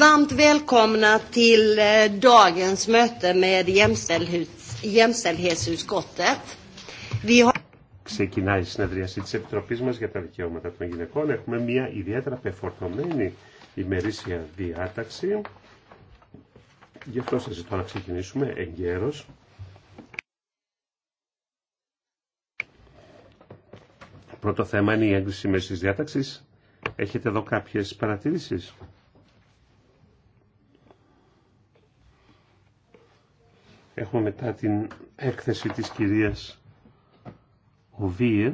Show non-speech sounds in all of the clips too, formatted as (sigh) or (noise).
Varmt välkomna till eh, dagens möte Ξεκινάει η συνεδρίαση της Επιτροπής μας για τα δικαιώματα των γυναικών. Έχουμε μια ιδιαίτερα πεφορτωμένη ημερήσια διάταξη. Γι' αυτό σας ζητώ να ξεκινήσουμε εγκαίρως. Πρώτο θέμα είναι η έγκριση μέσης διάταξης. Έχετε εδώ κάποιες παρατηρήσεις. Έχουμε μετά την έκθεση της κυρίας Οβίερ.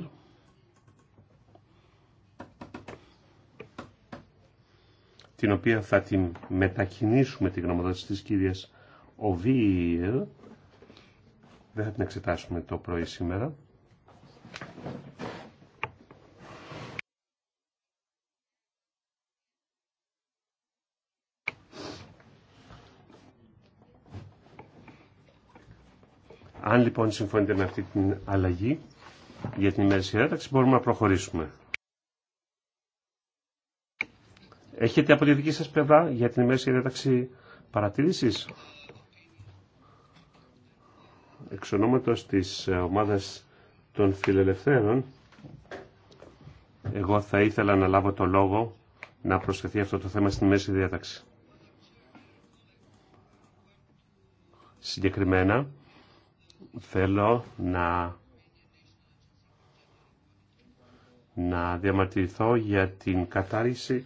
την οποία θα την μετακινήσουμε την γνωμοδότηση της κυρίας Οβίερ. Δεν θα την εξετάσουμε το πρωί σήμερα. Αν λοιπόν συμφωνείτε με αυτή την αλλαγή για την ημέρα συνένταξη μπορούμε να προχωρήσουμε. Έχετε από τη δική σας πλευρά για την ημέρα συνένταξη παρατήρησης Εξ της ε, ομάδας των φιλελευθέρων εγώ θα ήθελα να λάβω το λόγο να προσθεθεί αυτό το θέμα στην μέση διάταξη. Συγκεκριμένα, Θέλω να, να διαμαρτυρηθώ για την κατάρριση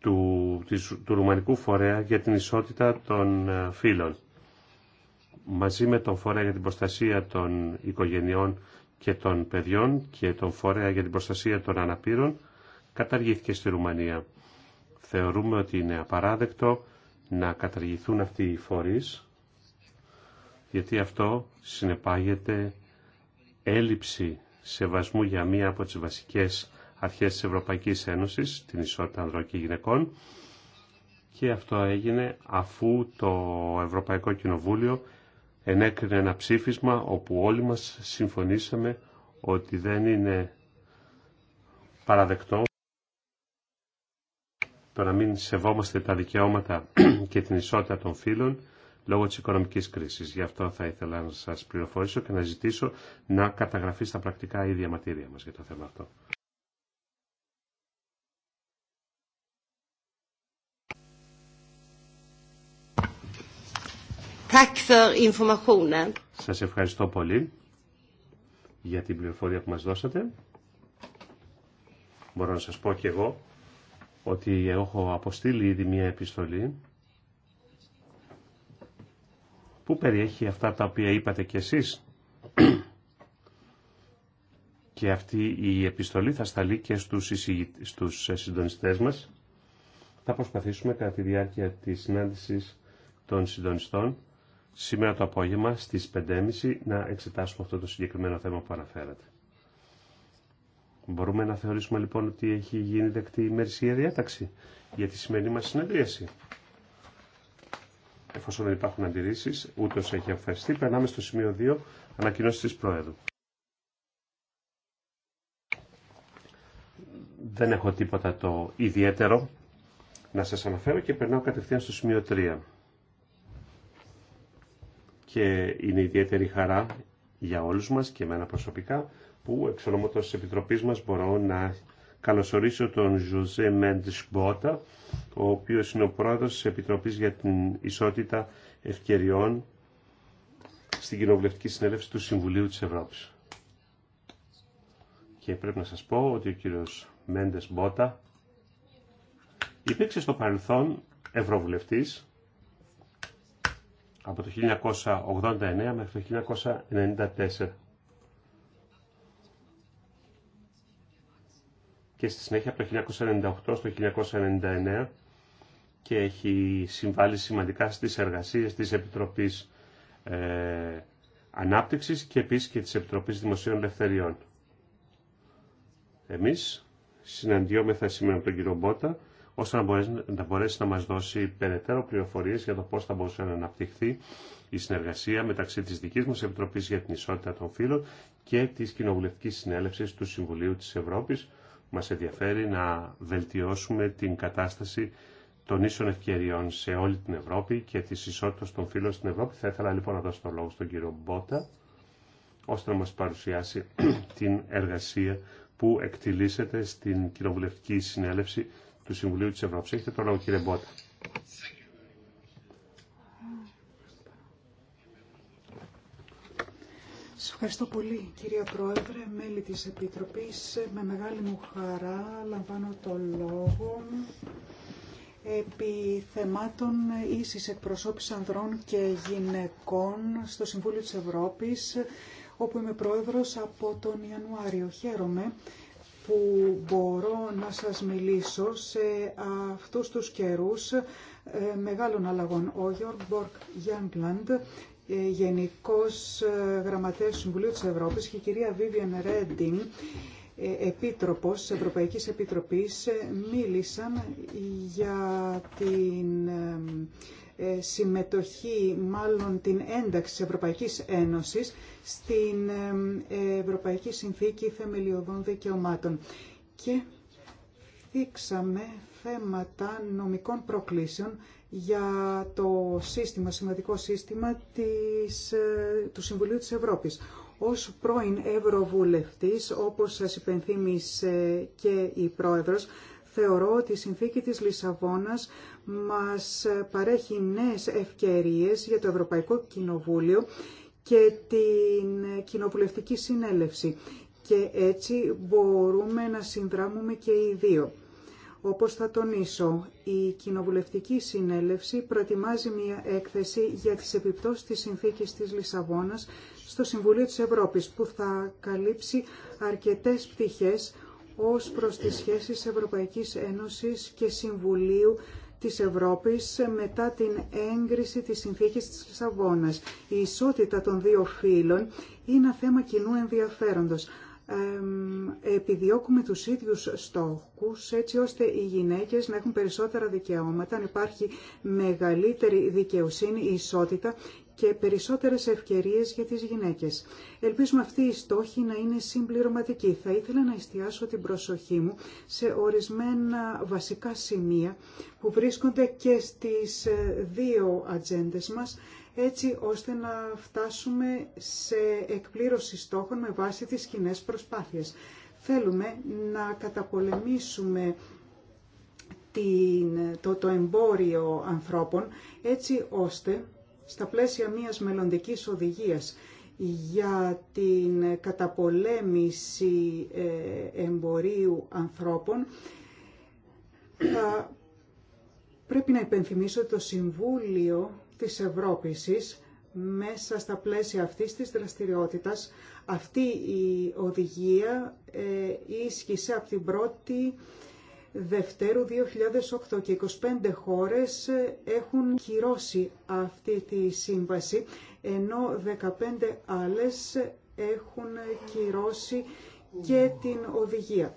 του, της, του Ρουμανικού Φορέα για την ισότητα των ε, φύλων. Μαζί με τον Φορέα για την Προστασία των Οικογενειών και των Παιδιών και τον Φορέα για την Προστασία των Αναπήρων καταργήθηκε στη Ρουμανία. Θεωρούμε ότι είναι απαράδεκτο να καταργηθούν αυτοί οι φορείς γιατί αυτό συνεπάγεται έλλειψη σεβασμού για μία από τις βασικές αρχές της Ευρωπαϊκής Ένωσης, την ισότητα ανδρών και γυναικών, και αυτό έγινε αφού το Ευρωπαϊκό Κοινοβούλιο ενέκρινε ένα ψήφισμα όπου όλοι μας συμφωνήσαμε ότι δεν είναι παραδεκτό το να μην σεβόμαστε τα δικαιώματα (clears throat) και την ισότητα των φίλων λόγω της οικονομικής κρίσης. Γι' αυτό θα ήθελα να σας πληροφορήσω και να ζητήσω να καταγραφεί στα πρακτικά η διαματήρια μας για το θέμα αυτό. Σας ευχαριστώ πολύ για την πληροφορία που μας δώσατε. Μπορώ να σας πω και εγώ ότι έχω αποστείλει ήδη μια επιστολή που περιέχει αυτά τα οποία είπατε κι εσείς. και αυτή η επιστολή θα σταλεί και στους, εισηγη... στους συντονιστές μας. Θα προσπαθήσουμε κατά τη διάρκεια της συνάντησης των συντονιστών σήμερα το απόγευμα στις 5.30 να εξετάσουμε αυτό το συγκεκριμένο θέμα που αναφέρατε. Μπορούμε να θεωρήσουμε λοιπόν ότι έχει γίνει δεκτή η ημερησία διάταξη για τη σημερινή μας συνεδρίαση. Εφόσον δεν υπάρχουν αντιρρήσεις, ούτε έχει αφαιρεστεί, περνάμε στο σημείο 2, ανακοινώσεις της Προέδρου. Δεν έχω τίποτα το ιδιαίτερο να σας αναφέρω και περνάω κατευθείαν στο σημείο 3. Και είναι ιδιαίτερη χαρά για όλους μας και εμένα προσωπικά που εξ ονόματος της Επιτροπής μας μπορώ να καλωσορίσω τον Ζωζέ Μέντες Μπότα, ο οποίος είναι ο πρόεδρος της Επιτροπής για την Ισότητα Ευκαιριών στην Κοινοβουλευτική Συνέλευση του Συμβουλίου της Ευρώπης. Και πρέπει να σας πω ότι ο κύριος Μέντες Μπότα υπήρξε στο παρελθόν Ευρωβουλευτής από το 1989 μέχρι το 1994 και στη συνέχεια από το 1998 στο 1999 και έχει συμβάλει σημαντικά στις εργασίες της Επιτροπής ε, Ανάπτυξης και επίσης και της Επιτροπής Δημοσίων Ελευθεριών. Εμείς συναντιόμεθα σήμερα με τον κύριο Μπότα, ώστε να μπορέσει, να μπορέσει να μας δώσει περαιτέρω πληροφορίες για το πώς θα μπορούσε να αναπτυχθεί η συνεργασία μεταξύ της δικής μας Επιτροπής για την Ισότητα των Φύλων και της Κοινοβουλευτικής Συνέλευσης του Συμβουλίου της Ευρώπης, μας ενδιαφέρει να βελτιώσουμε την κατάσταση των ίσων ευκαιριών σε όλη την Ευρώπη και της ισότητας των φίλων στην Ευρώπη. Θα ήθελα λοιπόν να δώσω το λόγο στον κύριο Μπότα, ώστε να μας παρουσιάσει (clears throat) την εργασία που εκτιλήσεται στην Κοινοβουλευτική Συνέλευση του Συμβουλίου της Ευρώπης. Έχετε το λόγο κύριε Μπότα. Σας ευχαριστώ πολύ κυρία Πρόεδρε, μέλη της Επιτροπής. Με μεγάλη μου χαρά λαμβάνω το λόγο επί θεμάτων ίσης εκπροσώπης ανδρών και γυναικών στο Συμβούλιο της Ευρώπης, όπου είμαι πρόεδρος από τον Ιανουάριο. Χαίρομαι που μπορώ να σας μιλήσω σε αυτούς τους καιρούς ε, μεγάλων αλλαγών. Ο ε, Γενικός ε, Γραμματέας του Συμβουλίου της Ευρώπης και η κυρία Βίβιαν Ρέντιν, ε, Επίτροπος Ευρωπαϊκής Επιτροπής, μίλησαν για την συμμετοχή, μάλλον την ένταξη της Ευρωπαϊκής Ένωσης στην Ευρωπαϊκή Συνθήκη Θεμελιωδών Δικαιωμάτων. Και δείξαμε θέματα νομικών προκλήσεων για το σύστημα, σημαντικό σύστημα της, ε, του Συμβουλίου της Ευρώπης. Ως πρώην Ευρωβουλευτής, όπως σας υπενθύμησε και η Πρόεδρος, θεωρώ ότι η συνθήκη της Λισαβόνας μας παρέχει νέες ευκαιρίες για το Ευρωπαϊκό Κοινοβούλιο και την Κοινοβουλευτική Συνέλευση. Και έτσι μπορούμε να συνδράμουμε και οι δύο. Όπως θα τονίσω, η Κοινοβουλευτική Συνέλευση προετοιμάζει μια έκθεση για τις επιπτώσεις της συνθήκης της Λισαβόνας στο Συμβουλίο της Ευρώπης, που θα καλύψει αρκετές πτυχές ως προς τις σχέσεις Ευρωπαϊκής Ένωσης και Συμβουλίου της Ευρώπης μετά την έγκριση της συνθήκης της Λισαβόνας. Η ισότητα των δύο φύλων είναι ένα θέμα κοινού ενδιαφέροντος επιδιώκουμε τους ίδιους στόχους έτσι ώστε οι γυναίκες να έχουν περισσότερα δικαιώματα, να υπάρχει μεγαλύτερη δικαιοσύνη, ισότητα και περισσότερες ευκαιρίες για τις γυναίκες. Ελπίζουμε αυτή η στόχη να είναι συμπληρωματική. Θα ήθελα να εστιάσω την προσοχή μου σε ορισμένα βασικά σημεία που βρίσκονται και στις ε, δύο ατζέντε μας έτσι ώστε να φτάσουμε σε εκπλήρωση στόχων με βάση τις κοινέ προσπάθειες. Θέλουμε να καταπολεμήσουμε την, το, εμπόριο ανθρώπων έτσι ώστε στα πλαίσια μιας μελλοντικής οδηγίας για την καταπολέμηση ε, εμπορίου ανθρώπων θα πρέπει να υπενθυμίσω το Συμβούλιο της Ευρώπησης μέσα στα πλαίσια αυτής της δραστηριότητας. Αυτή η οδηγία ε, ίσχυσε από την 1η Δευτέρου 2008 και 25 χώρες ε, έχουν κυρώσει αυτή τη σύμβαση, ενώ 15 άλλες έχουν κυρώσει και την οδηγία.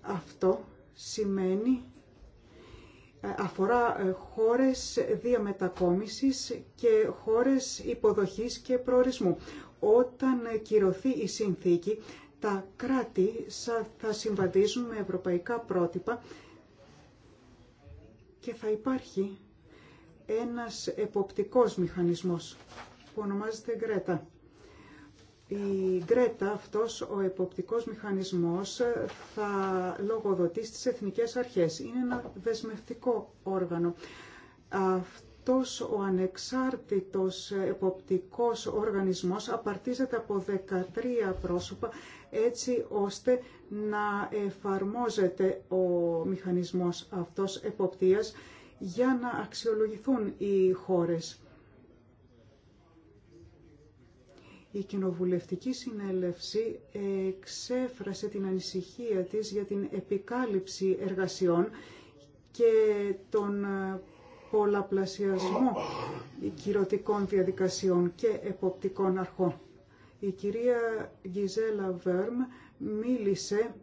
Αυτό σημαίνει αφορά ε, χώρες διαμετακόμισης και χώρες υποδοχής και προορισμού. Όταν κυρωθεί η συνθήκη, τα κράτη θα συμβαδίζουν με ευρωπαϊκά πρότυπα και θα υπάρχει ένας εποπτικός μηχανισμός που ονομάζεται Γκρέτα. Η Γκρέτα, αυτός ο εποπτικός μηχανισμός, θα λογοδοτεί στις εθνικές αρχές. Είναι ένα δεσμευτικό όργανο. Αυτός ο ανεξάρτητος εποπτικός οργανισμός απαρτίζεται από 13 πρόσωπα, έτσι ώστε να εφαρμόζεται ο μηχανισμός αυτός εποπτείας για να αξιολογηθούν οι χώρες Η Κοινοβουλευτική Συνέλευση εξέφρασε την ανησυχία της για την επικάλυψη εργασιών και τον ε, πολλαπλασιασμό κυρωτικών διαδικασιών και εποπτικών αρχών. Η κυρία Γιζέλα Βέρμ μίλησε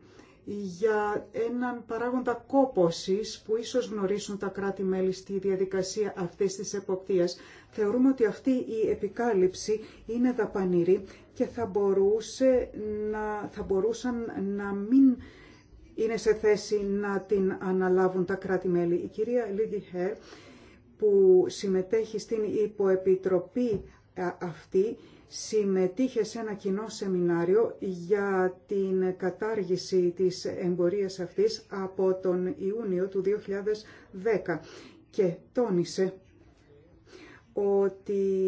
για έναν παράγοντα κόποση που ίσως γνωρίσουν τα κράτη-μέλη στη διαδικασία αυτής της εποπτείας. Θεωρούμε ότι αυτή η επικάλυψη είναι δαπανηρή και θα, μπορούσε να, θα μπορούσαν να μην είναι σε θέση να την αναλάβουν τα κράτη-μέλη. Η κυρία Λίδη Χέρ που συμμετέχει στην υποεπιτροπή ε, αυτή συμμετείχε σε ένα κοινό σεμινάριο για την κατάργηση της εμπορίας αυτής από τον Ιούνιο του 2010 και τόνισε ότι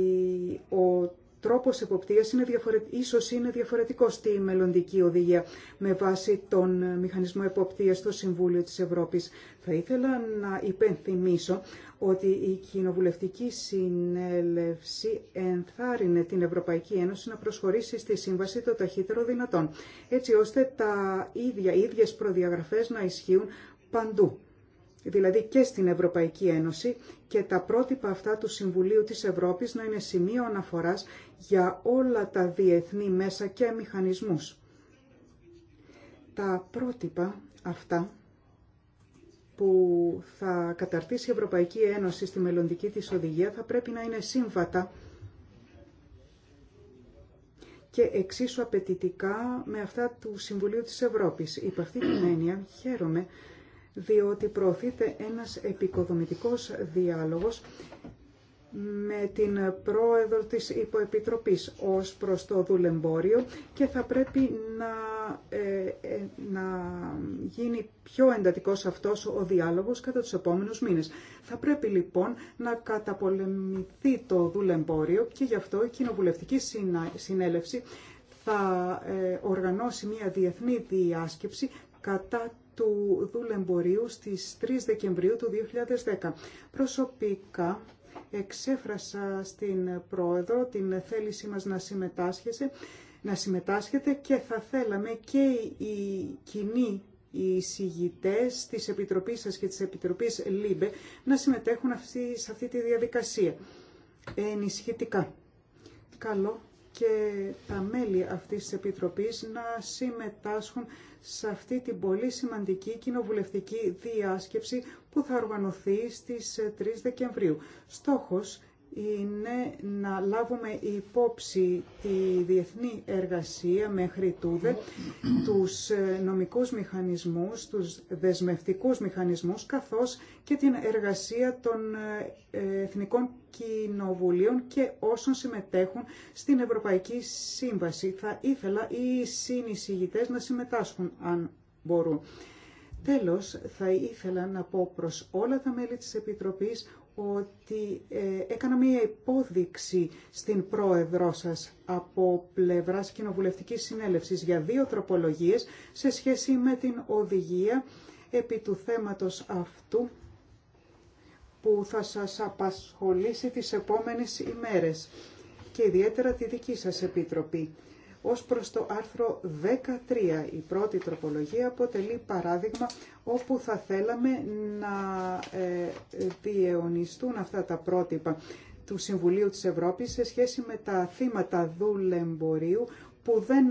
ο τρόπος εποπτείας είναι ίσω ίσως είναι διαφορετικό στη μελλοντική οδηγία με βάση τον ε, μηχανισμό εποπτείας στο Συμβούλιο της Ευρώπης. Θα ήθελα να υπενθυμίσω ότι η Κοινοβουλευτική Συνέλευση ενθάρρυνε την Ευρωπαϊκή Ένωση να προσχωρήσει στη Σύμβαση το ταχύτερο δυνατόν, έτσι ώστε τα ίδια, ίδιες προδιαγραφές να ισχύουν παντού δηλαδή και στην Ευρωπαϊκή Ένωση και τα πρότυπα αυτά του Συμβουλίου της Ευρώπης να είναι σημείο αναφοράς για όλα τα διεθνή μέσα και μηχανισμούς. Τα πρότυπα αυτά που θα καταρτήσει η Ευρωπαϊκή Ένωση στη μελλοντική της οδηγία θα πρέπει να είναι σύμβατα και εξίσου απαιτητικά με αυτά του Συμβουλίου της Ευρώπης. Υπ' αυτή την έννοια χαίρομαι διότι προωθείται ένας επικοδομητικός διάλογος με την πρόεδρο της Υποεπιτροπής ως προς το δουλεμπόριο και θα πρέπει να, ε, ε, να γίνει πιο εντατικός αυτός ο διάλογος κατά τους επόμενους μήνες. Θα πρέπει λοιπόν να καταπολεμηθεί το δουλεμπόριο και γι' αυτό η Κοινοβουλευτική Συνέλευση θα ε, οργανώσει μια διεθνή διάσκεψη κατά του δουλεμπορίου στις 3 Δεκεμβρίου του 2010. Προσωπικά εξέφρασα στην Πρόεδρο την θέλησή μας να να συμμετάσχετε και θα θέλαμε και οι κοινοί οι της Επιτροπής σας και της Επιτροπής ΛΥΜΠΕ να συμμετέχουν σε αυτή τη διαδικασία ενισχυτικά. Καλό και τα μέλη αυτής της Επιτροπής να συμμετάσχουν σε αυτή την πολύ σημαντική κοινοβουλευτική διάσκεψη που θα οργανωθεί στις 3 Δεκεμβρίου. Στόχος είναι να λάβουμε υπόψη τη διεθνή εργασία μέχρι τούδε, τους ε, νομικούς μηχανισμούς, τους δεσμευτικούς μηχανισμούς, καθώς και την εργασία των ε, εθνικών κοινοβουλίων και όσων συμμετέχουν στην Ευρωπαϊκή Σύμβαση. Θα ήθελα οι συνεισηγητές να συμμετάσχουν αν μπορούν. Τέλος, θα ήθελα να πω προς όλα τα μέλη της Επιτροπής ότι ε, έκανα μία υπόδειξη στην πρόεδρό σας από πλευράς Κοινοβουλευτικής Συνέλευσης για δύο τροπολογίες σε σχέση με την οδηγία επί του θέματος αυτού που θα σας απασχολήσει τις επόμενες ημέρες και ιδιαίτερα τη δική σας Επιτροπή. Ως προς το άρθρο 13, η πρώτη τροπολογία αποτελεί παράδειγμα όπου θα θέλαμε να ε, διαιωνιστούν αυτά τα πρότυπα του Συμβουλίου της Ευρώπης σε σχέση με τα θύματα δουλεμπορίου που δεν,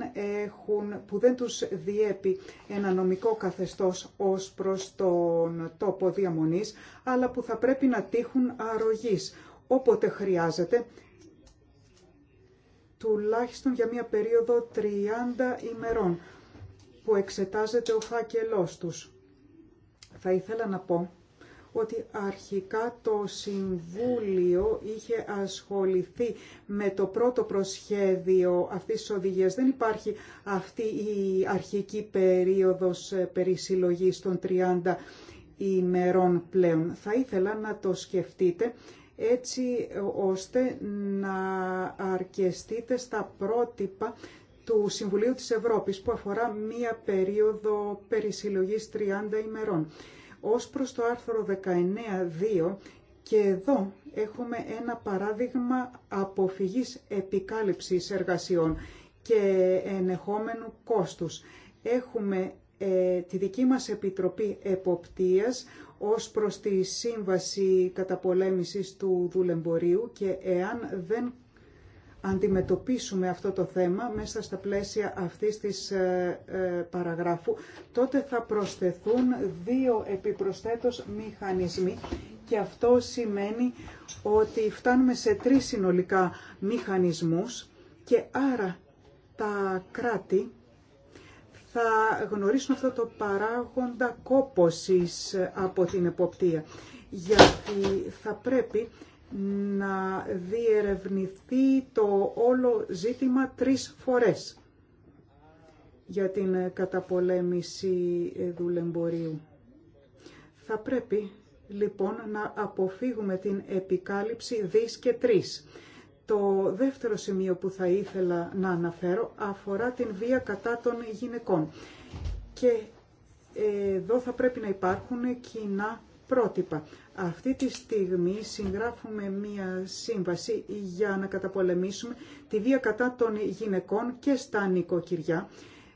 έχουν, που δεν τους διέπει ένα νομικό καθεστώς ως προς τον τόπο διαμονής, αλλά που θα πρέπει να τύχουν αρρωγής όποτε χρειάζεται τουλάχιστον για μία περίοδο 30 ημερών που εξετάζεται ο φάκελός τους. Θα ήθελα να πω ότι αρχικά το Συμβούλιο είχε ασχοληθεί με το πρώτο προσχέδιο αυτής της οδηγίας. Δεν υπάρχει αυτή η αρχική περίοδος ε, περισυλλογής των 30 ημερών πλέον. Θα ήθελα να το σκεφτείτε έτσι ώστε να αρκεστείτε στα πρότυπα του Συμβουλίου της Ευρώπης που αφορά μία περίοδο περισυλλογής 30 ημερών. Ως προς το άρθρο 19.2 και εδώ έχουμε ένα παράδειγμα αποφυγής επικάλυψης εργασιών και ενεχόμενου κόστους. Έχουμε ε, τη δική μας Επιτροπή Εποπτείας ως προς τη σύμβαση καταπολέμησης του δουλεμπορίου και εάν δεν αντιμετωπίσουμε αυτό το θέμα μέσα στα πλαίσια αυτής της ε, ε, παραγράφου, τότε θα προσθεθούν δύο επιπροσθέτως μηχανισμοί και αυτό σημαίνει ότι φτάνουμε σε τρεις συνολικά μηχανισμούς και άρα τα κράτη θα γνωρίσουν αυτό το παράγοντα κόπωσης από την εποπτεία. Γιατί θα πρέπει να διερευνηθεί το όλο ζήτημα τρεις φορές για την καταπολέμηση δουλεμπορίου. Θα πρέπει λοιπόν να αποφύγουμε την επικάλυψη δις και τρεις. Το δεύτερο σημείο που θα ήθελα να αναφέρω αφορά την βία κατά των γυναικών. Και ε, εδώ θα πρέπει να υπάρχουν κοινά πρότυπα. Αυτή τη στιγμή συγγράφουμε μία σύμβαση για να καταπολεμήσουμε τη βία κατά των γυναικών και στα νοικοκυριά.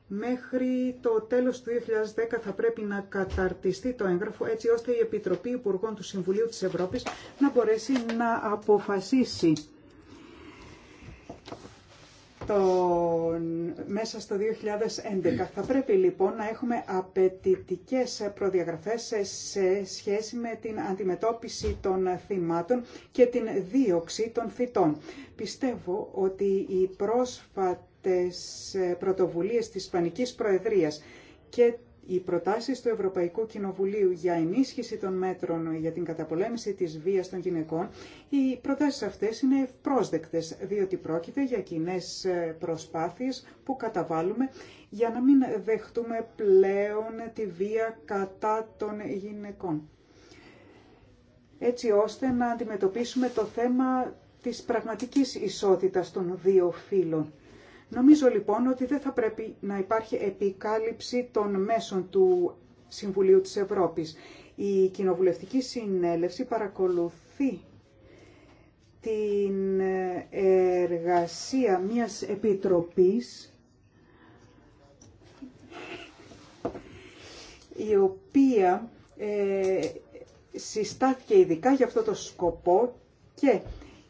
Μέχρι το τέλος του 2010 θα πρέπει να καταρτιστεί το έγγραφο έτσι ώστε η Επιτροπή Υπουργών του Συμβουλίου της Ευρώπης να μπορέσει να αποφασίσει μέσα στο 2011. Θα πρέπει λοιπόν να έχουμε απαιτητικέ προδιαγραφές σε σχέση με την αντιμετώπιση των θυμάτων και την δίωξη των θητών. Πιστεύω ότι οι πρόσφατες πρωτοβουλίες της Ισπανικής Προεδρίας και οι προτάσεις του Ευρωπαϊκού Κοινοβουλίου για ενίσχυση των μέτρων για την καταπολέμηση της βίας των γυναικών, οι προτάσεις αυτές είναι πρόσδεκτες, διότι πρόκειται για κοινέ ε, προσπάθειες που καταβάλουμε για να μην δεχτούμε πλέον τη βία κατά των γυναικών. Έτσι ώστε να αντιμετωπίσουμε το θέμα της πραγματικής ισότητας των δύο φύλων Νομίζω λοιπόν ότι δεν θα πρέπει να υπάρχει επικάλυψη των μέσων του Συμβουλίου της Ευρώπης. Η Κοινοβουλευτική Συνέλευση παρακολουθεί την εργασία μιας επιτροπής η οποία ε, συστάθηκε ειδικά για αυτό το σκοπό και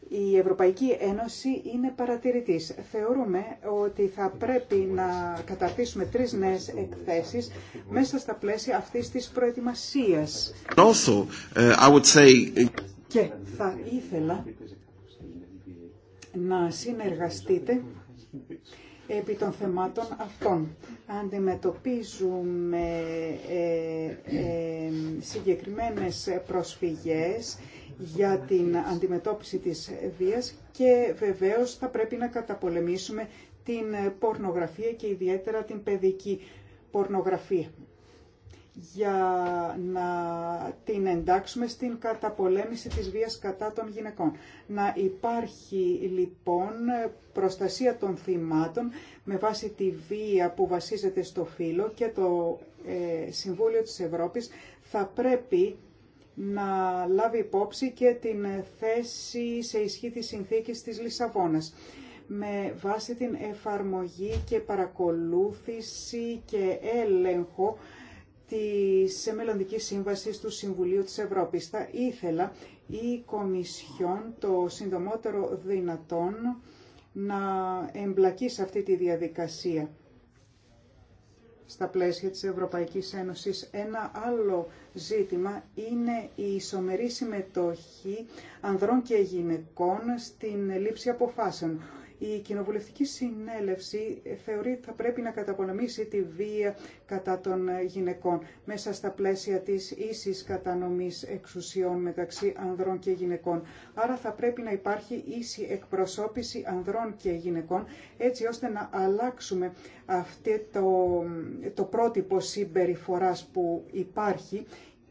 η Ευρωπαϊκή Ένωση είναι παρατηρητής. Θεωρούμε ότι θα πρέπει να καταρτήσουμε τρεις νέες εκθέσεις μέσα στα πλαίσια αυτής της προετοιμασίας. Uh, uh, Και θα ήθελα να συνεργαστείτε επί των θεμάτων αυτών. Αντιμετωπίζουμε ε, ε, συγκεκριμένες προσφυγές για την αντιμετώπιση της βίας και βεβαίως θα πρέπει να καταπολεμήσουμε την πορνογραφία και ιδιαίτερα την παιδική πορνογραφία για να την εντάξουμε στην καταπολέμηση της βίας κατά των γυναικών. Να υπάρχει λοιπόν προστασία των θυμάτων με βάση τη βία που βασίζεται στο φύλλο και το ε, Συμβούλιο της Ευρώπης θα πρέπει να λάβει υπόψη και την θέση σε ισχύ της συνθήκης της Λισαβόνας με βάση την εφαρμογή και παρακολούθηση και έλεγχο της μελλοντική σύμβασης του Συμβουλίου της Ευρώπης. Θα ήθελα η Κομισιόν το συντομότερο δυνατόν να εμπλακεί σε αυτή τη διαδικασία στα πλαίσια της Ευρωπαϊκής Ένωσης. Ένα άλλο ζήτημα είναι η ισομερή συμμετοχή ανδρών και γυναικών στην λήψη αποφάσεων. Η κοινοβουλευτική συνέλευση θεωρεί ότι θα πρέπει να καταπονομήσει τη βία κατά των γυναικών μέσα στα πλαίσια της ίσης κατανομής εξουσιών μεταξύ ανδρών και γυναικών. Άρα θα πρέπει να υπάρχει ίση εκπροσώπηση ανδρών και γυναικών έτσι ώστε να αλλάξουμε αυτό το, το πρότυπο συμπεριφοράς που υπάρχει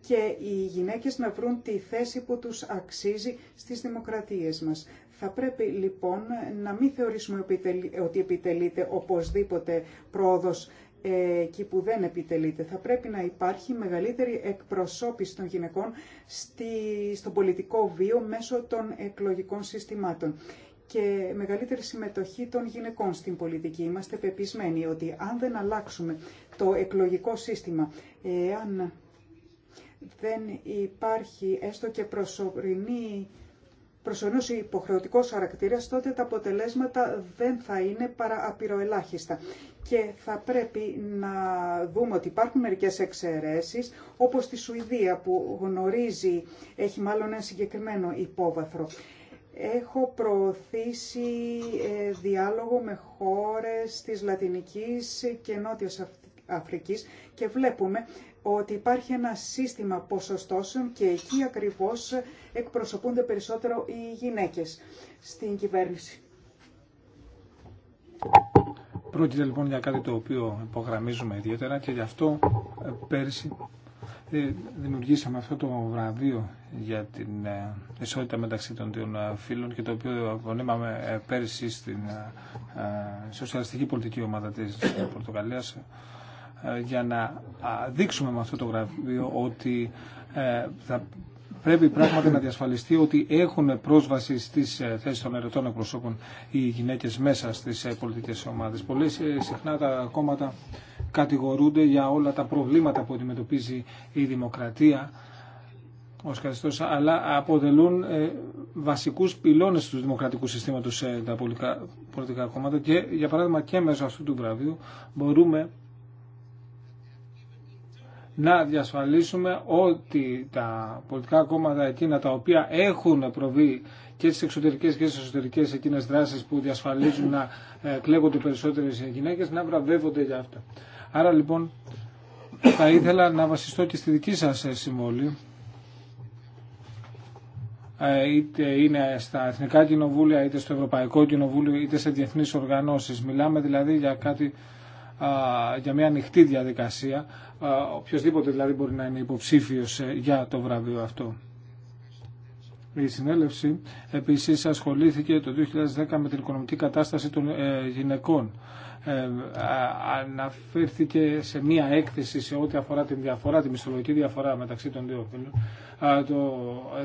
και οι γυναίκες να βρουν τη θέση που τους αξίζει στις δημοκρατίες μας. Θα πρέπει λοιπόν να μην θεωρήσουμε ότι επιτελείται οπωσδήποτε πρόοδος ε, εκεί που δεν επιτελείται. Θα πρέπει να υπάρχει μεγαλύτερη εκπροσώπηση των γυναικών στη, στον πολιτικό βίο μέσω των εκλογικών συστημάτων και μεγαλύτερη συμμετοχή των γυναικών στην πολιτική. Είμαστε πεπισμένοι ότι αν δεν αλλάξουμε το εκλογικό σύστημα, εάν δεν υπάρχει έστω και προσωρινή προσωρινός υποχρεωτικός χαρακτήρας, τότε τα αποτελέσματα δεν θα είναι παρά απειροελάχιστα. Και θα πρέπει να δούμε ότι υπάρχουν μερικές εξαιρέσεις, όπως τη Σουηδία που γνωρίζει, έχει μάλλον ένα συγκεκριμένο υπόβαθρο. Έχω προωθήσει ε, διάλογο με χώρες της Λατινικής και Νότιας Αφρικής και βλέπουμε ότι υπάρχει ένα σύστημα ποσοστώσεων και εκεί ακριβώς εκπροσωπούνται περισσότερο οι γυναίκες στην κυβέρνηση. Πρόκειται λοιπόν για κάτι το οποίο υπογραμμίζουμε ιδιαίτερα και γι' αυτό ε, πέρσι ε, δημιουργήσαμε αυτό το βραβείο για την ε, ισότητα μεταξύ των δύο φίλων και το οποίο απονείμαμε πέρσι στην σοσιαλιστική πολιτική ομάδα της Πορτογαλίας ε, για να δείξουμε με αυτό το γραφείο ότι ε, θα πρέπει πράγματι να διασφαλιστεί ότι έχουν πρόσβαση στις ε, θέσει των ερωτών εκπροσώπων οι γυναίκε μέσα στις πολιτικές ομάδες. Πολύ συχνά τα κόμματα κατηγορούνται για όλα τα προβλήματα που αντιμετωπίζει η δημοκρατία ως καθεστώ, αλλά αποτελούν βασικού πυλώνε του δημοκρατικού συστήματο τα πολιτικά κόμματα και για παράδειγμα και μέσω αυτού του βραβείου μπορούμε να διασφαλίσουμε ότι τα πολιτικά κόμματα εκείνα τα οποία έχουν προβεί και στις εξωτερικές και στις εσωτερικές εκείνες δράσεις που διασφαλίζουν να ε, κλέγονται περισσότερες γυναίκες να βραβεύονται για αυτά. Άρα λοιπόν θα ήθελα να βασιστώ και στη δική σας ε, συμβόλη ε, είτε είναι στα Εθνικά Κοινοβούλια, είτε στο Ευρωπαϊκό Κοινοβούλιο, είτε σε διεθνείς οργανώσεις. Μιλάμε δηλαδή για, κάτι, για μια ανοιχτή διαδικασία οποιοδήποτε δηλαδή μπορεί να είναι υποψήφιος ε, για το βραβείο αυτό. Η συνέλευση επίσης ασχολήθηκε το 2010 με την οικονομική κατάσταση των ε, γυναικών. Ε, αναφέρθηκε σε μία έκθεση σε ό,τι αφορά την διαφορά, τη μισθολογική διαφορά μεταξύ των δύο φίλων, το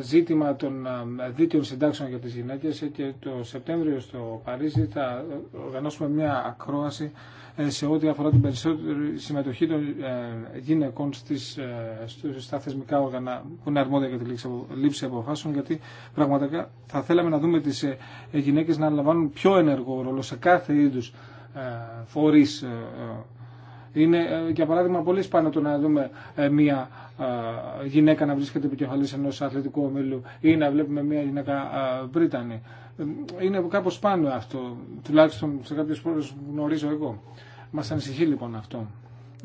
ζήτημα των δίκαιων συντάξεων για τις γυναίκες και το Σεπτέμβριο στο Παρίσι θα οργανώσουμε μία ακρόαση ε, σε ό,τι αφορά την περισσότερη συμμετοχή των ε, γυναικών στις, ε, στα θεσμικά όργανα που είναι αρμόδια για τη λήψη αποφάσεων, γιατί πραγματικά θα θέλαμε να δούμε τις γυναίκες να λαμβάνουν πιο ενεργό ρόλο σε κάθε είδους φορείς είναι για παράδειγμα πολύ σπάνιο το να δούμε μια γυναίκα να βρίσκεται επικεφαλής ενός αθλητικού ομίλου ή να βλέπουμε μια γυναίκα Βρίτανη είναι κάπως πάνω αυτό, τουλάχιστον σε κάποιε χώρες που γνωρίζω εγώ. Μα ανησυχεί λοιπόν αυτό.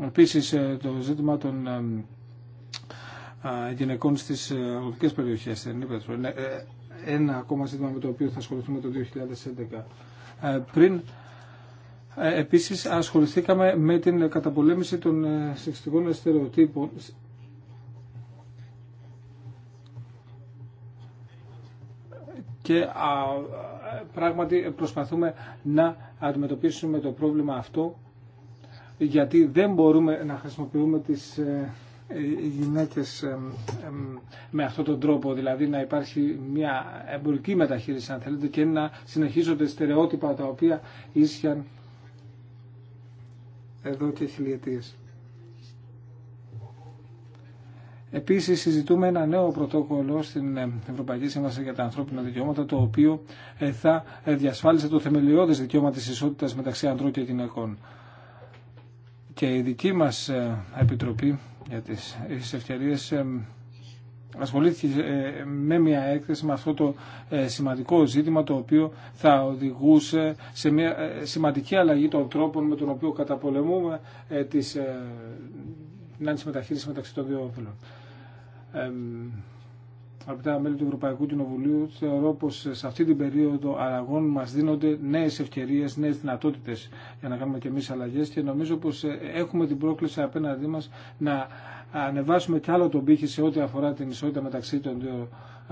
Επίση, ε, το ζήτημα των ε, ε, γυναικών στις αγροτικέ περιοχές είναι ένα ακόμα ζήτημα με το οποίο θα ασχοληθούμε το 2011. Πριν επίσης ασχοληθήκαμε με την καταπολέμηση των σεξιστικών στερεοτύπων και πράγματι προσπαθούμε να αντιμετωπίσουμε το πρόβλημα αυτό γιατί δεν μπορούμε να χρησιμοποιούμε τις ε, ε, γυναίκες ε, με αυτόν τον τρόπο, δηλαδή να υπάρχει μια εμπορική μεταχείριση αν θέλετε και να συνεχίζονται στερεότυπα τα οποία ίσιαν εδώ και χιλιετίες. Επίση, συζητούμε ένα νέο πρωτόκολλο στην Ευρωπαϊκή Σύμβαση για τα Ανθρώπινα Δικαιώματα, το οποίο ε, θα ε, διασφάλισε το θεμελιώδε δικαίωμα τη ισότητα μεταξύ ανδρών και γυναικών. Και η δική μα ε, Επιτροπή για τι Ευκαιρίε ασχολήθηκε με μια έκθεση με αυτό το σημαντικό ζήτημα το οποίο θα οδηγούσε σε μια σημαντική αλλαγή των τρόπων με τον οποίο καταπολεμούμε τις να άνηση μεταχείριση μεταξύ των δύο όφελων. Ε, από τα μέλη του Ευρωπαϊκού Κοινοβουλίου θεωρώ πω σε αυτή την περίοδο αλλαγών μα δίνονται νέε ευκαιρίε, νέε δυνατότητε για να κάνουμε και εμεί αλλαγέ. και νομίζω πω ε, έχουμε την πρόκληση απέναντί μα να ανεβάσουμε κι άλλο τον πύχη σε ό,τι αφορά την ισότητα μεταξύ των δύο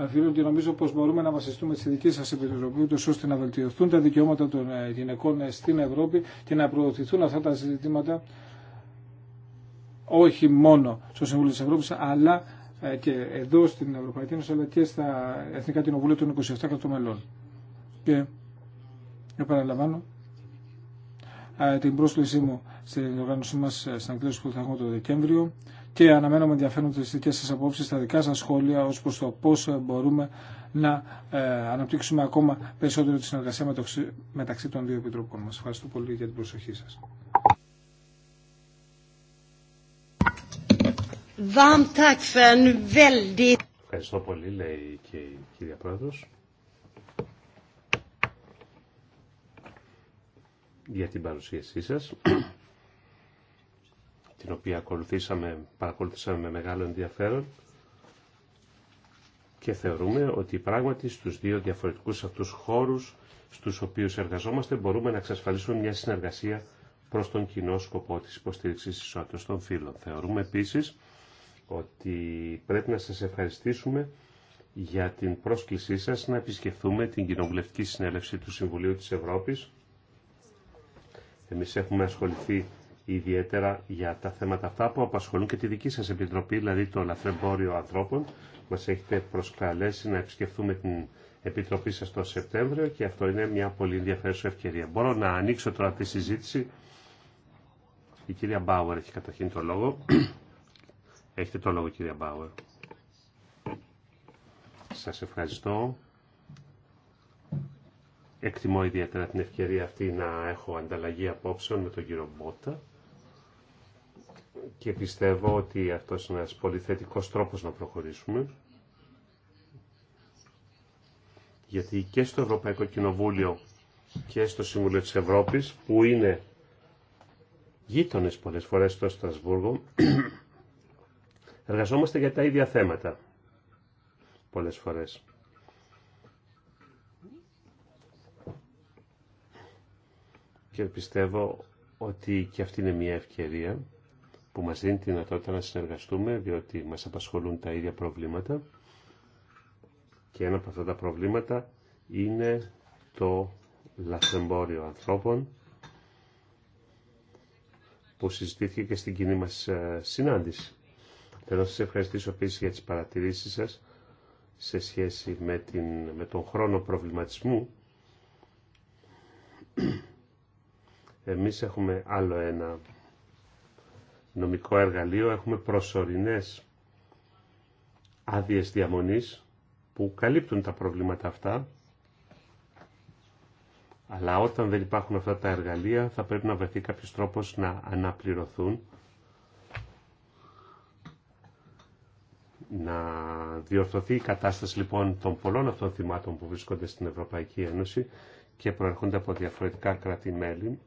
φίλων και νομίζω πω μπορούμε να βασιστούμε στη δική σα επιτροπή ώστε να βελτιωθούν τα δικαιώματα των ε, γυναικών ε, στην Ευρώπη και να προωθηθούν αυτά τα ζητήματα όχι μόνο στο Συμβούλιο της Ευρώπης, αλλά ε, και εδώ στην Ευρωπαϊκή Ένωση, αλλά και στα Εθνικά Κοινοβούλια των 27 κρατών Και επαναλαμβάνω ε, την πρόσκλησή μου στην οργάνωσή μα ε, στην εκδήλωση που θα έχουμε το Δεκέμβριο και αναμένω με ενδιαφέρον τι δικέ σα απόψει, τα δικά σα σχόλια ω προ το πώ μπορούμε να αναπτύξουμε ακόμα περισσότερο τη συνεργασία μεταξύ των δύο επιτροπών μα. Ευχαριστώ πολύ για την προσοχή σα. Ευχαριστώ πολύ, λέει και η κυρία πρόεδρο. για την παρουσίασή σας, την οποία ακολουθήσαμε, παρακολουθήσαμε με μεγάλο ενδιαφέρον και θεωρούμε ότι πράγματι στους δύο διαφορετικούς αυτούς χώρους στους οποίους εργαζόμαστε μπορούμε να εξασφαλίσουμε μια συνεργασία προς τον κοινό σκοπό της υποστήριξης ισότητας των φύλων. Θεωρούμε επίσης ότι πρέπει να σας ευχαριστήσουμε για την πρόσκλησή σας να επισκεφθούμε την Κοινοβουλευτική Συνέλευση του Συμβουλίου της Ευρώπης. Εμείς έχουμε ασχοληθεί ιδιαίτερα για τα θέματα αυτά που απασχολούν και τη δική σας επιτροπή, δηλαδή το λαθρεμπόριο ανθρώπων. Μας έχετε προσκαλέσει να επισκεφθούμε την επιτροπή σας το Σεπτέμβριο και αυτό είναι μια πολύ ενδιαφέρουσα ευκαιρία. Μπορώ να ανοίξω τώρα τη συζήτηση. Η κυρία Μπάουερ έχει καταρχήν το λόγο. Έχετε το λόγο κυρία Μπάουερ. Σας ευχαριστώ. Εκτιμώ ιδιαίτερα την ευκαιρία αυτή να έχω ανταλλαγή απόψεων με τον κύριο Μπότα και πιστεύω ότι αυτό είναι ένας πολύ τρόπος να προχωρήσουμε γιατί και στο Ευρωπαϊκό Κοινοβούλιο και στο Συμβουλίο της Ευρώπης που είναι γείτονες πολλές φορές στο Στρασβούργο Εργαζόμαστε για τα ίδια θέματα πολλές φορές. Και πιστεύω ότι και αυτή είναι μια ευκαιρία που μας δίνει τη δυνατότητα να συνεργαστούμε, διότι μας απασχολούν τα ίδια προβλήματα. Και ένα από αυτά τα προβλήματα είναι το λαθρεμπόριο ανθρώπων, που συζητήθηκε και στην κοινή μας ε, συνάντηση. Θέλω να σας ευχαριστήσω επίσης για τις παρατηρήσεις σας σε σχέση με, την, τον χρόνο προβληματισμού. Εμείς έχουμε άλλο ένα νομικό εργαλείο, έχουμε προσωρινές άδειε διαμονής που καλύπτουν τα προβλήματα αυτά. Αλλά όταν δεν υπάρχουν αυτά τα εργαλεία θα πρέπει να βρεθεί κάποιος τρόπος να αναπληρωθούν Να διορθωθεί η κατάσταση λοιπόν των πολλών αυτών θυμάτων που βρίσκονται στην Ευρωπαϊκή Ένωση και προερχόνται από διαφορετικά κράτη-μέλη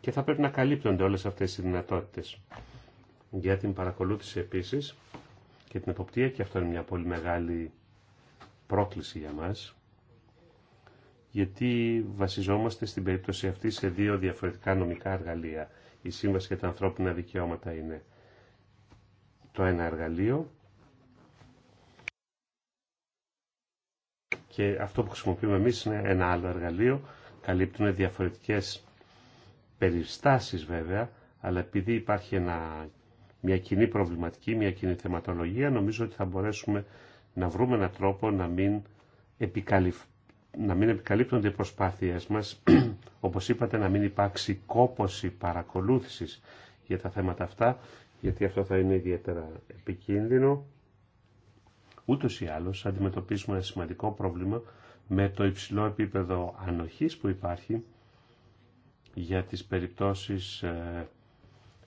και θα πρέπει να καλύπτονται όλες αυτές οι δυνατότητες. Για την παρακολούθηση επίσης και την εποπτεία και αυτό είναι μια πολύ μεγάλη πρόκληση για μας γιατί βασιζόμαστε στην περίπτωση αυτή σε δύο διαφορετικά νομικά εργαλεία. Η Σύμβαση για τα Ανθρώπινα Δικαιώματα είναι το ένα εργαλείο και αυτό που χρησιμοποιούμε εμείς είναι ένα άλλο εργαλείο. Καλύπτουν διαφορετικές περιστάσεις βέβαια, αλλά επειδή υπάρχει μια κοινή προβληματική, μια κοινή θεματολογία, νομίζω ότι θα μπορέσουμε να βρούμε έναν τρόπο να μην, επικαλυφ... να μην επικαλύπτονται οι προσπάθειές μας, (clears throat) όπως είπατε, να μην υπάρξει κόποση παρακολούθησης για τα θέματα αυτά γιατί αυτό θα είναι ιδιαίτερα επικίνδυνο. Ούτως ή άλλως αντιμετωπίσουμε ένα σημαντικό πρόβλημα με το υψηλό επίπεδο ανοχής που υπάρχει για τις περιπτώσεις ε,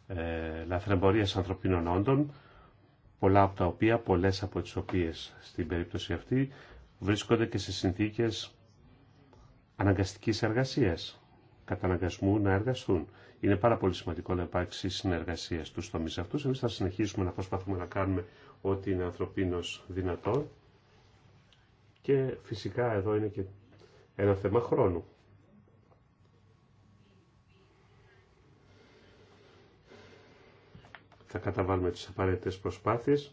ε, λαθρεμπορίας ανθρωπίνων όντων, πολλά από τα οποία, πολλές από τις οποίες στην περίπτωση αυτή βρίσκονται και σε συνθήκες αναγκαστικής εργασίας καταναγκασμού να εργαστούν. Είναι πάρα πολύ σημαντικό να υπάρξει συνεργασία στους τομείς αυτούς. Εμείς θα συνεχίσουμε να προσπαθούμε να κάνουμε ό,τι είναι ανθρωπίνως δυνατόν Και φυσικά εδώ είναι και ένα θέμα χρόνου. Θα καταβάλουμε τις απαραίτητες προσπάθειες.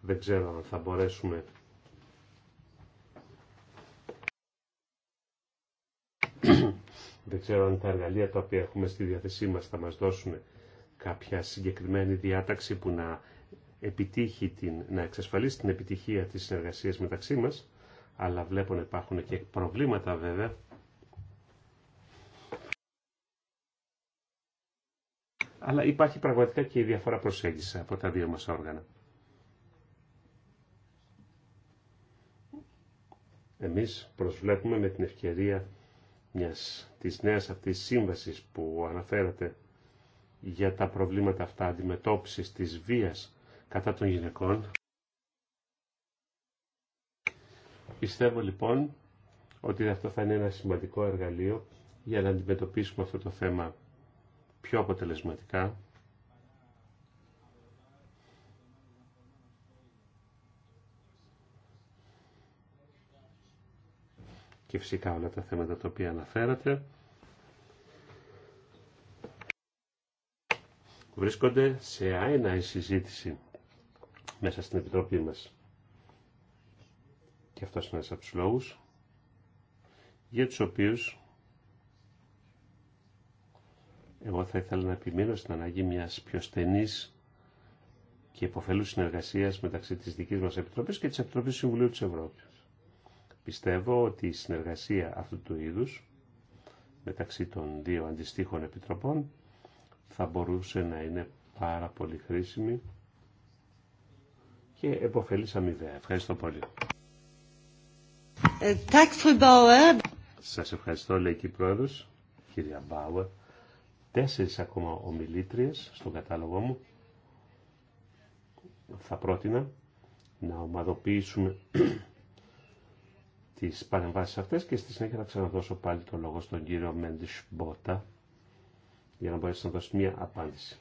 Δεν ξέρω αν θα μπορέσουμε Δεν ξέρω αν τα εργαλεία τα οποία έχουμε στη διάθεσή μας θα μας δώσουν κάποια συγκεκριμένη διάταξη που να, επιτύχει την, να εξασφαλίσει την επιτυχία της συνεργασίας μεταξύ μας, αλλά βλέπω να υπάρχουν και προβλήματα βέβαια. Αλλά υπάρχει πραγματικά και η διαφορά προσέγγιση από τα δύο μας όργανα. Εμείς προσβλέπουμε με την ευκαιρία μιας, της νέας αυτής σύμβασης που αναφέρατε για τα προβλήματα αυτά αντιμετώπισης της βίας κατά των γυναικών. Πιστεύω λοιπόν ότι αυτό θα είναι ένα σημαντικό εργαλείο για να αντιμετωπίσουμε αυτό το θέμα πιο αποτελεσματικά. και φυσικά όλα τα θέματα τα οποία αναφέρατε βρίσκονται σε άινα η συζήτηση μέσα στην Επιτροπή μας. Και αυτός είναι ένας από τους λόγους για τους οποίους εγώ θα ήθελα να επιμείνω στην ανάγκη μιας πιο στενής και υποφελούς συνεργασίας μεταξύ της δικής μας Επιτροπής και της Επιτροπής Συμβουλίου της Ευρώπης. Πιστεύω ότι η συνεργασία αυτού του είδους μεταξύ των δύο αντιστοίχων επιτροπών θα μπορούσε να είναι πάρα πολύ χρήσιμη και εποφέλης αμοιβαία. Ευχαριστώ πολύ. Ε, Σας ευχαριστώ, λέει και η Πρόεδρος, κυρία Μπάουερ. Τέσσερις ακόμα ομιλήτριες στον κατάλογό μου. Θα πρότεινα να ομαδοποιήσουμε τις παρεμβάσεις αυτές και στη συνέχεια θα ξαναδώσω πάλι το λόγο στον κύριο Μέντις Μπότα για να μπορέσει να δώσει μια απάντηση.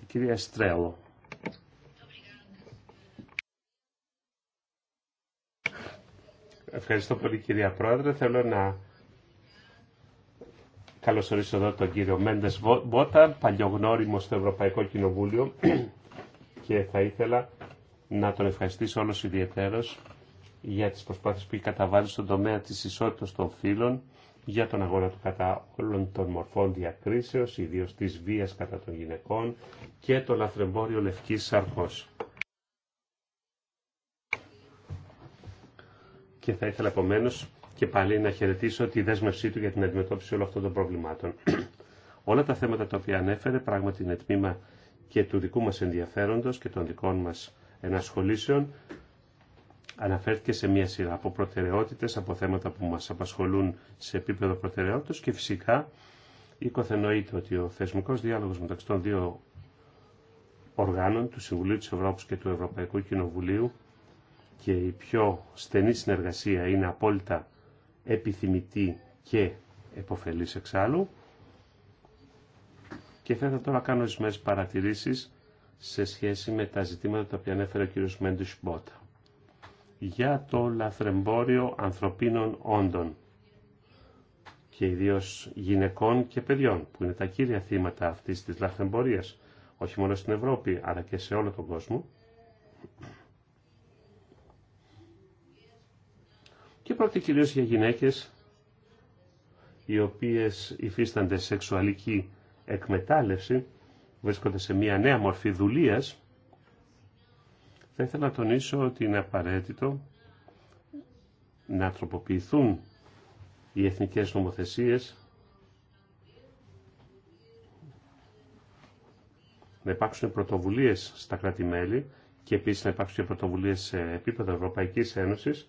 Η κυρία Στρέλο. Ευχαριστώ πολύ κυρία Πρόεδρε. Θέλω να καλωσορίσω εδώ τον κύριο Μέντες Μπότα, παλιογνώριμο στο Ευρωπαϊκό Κοινοβούλιο (clears throat) και θα ήθελα να τον ευχαριστήσω όλος ιδιαίτερος για τις προσπάθειες που έχει καταβάλει στον τομέα της ισότητας των φύλων, για τον αγώνα του κατά όλων των μορφών διακρίσεως, ιδίω της βίας κατά των γυναικών και το λαθρεμπόριο λευκής σαρκός. Και θα ήθελα επομένω και πάλι να χαιρετήσω τη δέσμευσή του για την αντιμετώπιση όλων αυτών των προβλημάτων. (clears throat) Όλα τα θέματα τα οποία ανέφερε πράγματι είναι τμήμα και του δικού μας ενδιαφέροντος και των δικών μας ενασχολήσεων αναφέρθηκε σε μία σειρά από προτεραιότητες, από θέματα που μας απασχολούν σε επίπεδο προτεραιότητας και φυσικά οικοθενοείται ότι ο θεσμικός διάλογος μεταξύ των δύο οργάνων του Συμβουλίου της Ευρώπης και του Ευρωπαϊκού Κοινοβουλίου και η πιο στενή συνεργασία είναι απόλυτα επιθυμητή και εποφελής εξάλλου. Και θα ήθελα τώρα να κάνω παρατηρήσεις σε σχέση με τα ζητήματα τα οποία ανέφερε ο κ. Μέντου Μπότα. Για το λαθρεμπόριο ανθρωπίνων όντων και ιδίως γυναικών και παιδιών, που είναι τα κύρια θύματα αυτής της λαθρεμπορίας, όχι μόνο στην Ευρώπη, αλλά και σε όλο τον κόσμο. Και πρόκειται κυρίως για γυναίκες οι οποίες υφίστανται σεξουαλική εκμετάλλευση βρίσκονται σε μια νέα μορφή δουλείας, θα ήθελα να τονίσω ότι είναι απαραίτητο να τροποποιηθούν οι εθνικές νομοθεσίες, να υπάρξουν πρωτοβουλίες στα κράτη-μέλη και επίσης να υπάρξουν και πρωτοβουλίες σε επίπεδο Ευρωπαϊκής Ένωσης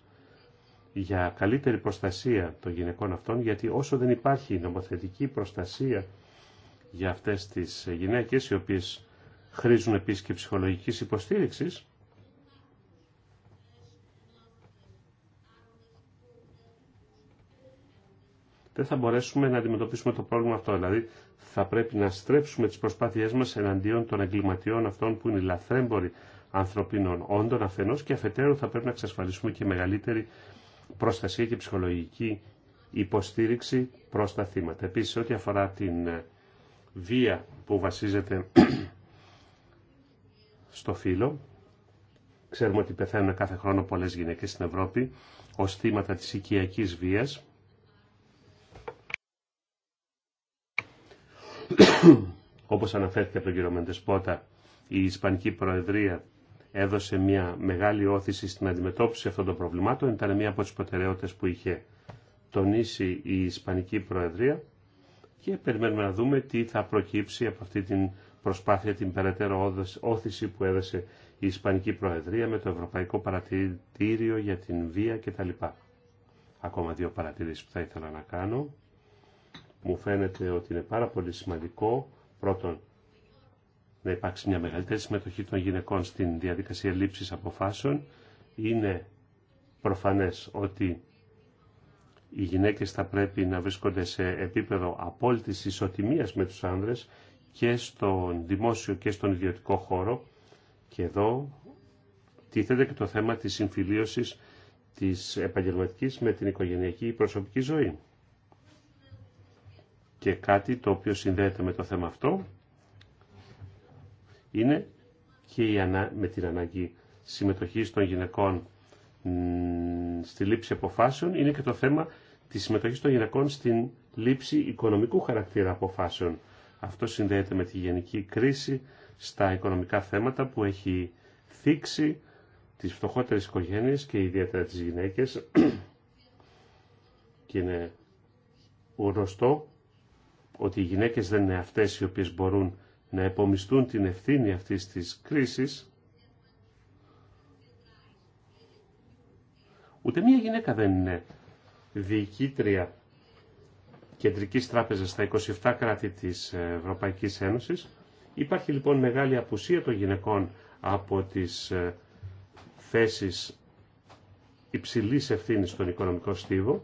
για καλύτερη προστασία των γυναικών αυτών, γιατί όσο δεν υπάρχει νομοθετική προστασία για αυτές τις γυναίκες οι οποίες χρήζουν επίσης και ψυχολογικής υποστήριξης δεν θα μπορέσουμε να αντιμετωπίσουμε το πρόβλημα αυτό. Δηλαδή θα πρέπει να στρέψουμε τις προσπάθειές μας εναντίον των εγκληματιών αυτών που είναι λαθρέμποροι ανθρωπίνων όντων αφενός και αφετέρου θα πρέπει να εξασφαλίσουμε και μεγαλύτερη προστασία και ψυχολογική υποστήριξη προς τα θύματα. Επίσης ό,τι αφορά την ε, βία που βασίζεται (clears throat) στο φύλλο. Ξέρουμε ότι πεθαίνουν κάθε χρόνο πολλές γυναίκες στην Ευρώπη ως θύματα της οικιακής βίας. (clears throat) Όπως αναφέρθηκε από τον κύριο Μεντεσπότα, η Ισπανική Προεδρία έδωσε μια μεγάλη όθηση στην αντιμετώπιση αυτών των προβλημάτων. Ήταν μια από τις προτεραιότητες που είχε τονίσει η Ισπανική Προεδρία και περιμένουμε να δούμε τι θα προκύψει από αυτή την προσπάθεια, την περαιτέρω όθηση που έδωσε η Ισπανική Προεδρία με το Ευρωπαϊκό Παρατηρητήριο για την Βία κτλ. Ακόμα δύο παρατηρήσεις που θα ήθελα να κάνω. Μου φαίνεται ότι είναι πάρα πολύ σημαντικό πρώτον να υπάρξει μια μεγαλύτερη συμμετοχή των γυναικών στην διαδικασία λήψης αποφάσεων. Είναι προφανές ότι οι γυναίκες θα πρέπει να βρίσκονται σε επίπεδο απόλυτης ισοτιμίας με τους άνδρες και στον δημόσιο και στον ιδιωτικό χώρο και εδώ τίθεται και το θέμα της συμφιλίωσης της επαγγελματικής με την οικογενειακή προσωπική ζωή. Και κάτι το οποίο συνδέεται με το θέμα αυτό είναι και η ανα... με την ανάγκη συμμετοχής των γυναικών στη λήψη αποφάσεων είναι και το θέμα τη συμμετοχή των γυναικών στην λήψη οικονομικού χαρακτήρα αποφάσεων. Αυτό συνδέεται με τη γενική κρίση στα οικονομικά θέματα που έχει θίξει τις φτωχότερες οικογένειες και ιδιαίτερα τις γυναίκες (clears throat) και είναι γνωστό ότι οι γυναίκες δεν είναι αυτές οι οποίες μπορούν να επομιστούν την ευθύνη αυτής της κρίσης ούτε μία γυναίκα δεν είναι διοικήτρια κεντρικής τράπεζας στα 27 κράτη της Ευρωπαϊκής Ένωσης. Υπάρχει λοιπόν μεγάλη απουσία των γυναικών από τις ε, θέσεις υψηλής ευθύνης στον οικονομικό στίβο.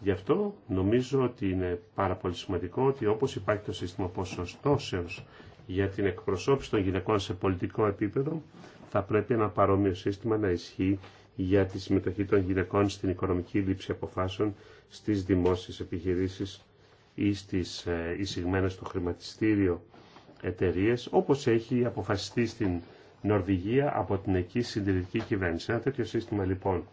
Γι' αυτό νομίζω ότι είναι πάρα πολύ σημαντικό ότι όπως υπάρχει το σύστημα ποσοστώσεως για την εκπροσώπηση των γυναικών σε πολιτικό επίπεδο, θα πρέπει ένα παρόμοιο σύστημα να ισχύει για τη συμμετοχή των γυναικών στην οικονομική λήψη αποφάσεων στις δημόσιες επιχειρήσεις ή στις ε, εισηγμένες στο χρηματιστήριο εταιρείε, όπως έχει αποφασιστεί στην Νορβηγία από την εκεί συντηρητική κυβέρνηση. Ένα τέτοιο σύστημα λοιπόν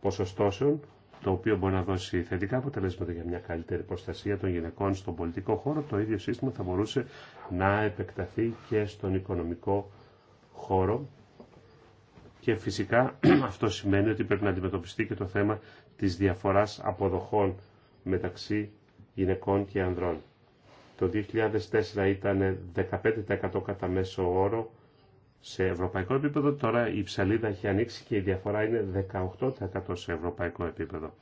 ποσοστώσεων, το οποίο μπορεί να δώσει θετικά αποτελέσματα για μια καλύτερη προστασία των γυναικών στον πολιτικό χώρο, το ίδιο σύστημα θα μπορούσε να επεκταθεί και στον οικονομικό χώρο και φυσικά (clears throat) αυτό σημαίνει ότι πρέπει να αντιμετωπιστεί και το θέμα της διαφοράς αποδοχών μεταξύ γυναικών και ανδρών. Το 2004 ήταν 15% κατά μέσο όρο σε ευρωπαϊκό επίπεδο, τώρα η ψαλίδα έχει ανοίξει και η διαφορά είναι 18% σε ευρωπαϊκό επίπεδο.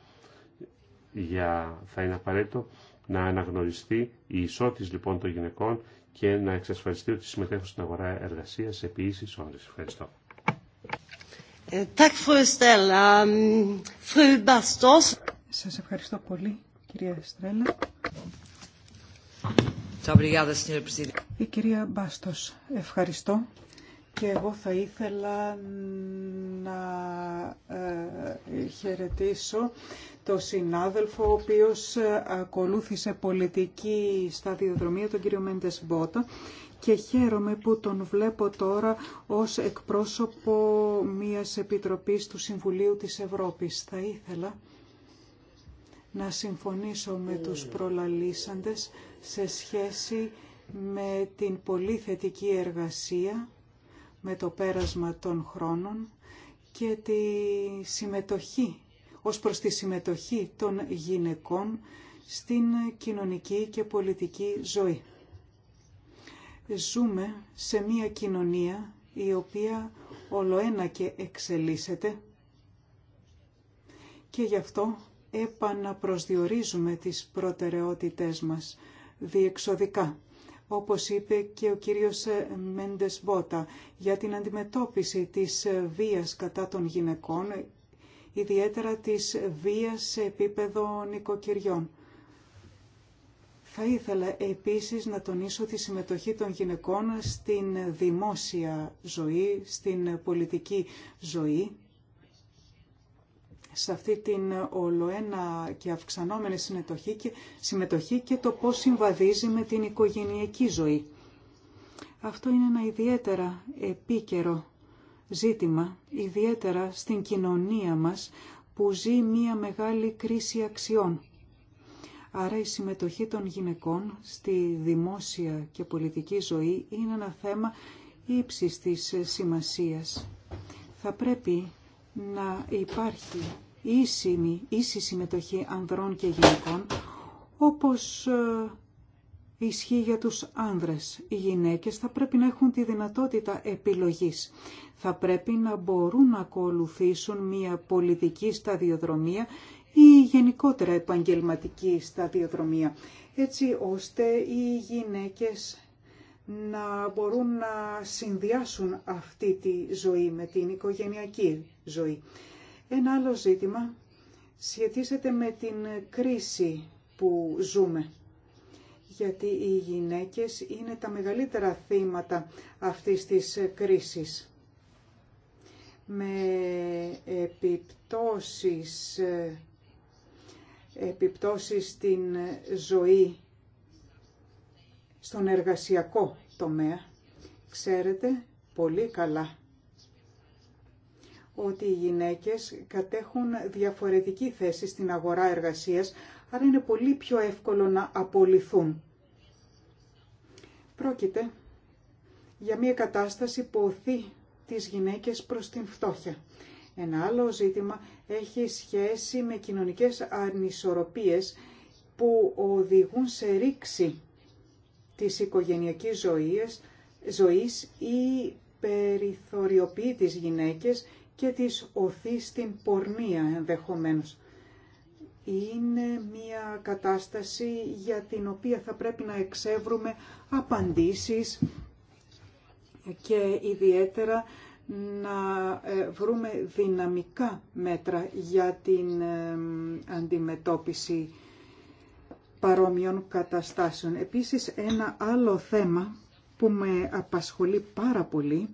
Για, θα είναι απαραίτητο να αναγνωριστεί η ισότητα λοιπόν των γυναικών και να εξασφαλιστεί ότι συμμετέχουν στην αγορά εργασίας σε ποιήσεις όρες. Ευχαριστώ. Um, Σας ευχαριστώ πολύ, κυρία Στρέλα. Η κυρία Μπάστος, ευχαριστώ. Και εγώ θα ήθελα να ε, χαιρετήσω το συνάδελφο ο οποίος ε, ακολούθησε πολιτική σταδιοδρομία, τον κύριο Μέντες Μπότα και χαίρομαι που τον βλέπω τώρα ως εκπρόσωπο μιας επιτροπής του Συμβουλίου της Ευρώπης. Θα ήθελα να συμφωνήσω με τους προλαλήσαντες σε σχέση με την πολύ θετική εργασία, με το πέρασμα των χρόνων και τη συμμετοχή, ως προς τη συμμετοχή των γυναικών στην κοινωνική και πολιτική ζωή. Ζούμε σε μία κοινωνία η οποία ολοένα και εξελίσσεται και γι' αυτό επαναπροσδιορίζουμε τις προτεραιότητές μας διεξοδικά όπως είπε και ο κύριος Μέντες Μπότα, για την αντιμετώπιση της βίας κατά των γυναικών, ιδιαίτερα της βίας σε επίπεδο νοικοκυριών. Θα ήθελα επίσης να τονίσω τη συμμετοχή των γυναικών στην δημόσια ζωή, στην πολιτική ζωή. Σε αυτή την ολοένα και αυξανόμενη συμμετοχή και, συμμετοχή και το πώς συμβαδίζει με την οικογενειακή ζωή. Αυτό είναι ένα ιδιαίτερα επίκαιρο ζήτημα, ιδιαίτερα στην κοινωνία μας που ζει μία μεγάλη κρίση αξιών Άρα η συμμετοχή των γυναικών στη δημόσια και πολιτική ζωή είναι ένα θέμα ύψης της σημασίας. Θα πρέπει να υπάρχει ίσιμη, ίση συμμετοχή ανδρών και γυναικών, όπως ε, ισχύει για τους άνδρες. Οι γυναίκες θα πρέπει να έχουν τη δυνατότητα επιλογής. Θα πρέπει να μπορούν να ακολουθήσουν μια πολιτική σταδιοδρομία ή γενικότερα επαγγελματική σταδιοδρομία, έτσι ώστε οι γυναίκες να μπορούν να συνδυάσουν αυτή τη ζωή με την οικογενειακή ζωή. Ένα άλλο ζήτημα σχετίζεται με την κρίση που ζούμε, γιατί οι γυναίκες είναι τα μεγαλύτερα θύματα αυτής της κρίσης με επιπτώσεις ε, επιπτώσεις στην ζωή, στον εργασιακό τομέα. Ξέρετε πολύ καλά ότι οι γυναίκες κατέχουν διαφορετική θέση στην αγορά εργασίας, άρα είναι πολύ πιο εύκολο να απολυθούν. Πρόκειται για μια κατάσταση που οθεί τις γυναίκες προς την φτώχεια. Ένα άλλο ζήτημα έχει σχέση με κοινωνικές ανισορροπίες που οδηγούν σε ρήξη της οικογενειακής ζωής, ζωής ή περιθωριοποιεί τις γυναίκες και τις οθεί στην πορνεία ενδεχομένως. Είναι μια κατάσταση για την οποία θα πρέπει να εξεύρουμε απαντήσεις και ιδιαίτερα να ε, βρούμε δυναμικά μέτρα για την ε, αντιμετώπιση παρόμοιων καταστάσεων. Επίσης, ένα άλλο θέμα που με απασχολεί πάρα πολύ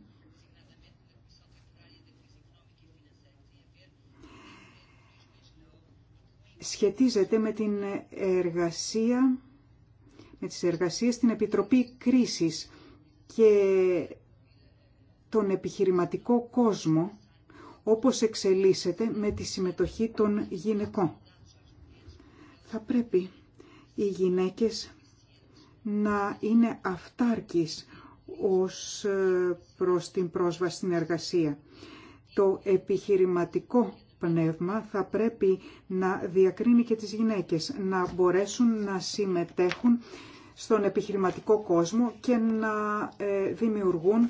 σχετίζεται με την εργασία, με τις εργασίες στην Επιτροπή Κρίσης και τον επιχειρηματικό κόσμο όπως εξελίσσεται με τη συμμετοχή των γυναικών. Θα πρέπει οι γυναίκες να είναι αυτάρκεις ως ε, προς την πρόσβαση στην εργασία. Το επιχειρηματικό πνεύμα θα πρέπει να διακρίνει και τις γυναίκες, να μπορέσουν να συμμετέχουν στον επιχειρηματικό κόσμο και να ε, δημιουργούν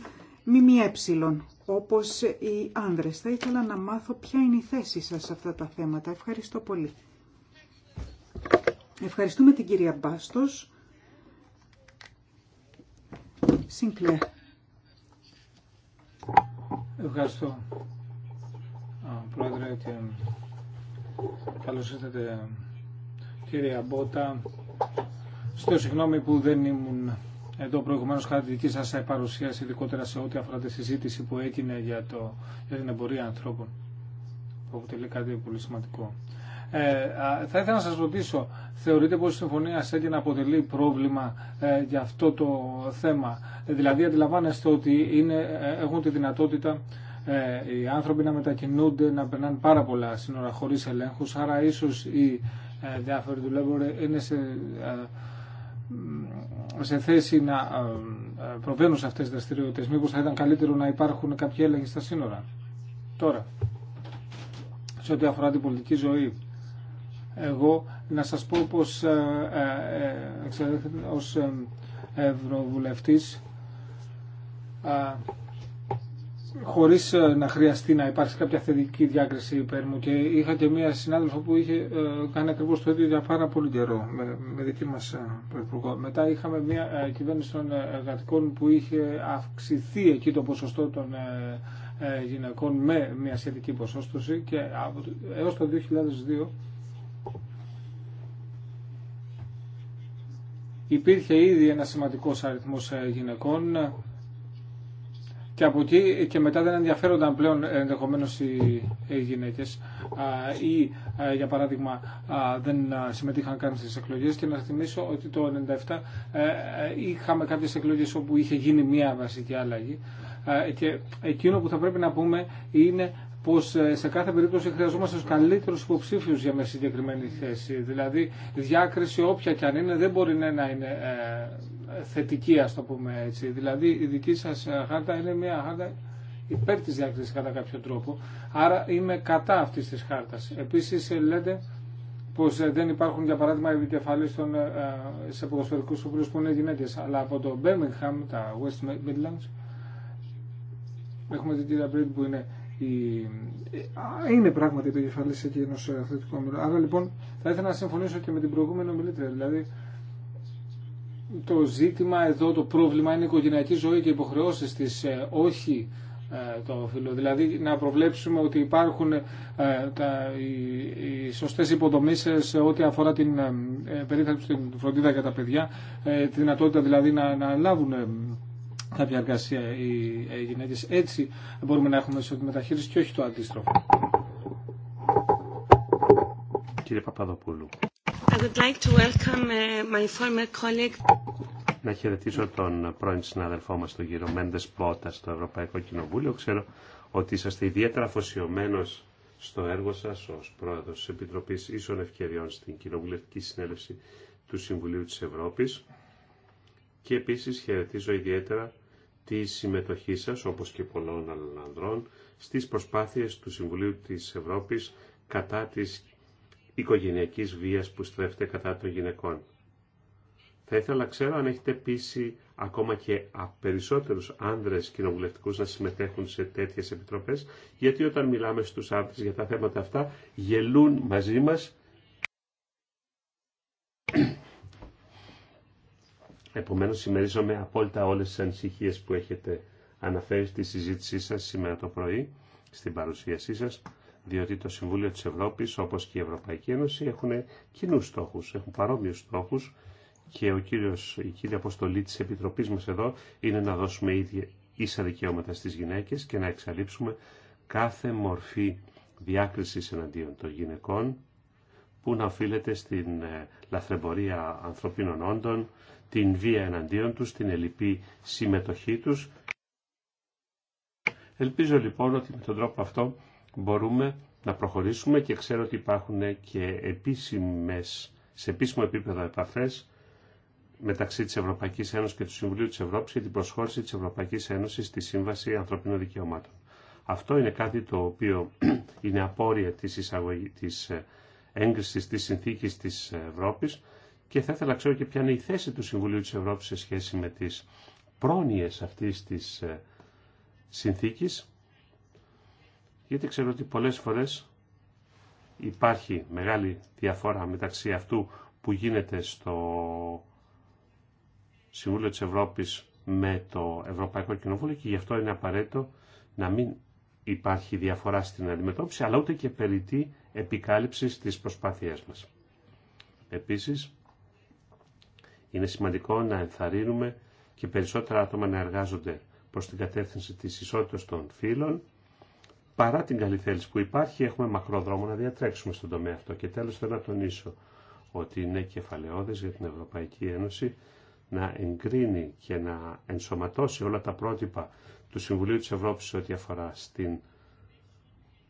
ΜΜΕ, όπως οι άνδρες. Θα ήθελα να μάθω ποια είναι η θέση σας σε αυτά τα θέματα. Ευχαριστώ πολύ. Ευχαριστούμε την κυρία Μπάστος. Συγκλέ. Ευχαριστώ, Πρόεδρε, και καλώς ήρθατε, κυρία Μπότα. Στο συγγνώμη που δεν ήμουν εδώ προηγουμένω κατά τη δική σα παρουσίαση, ειδικότερα σε ό,τι αφορά τη συζήτηση που έγινε για, το, την εμπορία ανθρώπων, που αποτελεί κάτι πολύ σημαντικό. Ε, θα ήθελα να σας ρωτήσω, θεωρείτε πως η Συμφωνία να αποτελεί πρόβλημα ε, για αυτό το θέμα. Ε, δηλαδή αντιλαμβάνεστε ότι είναι, ε, έχουν τη δυνατότητα ε, οι άνθρωποι να μετακινούνται, να περνάνε πάρα πολλά σύνορα χωρίς ελέγχους, άρα ίσως οι διάφοροι δουλεύουν είναι σε σε θέση να ε, ε, προβαίνουν σε αυτέ τι δραστηριότητε. Μήπω θα ήταν καλύτερο να υπάρχουν κάποιοι έλεγχοι στα σύνορα. Τώρα, σε ό,τι αφορά την πολιτική ζωή, εγώ να σας πω πως ε, ε ευρωβουλευτής χωρίς ε, να χρειαστεί να υπάρξει κάποια θετική διάκριση υπέρ μου και είχα και μία συνάδελφο που είχε ε, κάνει ακριβώ το ίδιο για πάρα πολύ καιρό με, με δική μας ε, πρωθυπουργό. Μετά είχαμε μία κυβέρνηση των εργατικών που είχε αυξηθεί εκεί το ποσοστό των γυναικών με μία σχετική ποσόστοση και από, έως το 2002 υπήρχε ήδη ένα σημαντικός αριθμός γυναικών και από εκεί και μετά δεν ενδιαφέρονταν πλέον ε, ενδεχομένως οι γυναίκες ή ε, για παράδειγμα δεν συμμετείχαν καν στις εκλογές και να θυμίσω ότι το 1997 ε, είχαμε κάποιες εκλογές όπου είχε γίνει μία βασική αλλαγή και εκείνο που θα πρέπει να πούμε είναι πως σε κάθε περίπτωση χρειαζόμαστε τους καλύτερου υποψήφιου για μια συγκεκριμένη θέση. Δηλαδή, διάκριση όποια και αν είναι δεν μπορεί να είναι θετική, α το πούμε έτσι. Δηλαδή η δική σα χάρτα είναι μια χάρτα υπέρ τη διακρίση κατά κάποιο τρόπο. Άρα είμαι κατά αυτή τη χάρτα. Επίση, λέτε πω ε, δεν υπάρχουν για παράδειγμα οι ε, ε, σε ποδοσφαιρικού οπλού που είναι γυναίκε. Αλλά από το Birmingham, τα West Midlands, έχουμε την κυρία Μπρίντ που είναι η... είναι πράγματι επικεφαλή εκεί ενός αθλητικού Άρα λοιπόν θα ήθελα να συμφωνήσω και με την προηγούμενη ομιλήτρια. Δηλαδή το ζήτημα εδώ, το πρόβλημα είναι η οικογενειακή ζωή και οι υποχρεώσεις της, ε, όχι ε, το φύλλο. Δηλαδή να προβλέψουμε ότι υπάρχουν ε, τα, οι, οι σωστές υποδομές σε ό,τι αφορά την ε, περίθαλψη, την φροντίδα για τα παιδιά, τη δυνατότητα δηλαδή να, να λάβουν κάποια εργασία οι γυναίκες. Έτσι μπορούμε να έχουμε σωστή μεταχείριση και όχι το αντίστροφο. Uh, Να χαιρετήσω τον πρώην συνάδελφό μας, τον κύριο Μέντες Πότα, στο Ευρωπαϊκό Κοινοβούλιο. Ξέρω ότι είσαστε ιδιαίτερα αφοσιωμένος στο έργο σας ως πρόεδρος της Επιτροπής Ίσων Ευκαιριών στην Κοινοβουλευτική Συνέλευση του Συμβουλίου της Ευρώπης και επίσης χαιρετίζω ιδιαίτερα τη συμμετοχή σας, όπως και πολλών άλλων ανδρών, στις προσπάθειες του Συμβουλίου της Ευρώπης κατά της οικογενειακής βίας που στρέφεται κατά των γυναικών. Θα ήθελα να ξέρω αν έχετε πείσει ακόμα και περισσότερους άνδρες κοινοβουλευτικού να συμμετέχουν σε τέτοιες επιτροπές, γιατί όταν μιλάμε στους άνδρες για τα θέματα αυτά, γελούν μαζί μας. Επομένως, συμμερίζομαι απόλυτα όλες τις ανησυχίες που έχετε αναφέρει στη συζήτησή σας σήμερα το πρωί, στην παρουσίασή σας διότι το Συμβούλιο της Ευρώπης όπως και η Ευρωπαϊκή Ένωση έχουν κοινού στόχους, έχουν παρόμοιους στόχους και ο κύριος, η κύρια αποστολή της Επιτροπής μας εδώ είναι να δώσουμε ίδια, ίσα δικαιώματα στις γυναίκες και να εξαλείψουμε κάθε μορφή διάκρισης εναντίον των γυναικών που να οφείλεται στην ε, λαθρεμπορία ανθρωπίνων όντων, την βία εναντίον τους, την ελλειπή συμμετοχή τους. Ελπίζω λοιπόν ότι με τον τρόπο αυτό μπορούμε να προχωρήσουμε και ξέρω ότι υπάρχουν και επίσημες, σε επίσημο επίπεδο επαφές μεταξύ της Ευρωπαϊκής Ένωσης και του Συμβουλίου της Ευρώπης για την προσχώρηση της Ευρωπαϊκής Ένωσης στη Σύμβαση Ανθρωπίνων Δικαιωμάτων. Αυτό είναι κάτι το οποίο (clears throat) είναι απόρρια της, έγκριση της ε, έγκρισης της συνθήκης της Ευρώπης και θα ήθελα να ξέρω και ποια είναι η θέση του Συμβουλίου της Ευρώπης σε σχέση με τις πρόνοιες αυτής της ε, συνθήκης γιατί ξέρω ότι πολλές φορές υπάρχει μεγάλη διαφορά μεταξύ αυτού που γίνεται στο Συμβούλιο της Ευρώπης με το Ευρωπαϊκό Κοινοβούλιο και γι' αυτό είναι απαραίτητο να μην υπάρχει διαφορά στην αντιμετώπιση, αλλά ούτε και περί τι επικάλυψης της προσπάθειας μας. Επίσης, είναι σημαντικό να ενθαρρύνουμε και περισσότερα άτομα να εργάζονται προς την κατεύθυνση της ισότητας των φύλων παρά την καλή θέληση που υπάρχει, έχουμε μακρό δρόμο να διατρέξουμε στον τομέα αυτό. Και τέλο θέλω να τονίσω ότι είναι κεφαλαιώδες για την Ευρωπαϊκή Ένωση να εγκρίνει και να ενσωματώσει όλα τα πρότυπα του Συμβουλίου της Ευρώπης ό,τι αφορά στην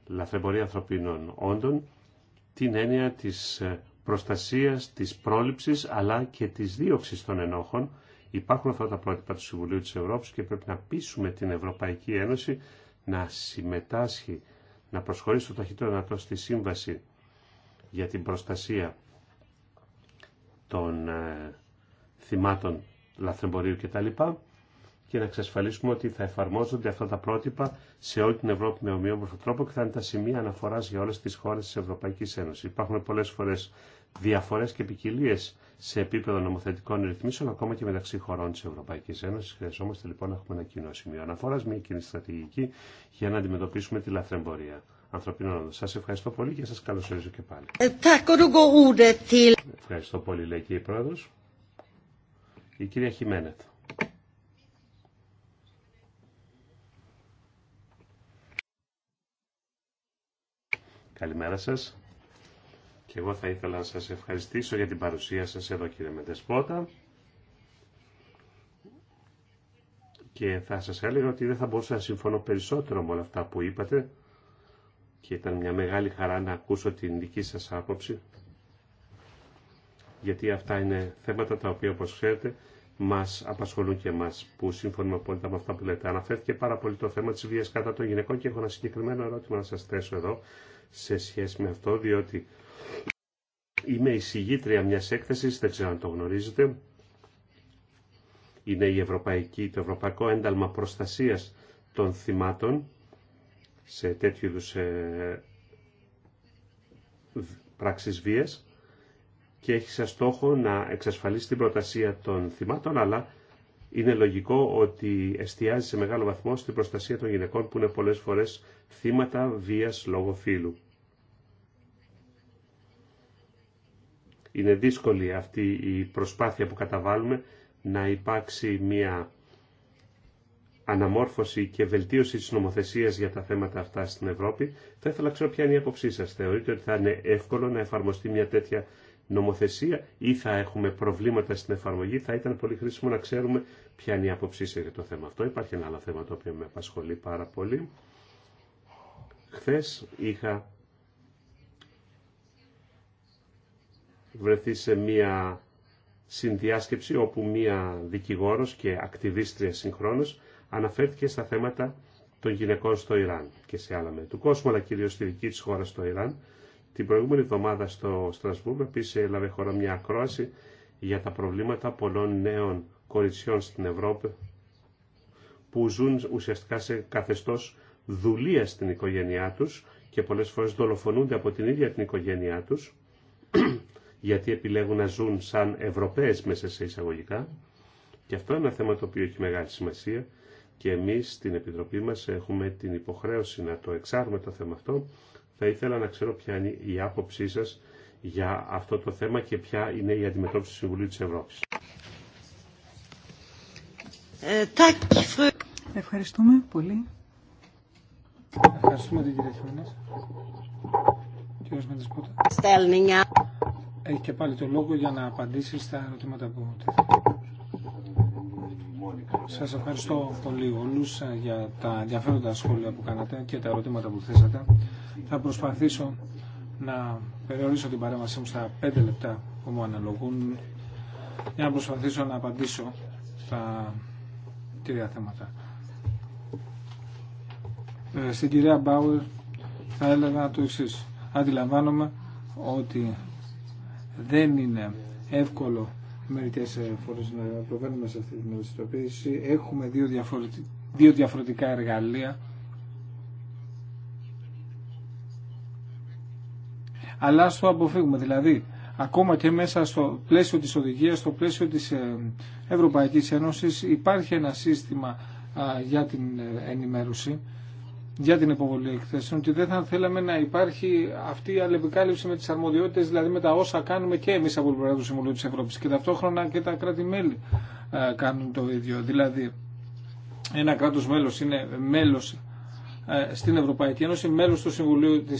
λαθρεμπορία ανθρωπίνων όντων, την έννοια της ε, προστασίας, της πρόληψης αλλά και της δίωξης των ενόχων. Υπάρχουν αυτά τα πρότυπα του Συμβουλίου της Ευρώπης και πρέπει να πείσουμε την Ευρωπαϊκή Ένωση να συμμετάσχει, να προσχωρήσει το ταχύτερο δυνατό στη σύμβαση για την προστασία των ε, θυμάτων λαθρεμπορίου κτλ. και να εξασφαλίσουμε ότι θα εφαρμόζονται αυτά τα πρότυπα σε όλη την Ευρώπη με ομοιόμορφο τρόπο και θα είναι τα σημεία αναφορά για όλε τι χώρε τη Ευρωπαϊκή Ένωση. Υπάρχουν πολλέ φορέ διαφορέ και ποικιλίε σε επίπεδο νομοθετικών ρυθμίσεων, ακόμα και μεταξύ χωρών τη Ευρωπαϊκή Ένωση. Χρειαζόμαστε λοιπόν να έχουμε ένα κοινό σημείο αναφορά, μια κοινή στρατηγική για να αντιμετωπίσουμε τη λαθρεμπορία ανθρωπίνων όντων. Σα ευχαριστώ πολύ και σα καλωσορίζω και πάλι. Ε, ευχαριστώ πολύ, λέει και η πρόεδρο. Η κυρία Χιμένεθ. Καλημέρα σας. Και εγώ θα ήθελα να σας ευχαριστήσω για την παρουσία σας εδώ κύριε Μεντεσπότα. Και θα σας έλεγα ότι δεν θα μπορούσα να συμφωνώ περισσότερο με όλα αυτά που είπατε και ήταν μια μεγάλη χαρά να ακούσω την δική σας άποψη γιατί αυτά είναι θέματα τα οποία όπως ξέρετε μας απασχολούν και εμάς που συμφωνούμε απόλυτα με αυτά που λέτε. Αναφέρθηκε πάρα πολύ το θέμα της βίας κατά των γυναικών και έχω ένα συγκεκριμένο ερώτημα να σας θέσω εδώ σε σχέση με αυτό διότι Είμαι η συγγήτρια μιας έκθεσης, δεν ξέρω αν το γνωρίζετε. Είναι η Ευρωπαϊκή, το Ευρωπαϊκό Ένταλμα Προστασίας των Θυμάτων σε τέτοιου είδους ε, πράξεις βίας και έχει σαν στόχο να εξασφαλίσει την προστασία των θυμάτων, αλλά είναι λογικό ότι εστιάζει σε μεγάλο βαθμό στην προστασία των γυναικών που είναι πολλές φορές θύματα βίας λόγω φύλου. είναι δύσκολη αυτή η προσπάθεια που καταβάλουμε να υπάρξει μια αναμόρφωση και βελτίωση της νομοθεσίας για τα θέματα αυτά στην Ευρώπη. Θα ήθελα να ξέρω ποια είναι η άποψή σας. Θεωρείτε ότι θα είναι εύκολο να εφαρμοστεί μια τέτοια νομοθεσία ή θα έχουμε προβλήματα στην εφαρμογή. Θα ήταν πολύ χρήσιμο να ξέρουμε ποια είναι η άποψή σας για το θέμα αυτό. Υπάρχει ένα άλλο θέμα το οποίο με απασχολεί πάρα πολύ. Χθες είχα βρεθεί σε μία συνδιάσκεψη όπου μία δικηγόρος και ακτιβίστρια συγχρόνως αναφέρθηκε στα θέματα των γυναικών στο Ιράν και σε άλλα μέρη του κόσμου, αλλά κυρίω στη δική της χώρα στο Ιράν. Την προηγούμενη εβδομάδα στο Στρασβούργο επίση έλαβε χώρα μια ακρόαση για τα προβλήματα πολλών νέων κοριτσιών στην Ευρώπη που ζουν ουσιαστικά σε καθεστώς δουλεία στην οικογένειά τους και πολλές φορές δολοφονούνται από την ίδια την οικογένειά τους γιατί επιλέγουν να ζουν σαν Ευρωπαίες μέσα σε εισαγωγικά. Και αυτό είναι ένα θέμα το οποίο έχει μεγάλη σημασία και εμείς στην Επιτροπή μας έχουμε την υποχρέωση να το εξάρουμε το θέμα αυτό. Θα ήθελα να ξέρω ποια είναι η άποψή σας για αυτό το θέμα και ποια είναι η αντιμετώπιση του Συμβουλίου της Ευρώπης. Ευχαριστούμε πολύ. Ευχαριστούμε την κυρία Κύριος έχει και πάλι το λόγο για να απαντήσει στα ερωτήματα που σας ευχαριστώ πολύ όλους ε, για τα ενδιαφέροντα σχόλια που κάνατε και τα ερωτήματα που θέσατε. Θα προσπαθήσω να περιορίσω την παρέμβασή μου στα 5 λεπτά που μου αναλογούν για να προσπαθήσω να απαντήσω στα κυρία θέματα. Ε, στην κυρία Μπάουερ θα έλεγα το εξή. Αντιλαμβάνομαι ότι δεν είναι εύκολο μερικέ ε, φορέ να προβένουμε σε αυτή την ευαισθητοποίηση. Έχουμε δύο, δύο διαφορετικά εργαλεία. Αλλά ας το αποφύγουμε. Δηλαδή, ακόμα και μέσα στο πλαίσιο της οδηγίας, στο πλαίσιο της ε, Ευρωπαϊκής Ένωσης υπάρχει ένα σύστημα για την ε, ενημέρωση για την υποβολή εκθέσεων και δεν θα θέλαμε να υπάρχει αυτή η αλληλεπικάλυψη με τι αρμοδιότητε, δηλαδή με τα όσα κάνουμε και εμεί από την πλευρά του Συμβουλίου τη Ευρώπη. και ταυτόχρονα και τα κράτη-μέλη ε, κάνουν το ίδιο. Δηλαδή, ένα κράτο μέλο, είναι μέλος ε, στην Ευρωπαϊκή Ένωση, μέλο του Συμβουλίου τη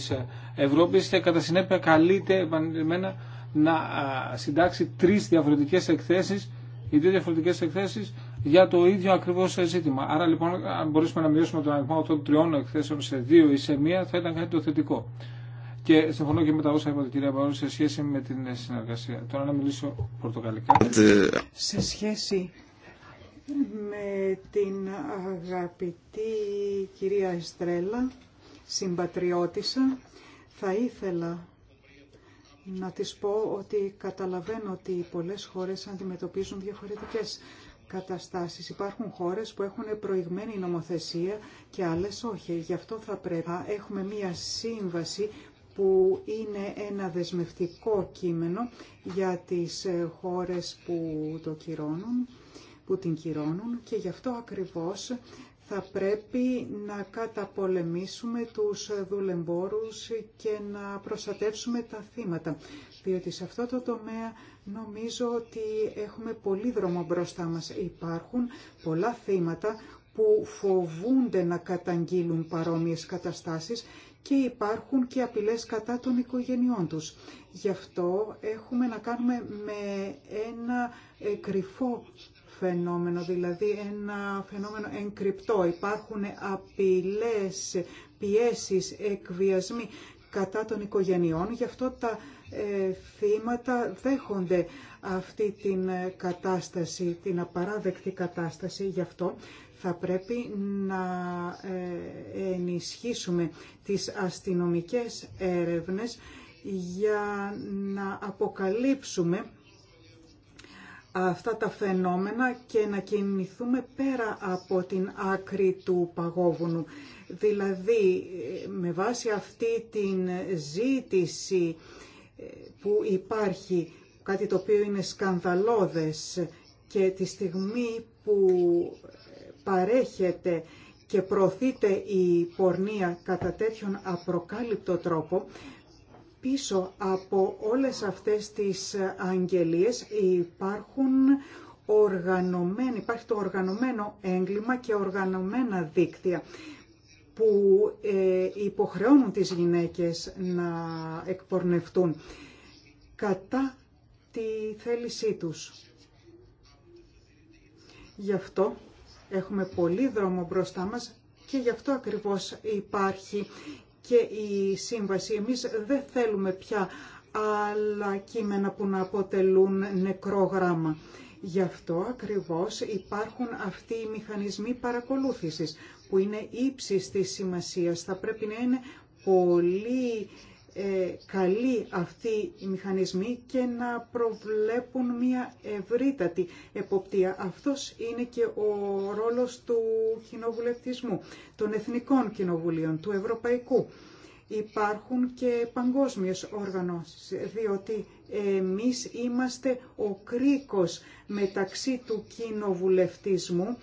ε, Ευρώπη, και κατά συνέπεια καλείται επανειλημμένα να συντάξει τρει διαφορετικέ εκθέσει, οι δύο διαφορετικέ εκθέσεις για το ίδιο ακριβώ ζήτημα. Άρα λοιπόν, αν μπορούσαμε να μειώσουμε τον αριθμό των τριών εκθέσεων σε δύο ή σε μία, θα ήταν κάτι το θετικό. Και συμφωνώ και με τα όσα είπατε, κυρία Παρόν σε σχέση με την συνεργασία. Τώρα να μιλήσω πορτοκαλικά. Σε σχέση με την αγαπητή κυρία Εστρέλα, συμπατριώτησα, θα ήθελα να της πω ότι καταλαβαίνω ότι πολλές χώρες αντιμετωπίζουν διαφορετικές καταστάσεις. Υπάρχουν χώρες που έχουν προηγμένη νομοθεσία και άλλες όχι. Γι' αυτό θα πρέπει να έχουμε μία σύμβαση που είναι ένα δεσμευτικό κείμενο για τις ε, χώρες που το κυρώνουν που την κυρώνουν και γι' αυτό ακριβώς θα πρέπει να καταπολεμήσουμε τους δουλεμπόρους και να προστατεύσουμε τα θύματα. Διότι σε αυτό το τομέα νομίζω ότι έχουμε πολύ δρόμο μπροστά μας. Υπάρχουν πολλά θύματα που φοβούνται να καταγγείλουν παρόμοιες καταστάσεις και υπάρχουν και απειλές κατά των οικογενειών τους. Γι' αυτό έχουμε να κάνουμε με ένα ε, κρυφό φαινόμενο, δηλαδή ένα φαινόμενο εγκρυπτό. Υπάρχουν απειλές, πιέσεις, εκβιασμοί κατά των οικογενειών, γι' αυτό τα ε, θύματα δέχονται αυτή την ε, κατάσταση, την απαράδεκτη κατάσταση. Γι' αυτό θα πρέπει να ε, ενισχύσουμε τις αστυνομικές έρευνες για να αποκαλύψουμε αυτά τα φαινόμενα και να κινηθούμε πέρα από την άκρη του παγόβουνου. Δηλαδή, με βάση αυτή την ζήτηση ε, που υπάρχει, κάτι το οποίο είναι σκανδαλώδες και τη στιγμή που ε, παρέχεται και προωθείται η πορνεία κατά τέτοιον απροκάλυπτο τρόπο, πίσω από όλες αυτές τις αγγελίες υπάρχουν οργανωμένοι, υπάρχει το οργανωμένο έγκλημα και οργανωμένα δίκτυα που ε, υποχρεώνουν τις γυναίκες να εκπορνευτούν κατά τη θέλησή τους. Γι' αυτό έχουμε πολύ δρόμο μπροστά μας και γι' αυτό ακριβώς υπάρχει και η σύμβαση. Εμείς δεν θέλουμε πια άλλα κείμενα που να αποτελούν νεκρό γράμμα. Γι' αυτό ακριβώς υπάρχουν αυτοί οι μηχανισμοί παρακολούθησης που είναι ύψης της σημασίας. Θα πρέπει να είναι πολύ ε, καλοί αυτοί οι μηχανισμοί και να προβλέπουν μια ευρύτατη εποπτεία. Αυτός είναι και ο ρόλος του κοινοβουλευτισμού, των εθνικών κοινοβουλίων, του ευρωπαϊκού. Υπάρχουν και παγκόσμιες οργανώσεις, διότι εμείς είμαστε ο κρίκος μεταξύ του κοινοβουλευτισμού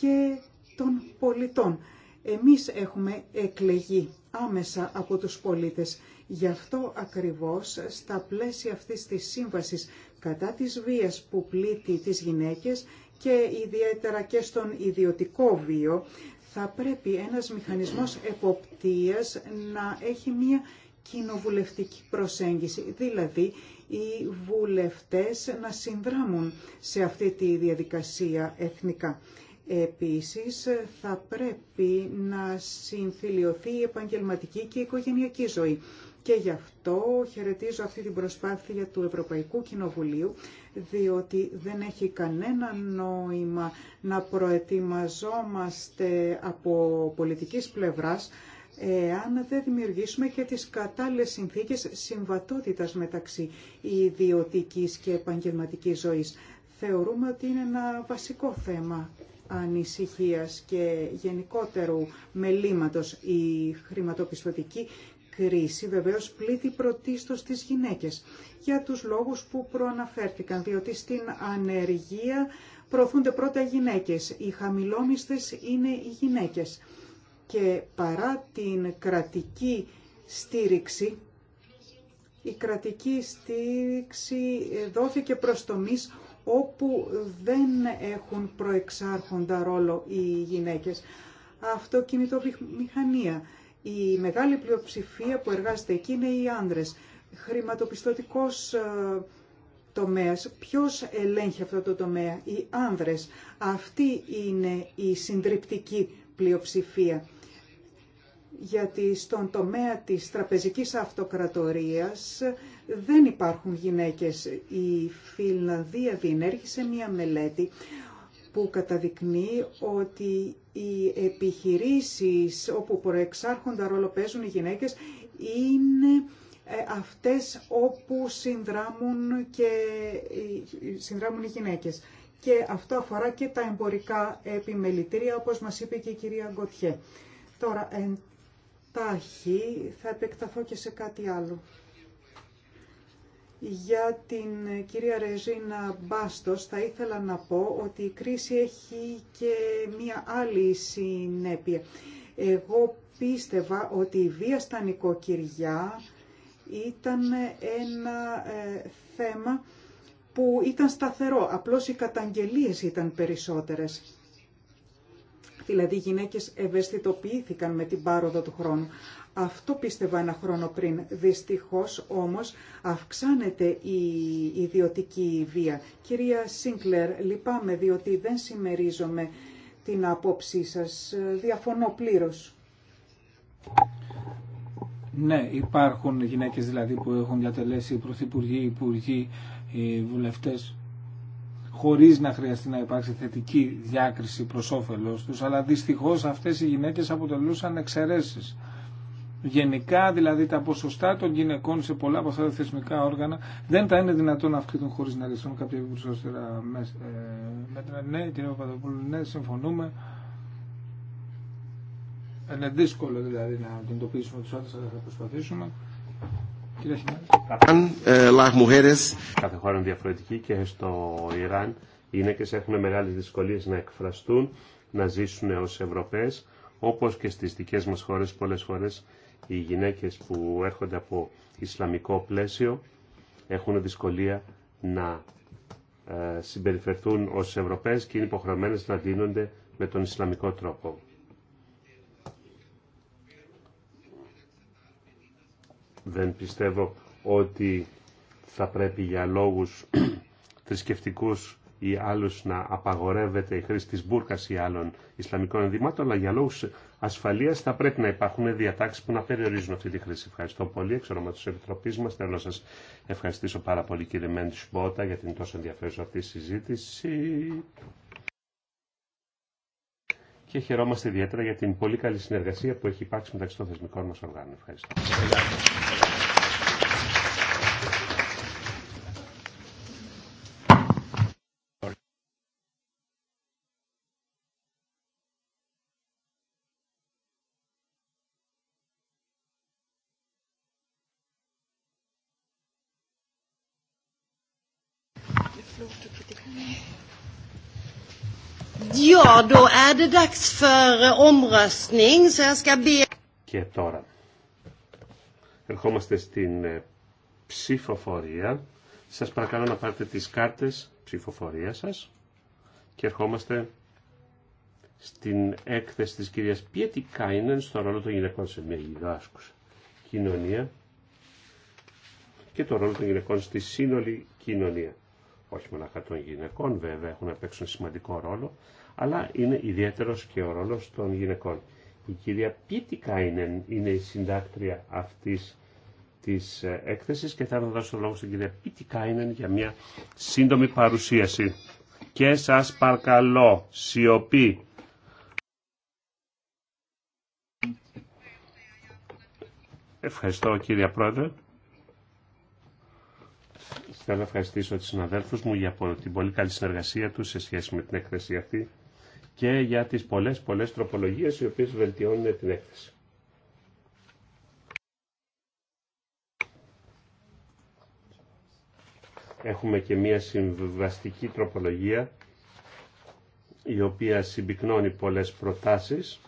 και των πολιτών. Εμείς έχουμε εκλεγεί άμεσα από τους πολίτες Γι' αυτό ακριβώς στα πλαίσια αυτής της σύμβασης κατά της βίας που πλήττει τις γυναίκες και ιδιαίτερα και στον ιδιωτικό βίο, θα πρέπει ένας μηχανισμός εποπτείας να έχει μία κοινοβουλευτική προσέγγιση, δηλαδή οι βουλευτές να συνδράμουν σε αυτή τη διαδικασία εθνικά. Επίσης, θα πρέπει να συμφιλειωθεί η επαγγελματική και η οικογενειακή ζωή. Και γι' αυτό χαιρετίζω αυτή την προσπάθεια του Ευρωπαϊκού Κοινοβουλίου, διότι δεν έχει κανένα νόημα να προετοιμαζόμαστε από πολιτικής πλευράς αν δεν δημιουργήσουμε και τις κατάλληλες συνθήκες συμβατότητας μεταξύ ιδιωτικής και επαγγελματικής ζωής. Θεωρούμε ότι είναι ένα βασικό θέμα ανησυχίας και γενικότερου μελήματος η χρηματοπιστωτική κρίση βεβαίως πλήττει πρωτίστως τις γυναίκες για τους λόγους που προαναφέρθηκαν, διότι στην ανεργία προωθούνται πρώτα οι γυναίκες, οι χαμηλόμιστες είναι οι γυναίκες και παρά την κρατική στήριξη, η κρατική στήριξη δόθηκε προς τομείς όπου δεν έχουν προεξάρχοντα ρόλο οι γυναίκες. Αυτοκινητοβιομηχανία, η μεγάλη πλειοψηφία που εργάζεται εκεί είναι οι άνδρες. Χρηματοπιστωτικός ε, τομέας. Ποιος ελέγχει αυτό το τομέα, οι άνδρες. Αυτή είναι η συντριπτική πλειοψηφία. Γιατί στον τομέα της τραπεζικής αυτοκρατορίας δεν υπάρχουν γυναίκες. Η Φιλανδία διενέργησε μία μελέτη που καταδεικνύει ότι οι επιχειρήσεις όπου προεξάρχοντα ρόλο παίζουν οι γυναίκες είναι ε, αυτές όπου συνδράμουν, και, συνδράμουν οι γυναίκες. Και αυτό αφορά και τα εμπορικά επιμελητήρια, όπως μας είπε και η κυρία Γκοτιέ. Τώρα, εντάχει, θα επεκταθώ και σε κάτι άλλο. Για την κυρία Ρεζίνα Μπάστος θα ήθελα να πω ότι η κρίση έχει και μία άλλη συνέπεια. Εγώ πίστευα ότι η βία στα νοικοκυριά ήταν ένα ε, θέμα που ήταν σταθερό. Απλώς οι καταγγελίες ήταν περισσότερες. Δηλαδή οι γυναίκες ευαισθητοποιήθηκαν με την πάροδο του χρόνου. Αυτό πίστευα ένα χρόνο πριν. Δυστυχώς όμως αυξάνεται η ιδιωτική βία. Κυρία Σίνκλερ, λυπάμαι διότι δεν συμμερίζομαι την άποψή σας. Διαφωνώ πλήρως. Ναι, υπάρχουν γυναίκες δηλαδή που έχουν διατελέσει πρωθυπουργοί, υπουργοί, βουλευτές χωρίς να χρειαστεί να υπάρξει θετική διάκριση προς όφελος τους, αλλά δυστυχώς αυτές οι γυναίκες αποτελούσαν εξαιρέσεις Γενικά δηλαδή τα ποσοστά των γυναικών σε πολλά από αυτά τα θεσμικά όργανα δεν θα είναι δυνατόν να αυξηθούν χωρί να ληφθούν κάποια περισσότερα μέτρα. Ναι, κύριε Παπαδοπούλου, ναι, συμφωνούμε. Είναι δύσκολο δηλαδή να αντιμετωπίσουμε του άντρε, αλλά θα προσπαθήσουμε. Ε, Κάθε χώρα είναι διαφορετική και στο Ιράν οι γυναίκε έχουν μεγάλε δυσκολίε να εκφραστούν, να ζήσουν ω Ευρωπαίε όπως και στις δικές μας χώρες πολλές φορές οι γυναίκες που έρχονται από ισλαμικό πλαίσιο έχουν δυσκολία να ε, συμπεριφερθούν ως Ευρωπαίες και είναι υποχρεωμένες να δίνονται με τον Ισλαμικό τρόπο. Δεν πιστεύω ότι θα πρέπει για λόγους (clears throat) θρησκευτικού ή άλλους να απαγορεύεται η χρήση της μπουρκας ή άλλων Ισλαμικών ενδυμάτων, αλλά για λόγους ασφαλείας θα πρέπει να υπάρχουν διατάξεις που να περιορίζουν αυτή τη χρήση. Ευχαριστώ πολύ. Εξ τη Επιτροπής μας θέλω να σα ευχαριστήσω πάρα πολύ κύριε Μέντσου Μπότα για την τόσο ενδιαφέρουσα αυτή συζήτηση. Και χαιρόμαστε ιδιαίτερα για την πολύ καλή συνεργασία που έχει υπάρξει μεταξύ των θεσμικών μας οργάνων. Ευχαριστώ. Και τώρα. Ερχόμαστε στην ε, ψηφοφορία. Σας παρακαλώ να πάρετε τις κάρτες ψηφοφορία σας και ερχόμαστε στην έκθεση της κυρίας Πιέτη Κάινεν στο ρόλο των γυναικών σε μια γυδάσκουσα κοινωνία και το ρόλο των γυναικών στη σύνολη κοινωνία όχι μοναχά των γυναικών βέβαια έχουν να παίξουν σημαντικό ρόλο, αλλά είναι ιδιαίτερος και ο ρόλος των γυναικών. Η κυρία Πίτικα είναι, είναι η συντάκτρια αυτής της ε, έκθεσης και θα να δώσω λόγο στην κυρία Πίτικα είναι για μια σύντομη παρουσίαση. Και σας παρακαλώ, σιωπή. Ευχαριστώ κύριε Πρόεδρε. Θέλω να ευχαριστήσω τους συναδέλφους μου για την πολύ καλή συνεργασία τους σε σχέση με την έκθεση αυτή και για τις πολλές πολλές τροπολογίες οι οποίες βελτιώνουν την έκθεση. Έχουμε και μία συμβαστική τροπολογία η οποία συμπυκνώνει πολλές προτάσεις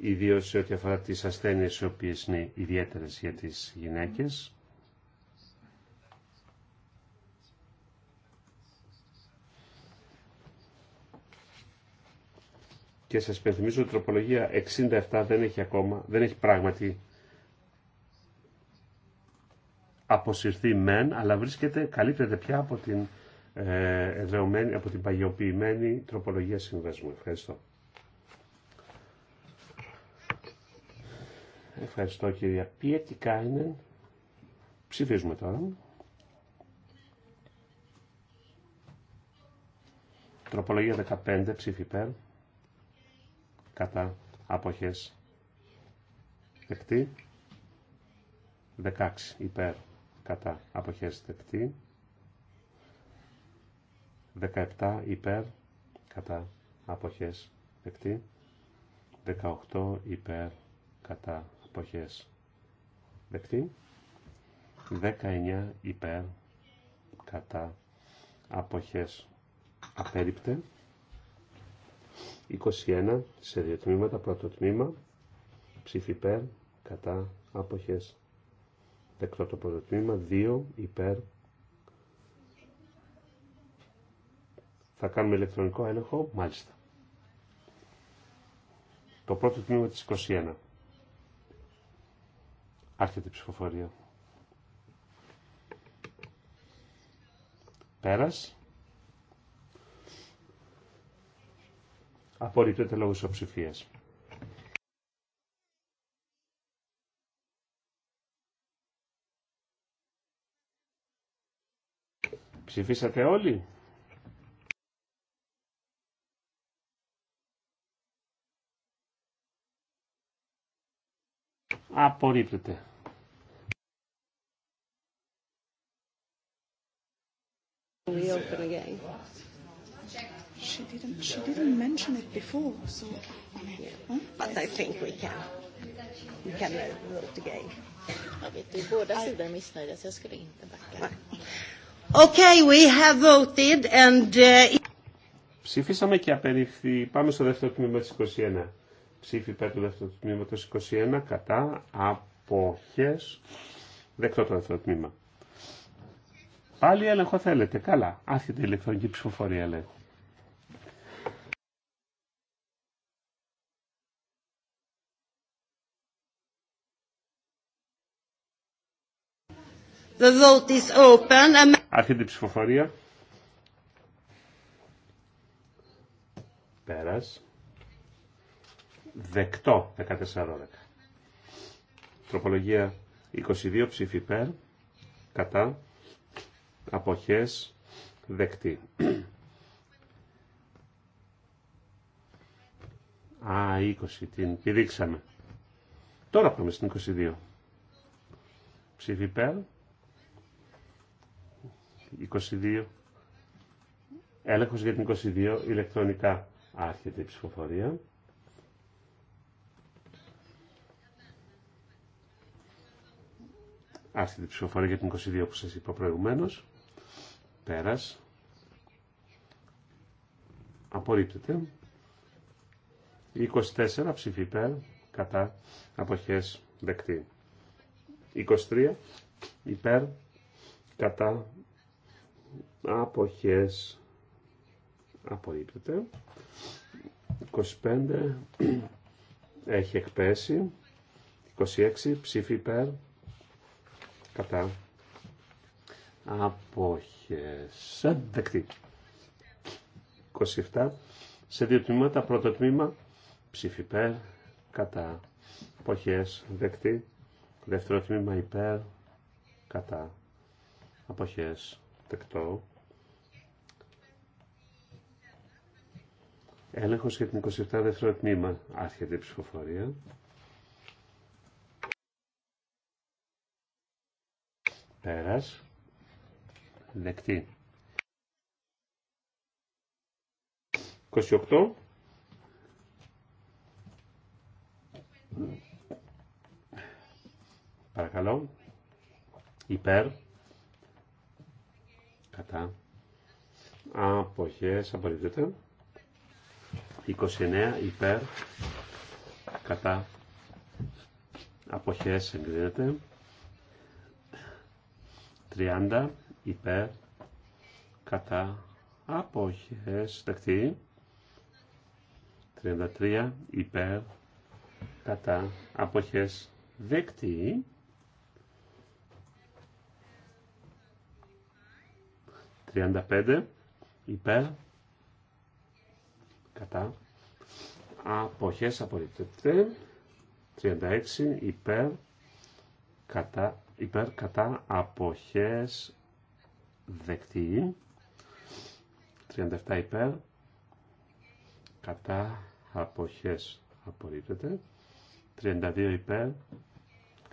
ιδίως σε ό,τι αφορά τις ασθένειες οι οποίες είναι ιδιαίτερες για τις γυναίκες Και σας υπενθυμίζω ότι η τροπολογία 67 δεν έχει ακόμα, δεν έχει πράγματι αποσυρθεί μεν, αλλά βρίσκεται, καλύπτεται πια από την ε, από την παγιοποιημένη τροπολογία συμβέσμου. Ευχαριστώ. Ευχαριστώ κυρία τι Ψηφίζουμε τώρα. Τροπολογία 15, ψήφι υπέρ κατά αποχές δεκτή 16 υπέρ κατά αποχές δεκτή 17 υπέρ κατά αποχές δεκτή 18 υπέρ κατά αποχές δεκτή 19 υπέρ κατά αποχές απέριπτε 21 σε δύο τμήματα. Πρώτο τμήμα, ψήφι υπέρ, κατά, άποχες, δεκτό το πρώτο τμήμα. 2 υπέρ. Θα κάνουμε ηλεκτρονικό έλεγχο, μάλιστα. Το πρώτο τμήμα της 21. Άρχεται η ψηφοφορία. Πέρας. Απορρίπτεται λόγω ισοψηφία. Ψηφίσατε όλοι. Απορρίπτεται she didn't she didn't mention it before, so but I think we can we can vote Okay, we have voted and uh, Ψήφισαμε και απεριφθεί. Πάμε στο δεύτερο τμήμα της 21. Ψήφι υπέρ του δεύτερου τμήματος 21 κατά αποχές. Δεκτό το δεύτερο τμήμα. Πάλι έλεγχο θέλετε. Καλά. Άρχεται η ηλεκτρονική ψηφοφορία έλεγχο. The vote is η ψηφοφορία. Πέρας. Δεκτό 14 Τροπολογία 22 ψήφι υπέρ. Κατά. Αποχές. Δεκτή. Α, 20 την πηδήξαμε. Τώρα πάμε στην 22. Ψήφι υπέρ 22. Έλεγχος για την 22 ηλεκτρονικά άρχεται η ψηφοφορία. Άρχεται η ψηφοφορία για την 22 που σας είπα προηγουμένως. Πέρας. Απορρίπτεται. 24 ψήφι υπέρ, κατά αποχές δεκτή. 23 υπέρ, κατά αποχές απορρίπτεται 25 έχει εκπέσει 26 ψήφι υπέρ κατά αποχές δεκτή 27 σε δύο τμήματα πρώτο τμήμα ψήφι υπέρ κατά αποχές δεκτή δεύτερο τμήμα υπέρ κατά αποχές δεκτό. Έλεγχος για την 27 δεύτερο τμήμα. Άρχεται η ψηφοφορία. Πέρας. Δεκτή. 28. Παρακαλώ. Υπέρ κατά αποχές απορρίπτεται 29 υπέρ κατά αποχές εγκρίνεται 30 υπέρ κατά αποχές δεκτή 33 υπέρ κατά αποχές δεκτή 35 υπέρ κατά αποχές απορρίπτεται 36 υπέρ κατά, υπέρ κατά αποχές δεκτή 37 υπέρ κατά αποχές απορρίπτεται 32 υπέρ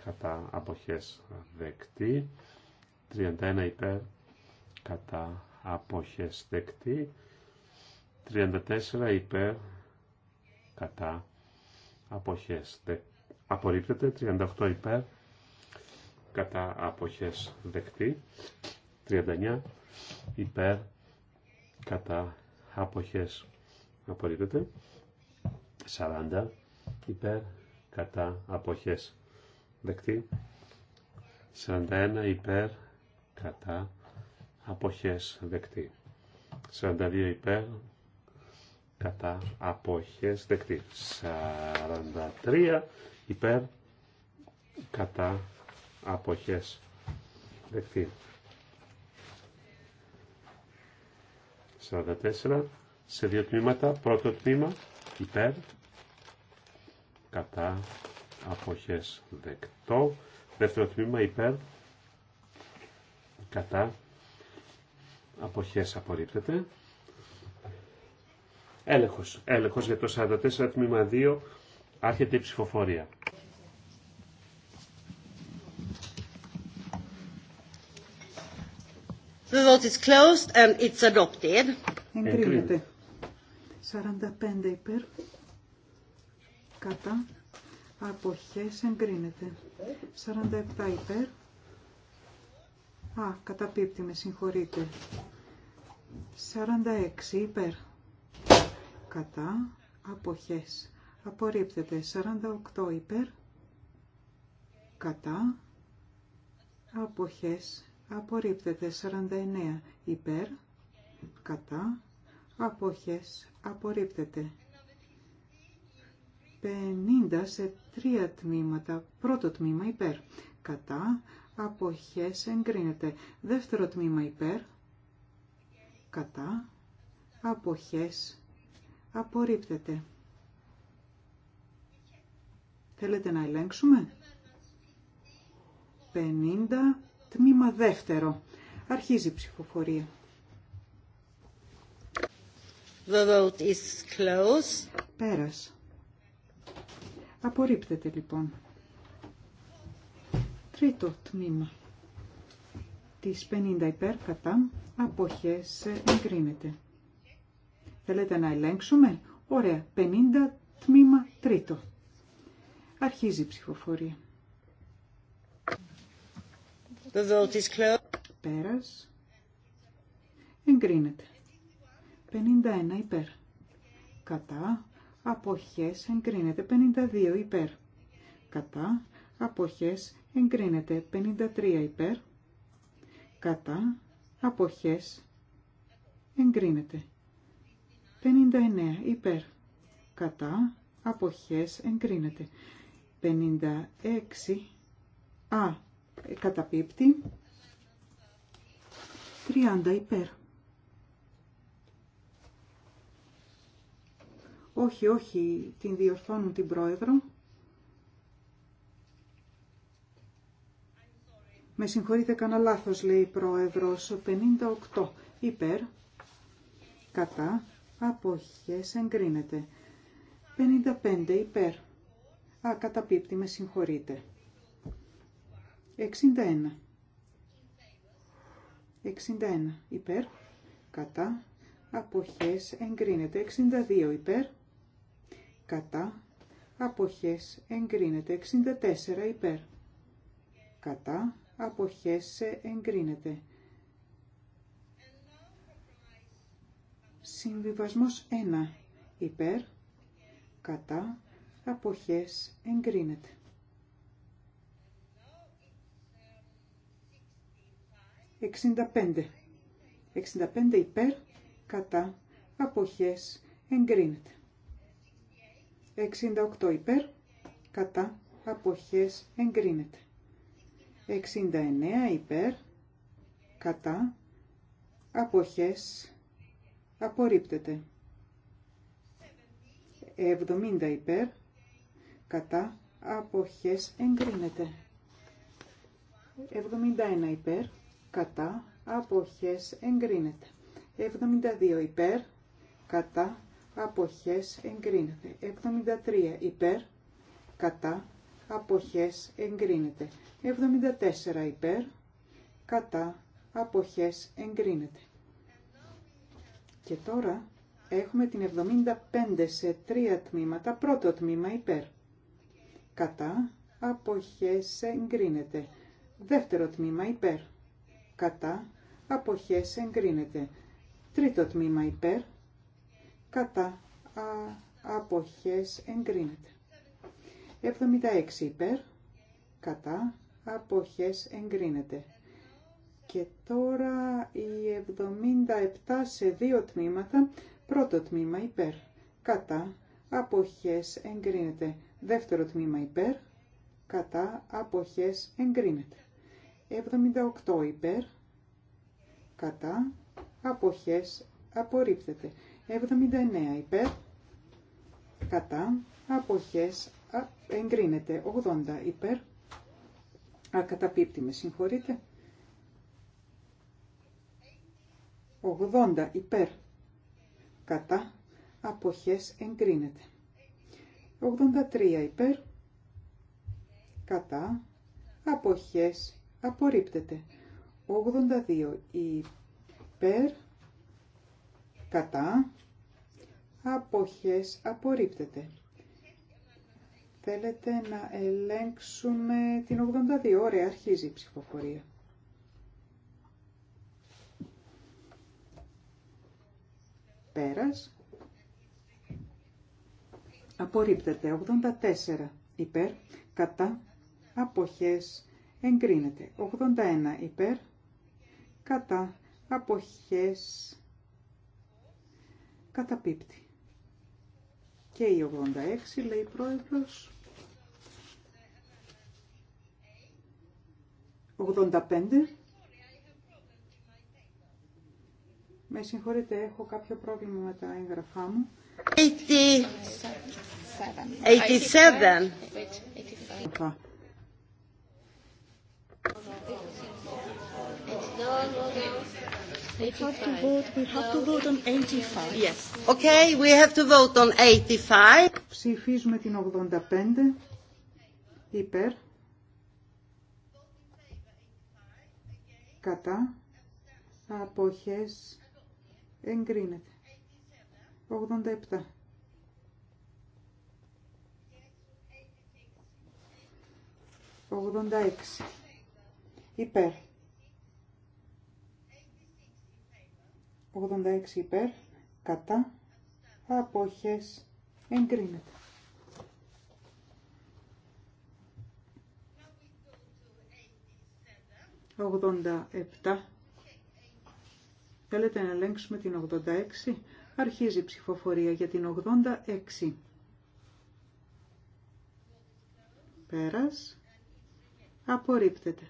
κατά αποχές δεκτή 31 υπέρ κατά αποχές δεκτή 34 υπέρ κατά αποχές δεκτή απορρίπτεται 38 υπέρ κατά αποχές δεκτή 39 υπέρ κατά αποχές απορρίπτεται 40 υπέρ κατά αποχές δεκτή 41 υπέρ κατά αποχές δεκτή. 42 υπέρ κατά αποχές δεκτή. 43 υπέρ κατά αποχές δεκτή. 44 σε δύο τμήματα. Πρώτο τμήμα υπέρ κατά αποχές δεκτό. Δεύτερο τμήμα υπέρ κατά αποχές απορρίπτεται. Έλεγχος. Έλεγχος για το 44 τμήμα 2 άρχεται η ψηφοφορία. The vote is closed and it's adopted. Εγκρίνεται. 45 υπέρ. Κατά. Αποχές εγκρίνεται. 47 υπέρ Α, καταπίπτει, με συγχωρείτε. 46 υπέρ. Κατά. Αποχές. Απορρίπτεται. 48 υπέρ. Κατά. Αποχές. Απορρίπτεται. 49 υπέρ. Κατά. Αποχές. Απορρίπτεται. 50 σε τρία τμήματα. Πρώτο τμήμα υπέρ. Κατά αποχές εγκρίνεται. Δεύτερο τμήμα υπέρ, κατά, αποχές απορρίπτεται. Θέλετε να ελέγξουμε. 50 τμήμα δεύτερο. Αρχίζει η ψηφοφορία. The vote is Πέρας. Απορρίπτεται λοιπόν. Τρίτο τμήμα της 50 υπέρ κατά αποχές εγκρίνεται. Θέλετε να ελέγξουμε. Ωραία. 50 τμήμα τρίτο. Αρχίζει η ψηφοφορία. The Πέρας. Εγκρίνεται. 51 υπέρ. Κατά. Αποχές εγκρίνεται. 52 υπέρ. Κατά. Αποχές εγκρίνεται 53 υπέρ, κατά, αποχές, εγκρίνεται 59 υπέρ, κατά, αποχές, εγκρίνεται 56 α, καταπίπτει 30 υπέρ. Όχι, όχι, την διορθώνουν την πρόεδρο. Με συγχωρείτε, κανένα λάθος, λέει η Πρόεδρος. 58. Υπέρ. Κατά. Αποχές εγκρίνεται. 55. Υπέρ. Α, καταπίπτει, με συγχωρείτε. 61. 61. Υπέρ. Κατά. Αποχές εγκρίνεται. 62. Υπέρ. Κατά. Αποχές εγκρίνεται. 64. Υπέρ. Κατά αποχές εγκρίνεται. Συμβιβασμός 1. Υπέρ, κατά, αποχές εγκρίνεται. 65. 65 υπέρ, κατά, αποχές εγκρίνεται. 68 υπέρ, κατά, αποχές εγκρίνεται. 69 υπέρ, κατά, αποχές, απορρίπτεται. 70 υπέρ, κατά, αποχές, εγκρίνεται. 71 υπέρ, κατά, αποχές, εγκρίνεται. 72 υπέρ, κατά, αποχές, εγκρίνεται. 73 υπέρ, κατά, αποχές εγκρίνεται. 74 υπέρ, κατά, αποχές εγκρίνεται. Και τώρα έχουμε την 75 σε τρία τμήματα, πρώτο τμήμα υπέρ, κατά, αποχές εγκρίνεται. Δεύτερο τμήμα υπέρ, κατά, αποχές εγκρίνεται. Τρίτο τμήμα υπέρ, κατά, α, αποχές εγκρίνεται. 76 υπέρ, κατά, αποχές εγκρίνεται. Και τώρα η 77 σε δύο τμήματα, πρώτο τμήμα υπέρ, κατά, αποχές εγκρίνεται. Δεύτερο τμήμα υπέρ, κατά, αποχές εγκρίνεται. 78 υπέρ, κατά, αποχές απορρίπτεται. 79 υπέρ, κατά, αποχές εγκρίνεται. 80 υπέρ, ακαταπίπτει με συγχωρείτε. 80 υπέρ, κατά, αποχές εγκρίνεται. 83 υπέρ, κατά, αποχές απορρίπτεται. 82 υπέρ, κατά, αποχές απορρίπτεται. Θέλετε να ελέγξουμε την 82. Ωραία, αρχίζει η ψηφοφορία. Πέρας. Απορρίπτεται 84 υπέρ, κατά, αποχές, εγκρίνεται 81 υπέρ, κατά, αποχές, καταπίπτει. Και η 86 λέει πρόεδρος 85. Με συγχωρείτε, έχω κάποιο πρόβλημα με τα έγγραφά μου. 87. 85. we have to vote on 85. Ψηφίζουμε την 85 υπέρ. κατά αποχές εγκρίνεται. 87. 86 έξι. Υπέρ. 86 υπέρ. Κατά. Απόχες. Εγκρίνεται. 87. Θέλετε να ελέγξουμε την 86. Αρχίζει η ψηφοφορία για την 86. Πέρας. Απορρίπτεται.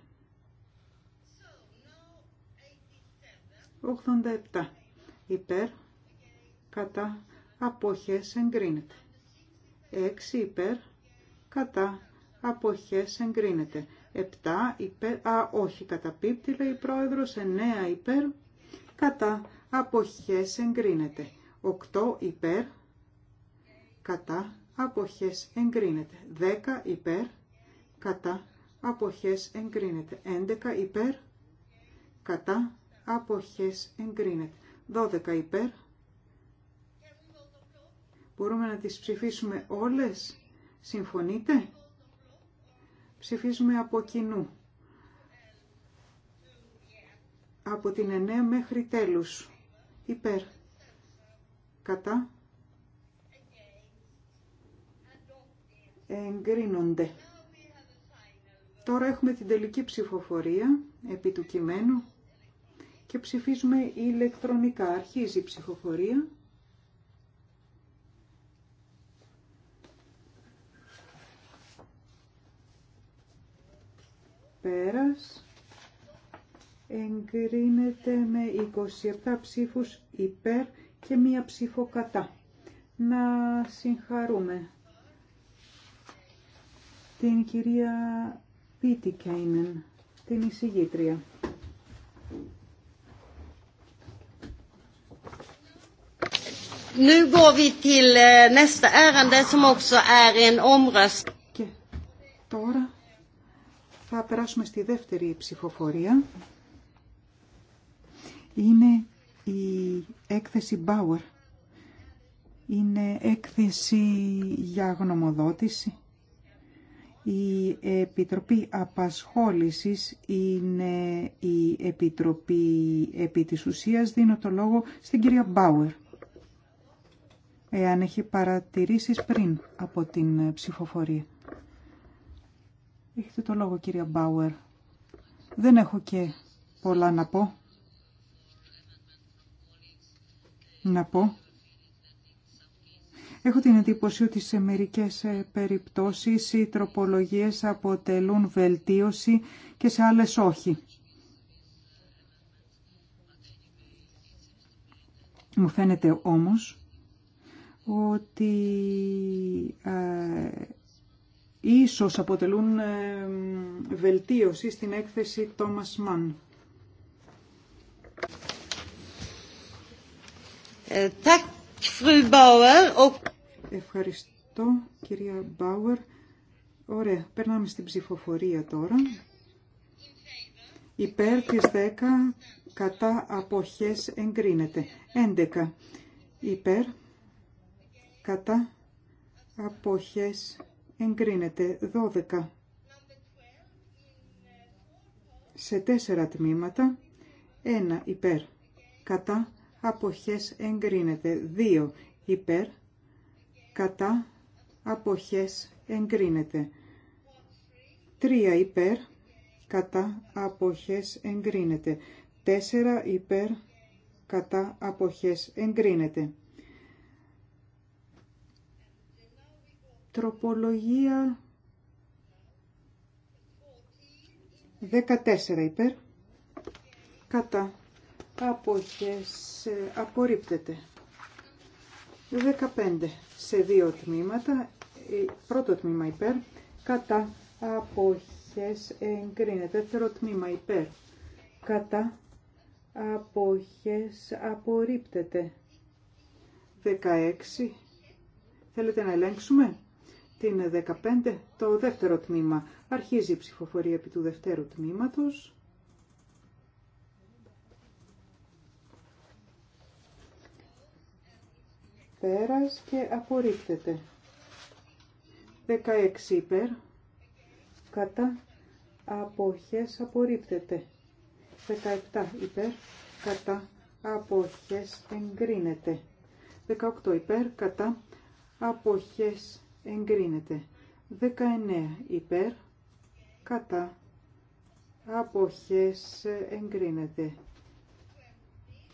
87. Υπέρ. Κατά. Αποχές εγκρίνεται. 6 υπέρ. Κατά. Αποχές εγκρίνεται. 7 υπέρ, α όχι πίπτη, λέει η πρόεδρος, 9 υπέρ, κατά αποχές εγκρίνεται. 8 υπέρ, κατά αποχές εγκρίνεται. 10 υπέρ, κατά αποχές εγκρίνεται. 11 υπέρ, κατά αποχές εγκρίνεται. 12 υπέρ, Μπορούμε να τις ψηφίσουμε όλες. Συμφωνείτε? Ψηφίζουμε από κοινού. Από την 9 μέχρι τέλους. Υπέρ. Κατά. Εγκρίνονται. Τώρα έχουμε την τελική ψηφοφορία επί του κειμένου και ψηφίζουμε ηλεκτρονικά. Αρχίζει η ψηφοφορία. πέρας εγκρίνεται με 27 ψήφους υπέρ και μία ψήφο κατά. Να συγχαρούμε την κυρία Πίτι Κέινεν, την εισηγήτρια. Nu går vi till eh, nästa ärende som också är en omröstning. Τώρα θα περάσουμε στη δεύτερη ψηφοφορία. Είναι η έκθεση Bauer. Είναι έκθεση για γνωμοδότηση. Η Επιτροπή Απασχόλησης είναι η Επιτροπή επί της ουσίας. Δίνω το λόγο στην κυρία Μπάουερ. Εάν έχει παρατηρήσεις πριν από την ψηφοφορία. Έχετε το λόγο κυρία Μπάουερ. Δεν έχω και πολλά να πω. Να πω. Έχω την εντύπωση ότι σε μερικές ε, περιπτώσεις οι τροπολογίες αποτελούν βελτίωση και σε άλλες όχι. Μου φαίνεται όμως ότι ε, ίσως αποτελούν ε, βελτίωση στην έκθεση Thomas Mann. Ε, Ευχαριστώ κυρία Μπάουερ. Ωραία, περνάμε στην ψηφοφορία τώρα. Υπέρ της 10 κατά αποχές εγκρίνεται. 11 υπέρ κατά αποχές εγκρίνεται εγκρίνεται 12 σε τέσσερα τμήματα, 1 υπέρ, κατά, αποχές εγκρίνεται, 2 υπέρ, κατά, αποχές εγκρίνεται, 3 υπέρ, κατά, αποχές εγκρίνεται, 4 υπέρ, κατά, αποχές εγκρίνεται. Τροπολογία 14 υπέρ. Κατά. Αποχές ε, απορρίπτεται. 15 σε δύο τμήματα. Ε, πρώτο τμήμα υπέρ. Κατά. Αποχές εγκρίνεται. Δεύτερο τμήμα υπέρ. Κατά. Αποχές απορρίπτεται. 16. Θέλετε να ελέγξουμε την 15, το δεύτερο τμήμα. Αρχίζει η ψηφοφορία επί του δευτέρου τμήματος. Πέρας και απορρίπτεται. 16 υπέρ, κατά, αποχές απορρίπτεται. 17 υπέρ, κατά, αποχές εγκρίνεται. 18 υπέρ, κατά, αποχές εγκρίνεται. 19 υπέρ, κατά, αποχές εγκρίνεται.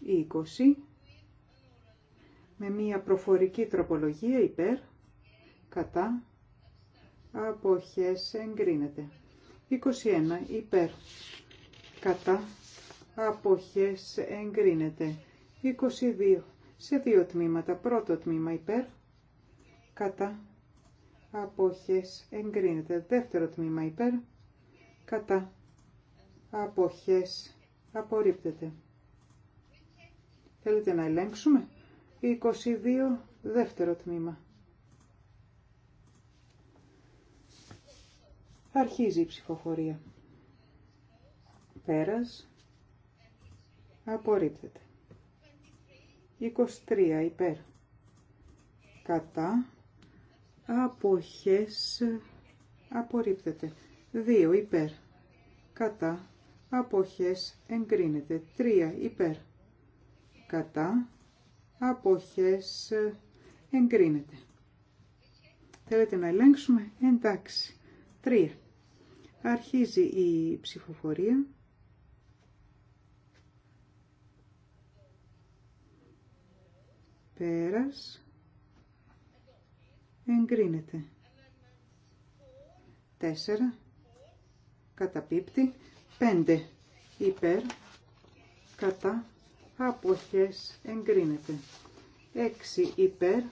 20 με μία προφορική τροπολογία υπέρ, κατά, αποχές εγκρίνεται. 21 υπέρ, κατά, αποχές εγκρίνεται. 22 σε δύο τμήματα, πρώτο τμήμα υπέρ, κατά, αποχές εγκρίνεται. Δεύτερο τμήμα υπέρ, κατά, αποχές απορρίπτεται. Θέλετε να ελέγξουμε. 22 δεύτερο τμήμα. Αρχίζει η ψηφοφορία. Πέρας. Απορρίπτεται. 23 υπέρ. Κατά αποχές απορρίπτεται. 2 υπέρ κατά αποχές εγκρίνεται. Τρία υπέρ κατά αποχές εγκρίνεται. Θέλετε να ελέγξουμε. Εντάξει. Τρία. Αρχίζει η ψηφοφορία. Πέρας εγκρίνεται. 4 καταπίπτει. 5 υπέρ κατά αποχές εγκρίνεται. 6 υπέρ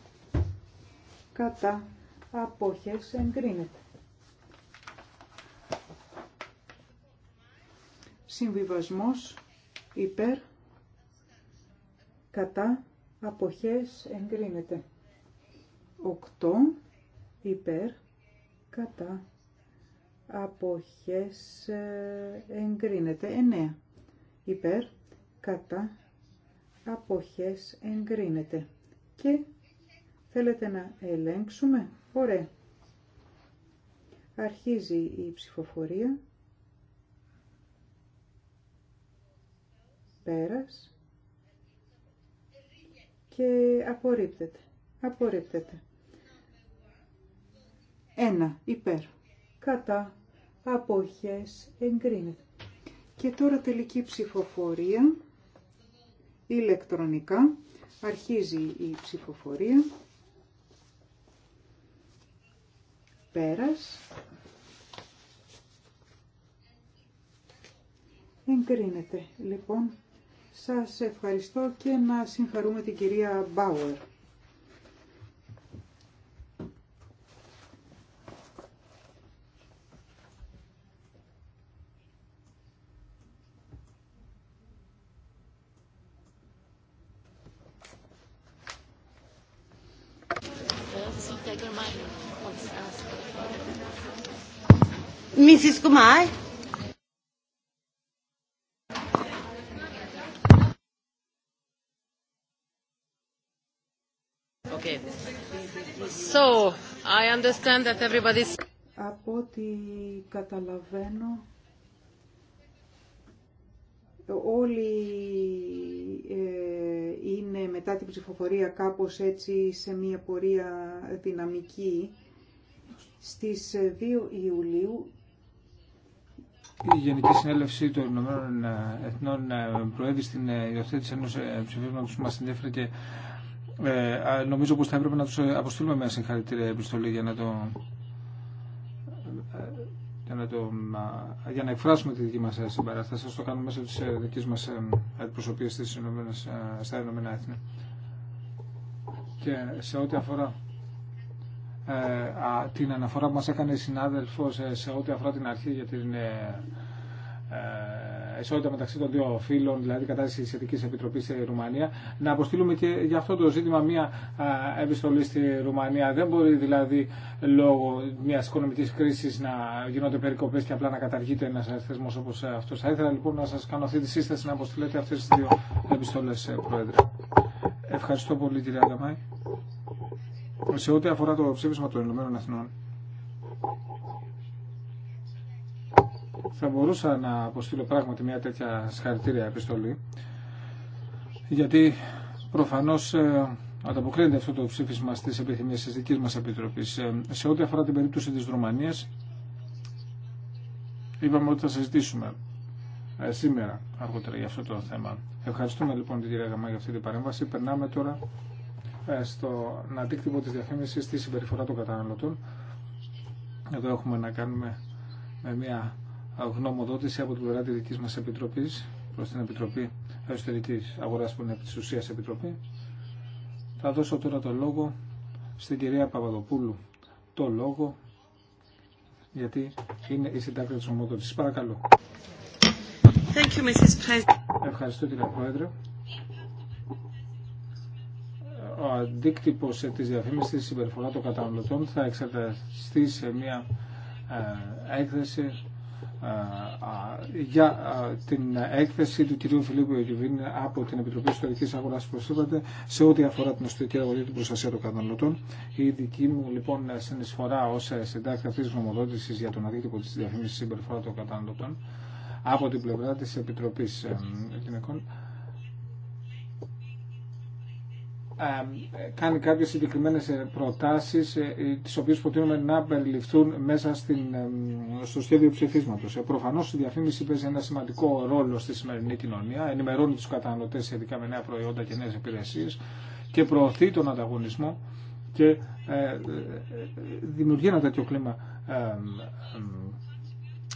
κατά αποχές εγκρίνεται. Συμβιβασμός υπέρ κατά αποχές εγκρίνεται. Οκτώ υπέρ κατά αποχές ε, εγκρίνεται 9 υπέρ κατά αποχές εγκρίνεται και θέλετε να ελέγξουμε ωραία αρχίζει η ψηφοφορία πέρας και απορρίπτεται απορρίπτεται ένα, υπέρ. Κατά αποχές εγκρίνεται. Και τώρα τελική ψηφοφορία ηλεκτρονικά. Αρχίζει η ψηφοφορία. Πέρας. Εγκρίνεται. Λοιπόν, σας ευχαριστώ και να συγχαρούμε την κυρία Μπάουερ. Francisco Mai. Okay. So, I understand that everybody's... Από ό,τι καταλαβαίνω, όλοι ε, είναι μετά την ψηφοφορία κάπως έτσι σε μια πορεία δυναμική. Στις 2 ε, Ιουλίου η Γενική Συνέλευση των Ηνωμένων ε, Εθνών ε, προέβη στην ε, υιοθέτηση ενό ψηφίσματο που μα ενδιαφέρει και ε, νομίζω πω θα έπρεπε να τους αποστείλουμε μια συγχαρητήρια επιστολή για να το για να, το, για να εκφράσουμε τη δική μας συμπαράσταση. Θα το κάνουμε μέσω της δικής μας αντιπροσωπείας στα Ηνωμένα Έθνη. Και σε ό,τι αφορά ε, την αναφορά που μας έκανε η συνάδελφος ε, σε ό,τι αφορά την αρχή για την ε, ισότητα μεταξύ των δύο φίλων, δηλαδή κατάσταση τη Σχετική Επιτροπή στη Ρουμανία, να αποστείλουμε και για αυτό το ζήτημα μία επιστολή στη Ρουμανία. Δεν μπορεί δηλαδή λόγω μια οικονομική κρίση να γίνονται περικοπέ και απλά να καταργείται ένα θεσμό όπω αυτό. Θα ήθελα λοιπόν να σα κάνω αυτή τη σύσταση να αποστείλετε αυτέ τι δύο επιστολέ, Πρόεδρε. Ευχαριστώ πολύ, κυρία Νταμάη σε ό,τι αφορά το ψήφισμα των Ηνωμένων Εθνών, θα μπορούσα να αποστείλω πράγματι μια τέτοια συγχαρητήρια επιστολή, γιατί προφανώς ε, ανταποκρίνεται αυτό το ψήφισμα στις επιθυμίες της δικής μας Επιτροπής. Ε, σε ό,τι αφορά την περίπτωση της Ρουμανίας, είπαμε ότι θα συζητήσουμε ε, σήμερα αργότερα για αυτό το θέμα. Ευχαριστούμε λοιπόν την κυρία Γαμά για αυτή την παρέμβαση. Περνάμε τώρα ε, στον αντίκτυπο της διαφήμισης στη συμπεριφορά των καταναλωτών. Εδώ έχουμε να κάνουμε με μια γνωμοδότηση από την πλευρά τη δικής μας Επιτροπής προς την Επιτροπή Εσωτερικής Αγοράς που είναι της ουσίας Επιτροπή. Θα δώσω τώρα το λόγο στην κυρία Παπαδοπούλου το λόγο γιατί είναι η συντάκτρια της ομοδότησης. Παρακαλώ. Thank you, Mrs. Ευχαριστώ κύριε Πρόεδρε ο αντίκτυπο τη διαφήμιση στη συμπεριφορά των καταναλωτών θα εξεταστεί σε μια ε, έκθεση ε, για ε, την έκθεση του κυρίου Φιλίππου Ιωκυβίνη από την Επιτροπή Ιστορική Αγορά, όπω είπατε, σε ό,τι αφορά την ιστορική αγορά την προστασία των καταναλωτών. Η δική μου λοιπόν συνεισφορά ω συντάκτη αυτή τη γνωμοδότηση για τον αντίκτυπο τη διαφήμιση συμπεριφορά των καταναλωτών από την πλευρά τη Επιτροπή Γυναικών κάνει κάποιες συγκεκριμένες ε, προτάσεις ε, ε, τις οποίες προτείνουμε να περιληφθούν μέσα στην, στο σχέδιο ψηφίσματος. Προφανώς η διαφήμιση παίζει ένα σημαντικό ρόλο στη σημερινή κοινωνία, ενημερώνει τους καταναλωτές σχετικά με νέα προϊόντα και νέες υπηρεσίες και προωθεί τον ανταγωνισμό και δημιουργεί ένα τέτοιο κλίμα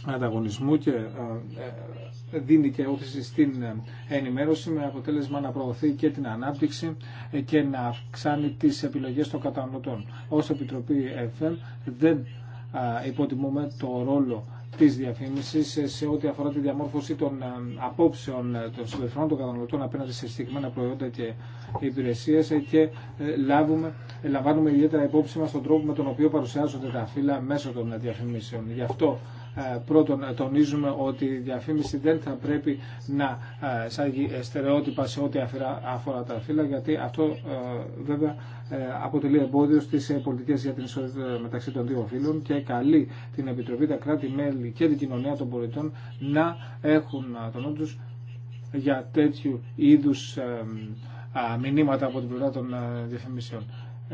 ανταγωνισμού και δίνει και όθηση στην ε, ενημέρωση με αποτέλεσμα να προωθεί και την ανάπτυξη ε, και να αυξάνει τις επιλογές των καταναλωτών. Ως Επιτροπή FM δεν υποτιμούμε το ρόλο της διαφήμισης σε ό,τι αφορά τη διαμόρφωση των ε, απόψεων των συμπεριφορών των καταναλωτών απέναντι σε συγκεκριμένα προϊόντα και υπηρεσίες και λάβουμε, λαμβάνουμε ιδιαίτερα υπόψη μας τον τρόπο με τον οποίο παρουσιάζονται τα φύλλα μέσω των διαφημίσεων. Γι' αυτό ε, πρώτον ε, τονίζουμε ότι η διαφήμιση δεν θα πρέπει να ε, σάγει στερεότυπα σε ό,τι αφορά τα φύλλα, γιατί αυτό βέβαια αποτελεί εμπόδιο στις πολιτικές για την ισότητα μεταξύ των δύο φύλων και καλεί την Επιτροπή, τα κράτη-μέλη και την κοινωνία των πολιτών να έχουν τον νου τους για τέτοιου είδους μηνύματα από την πλευρά των διαφημίσεων.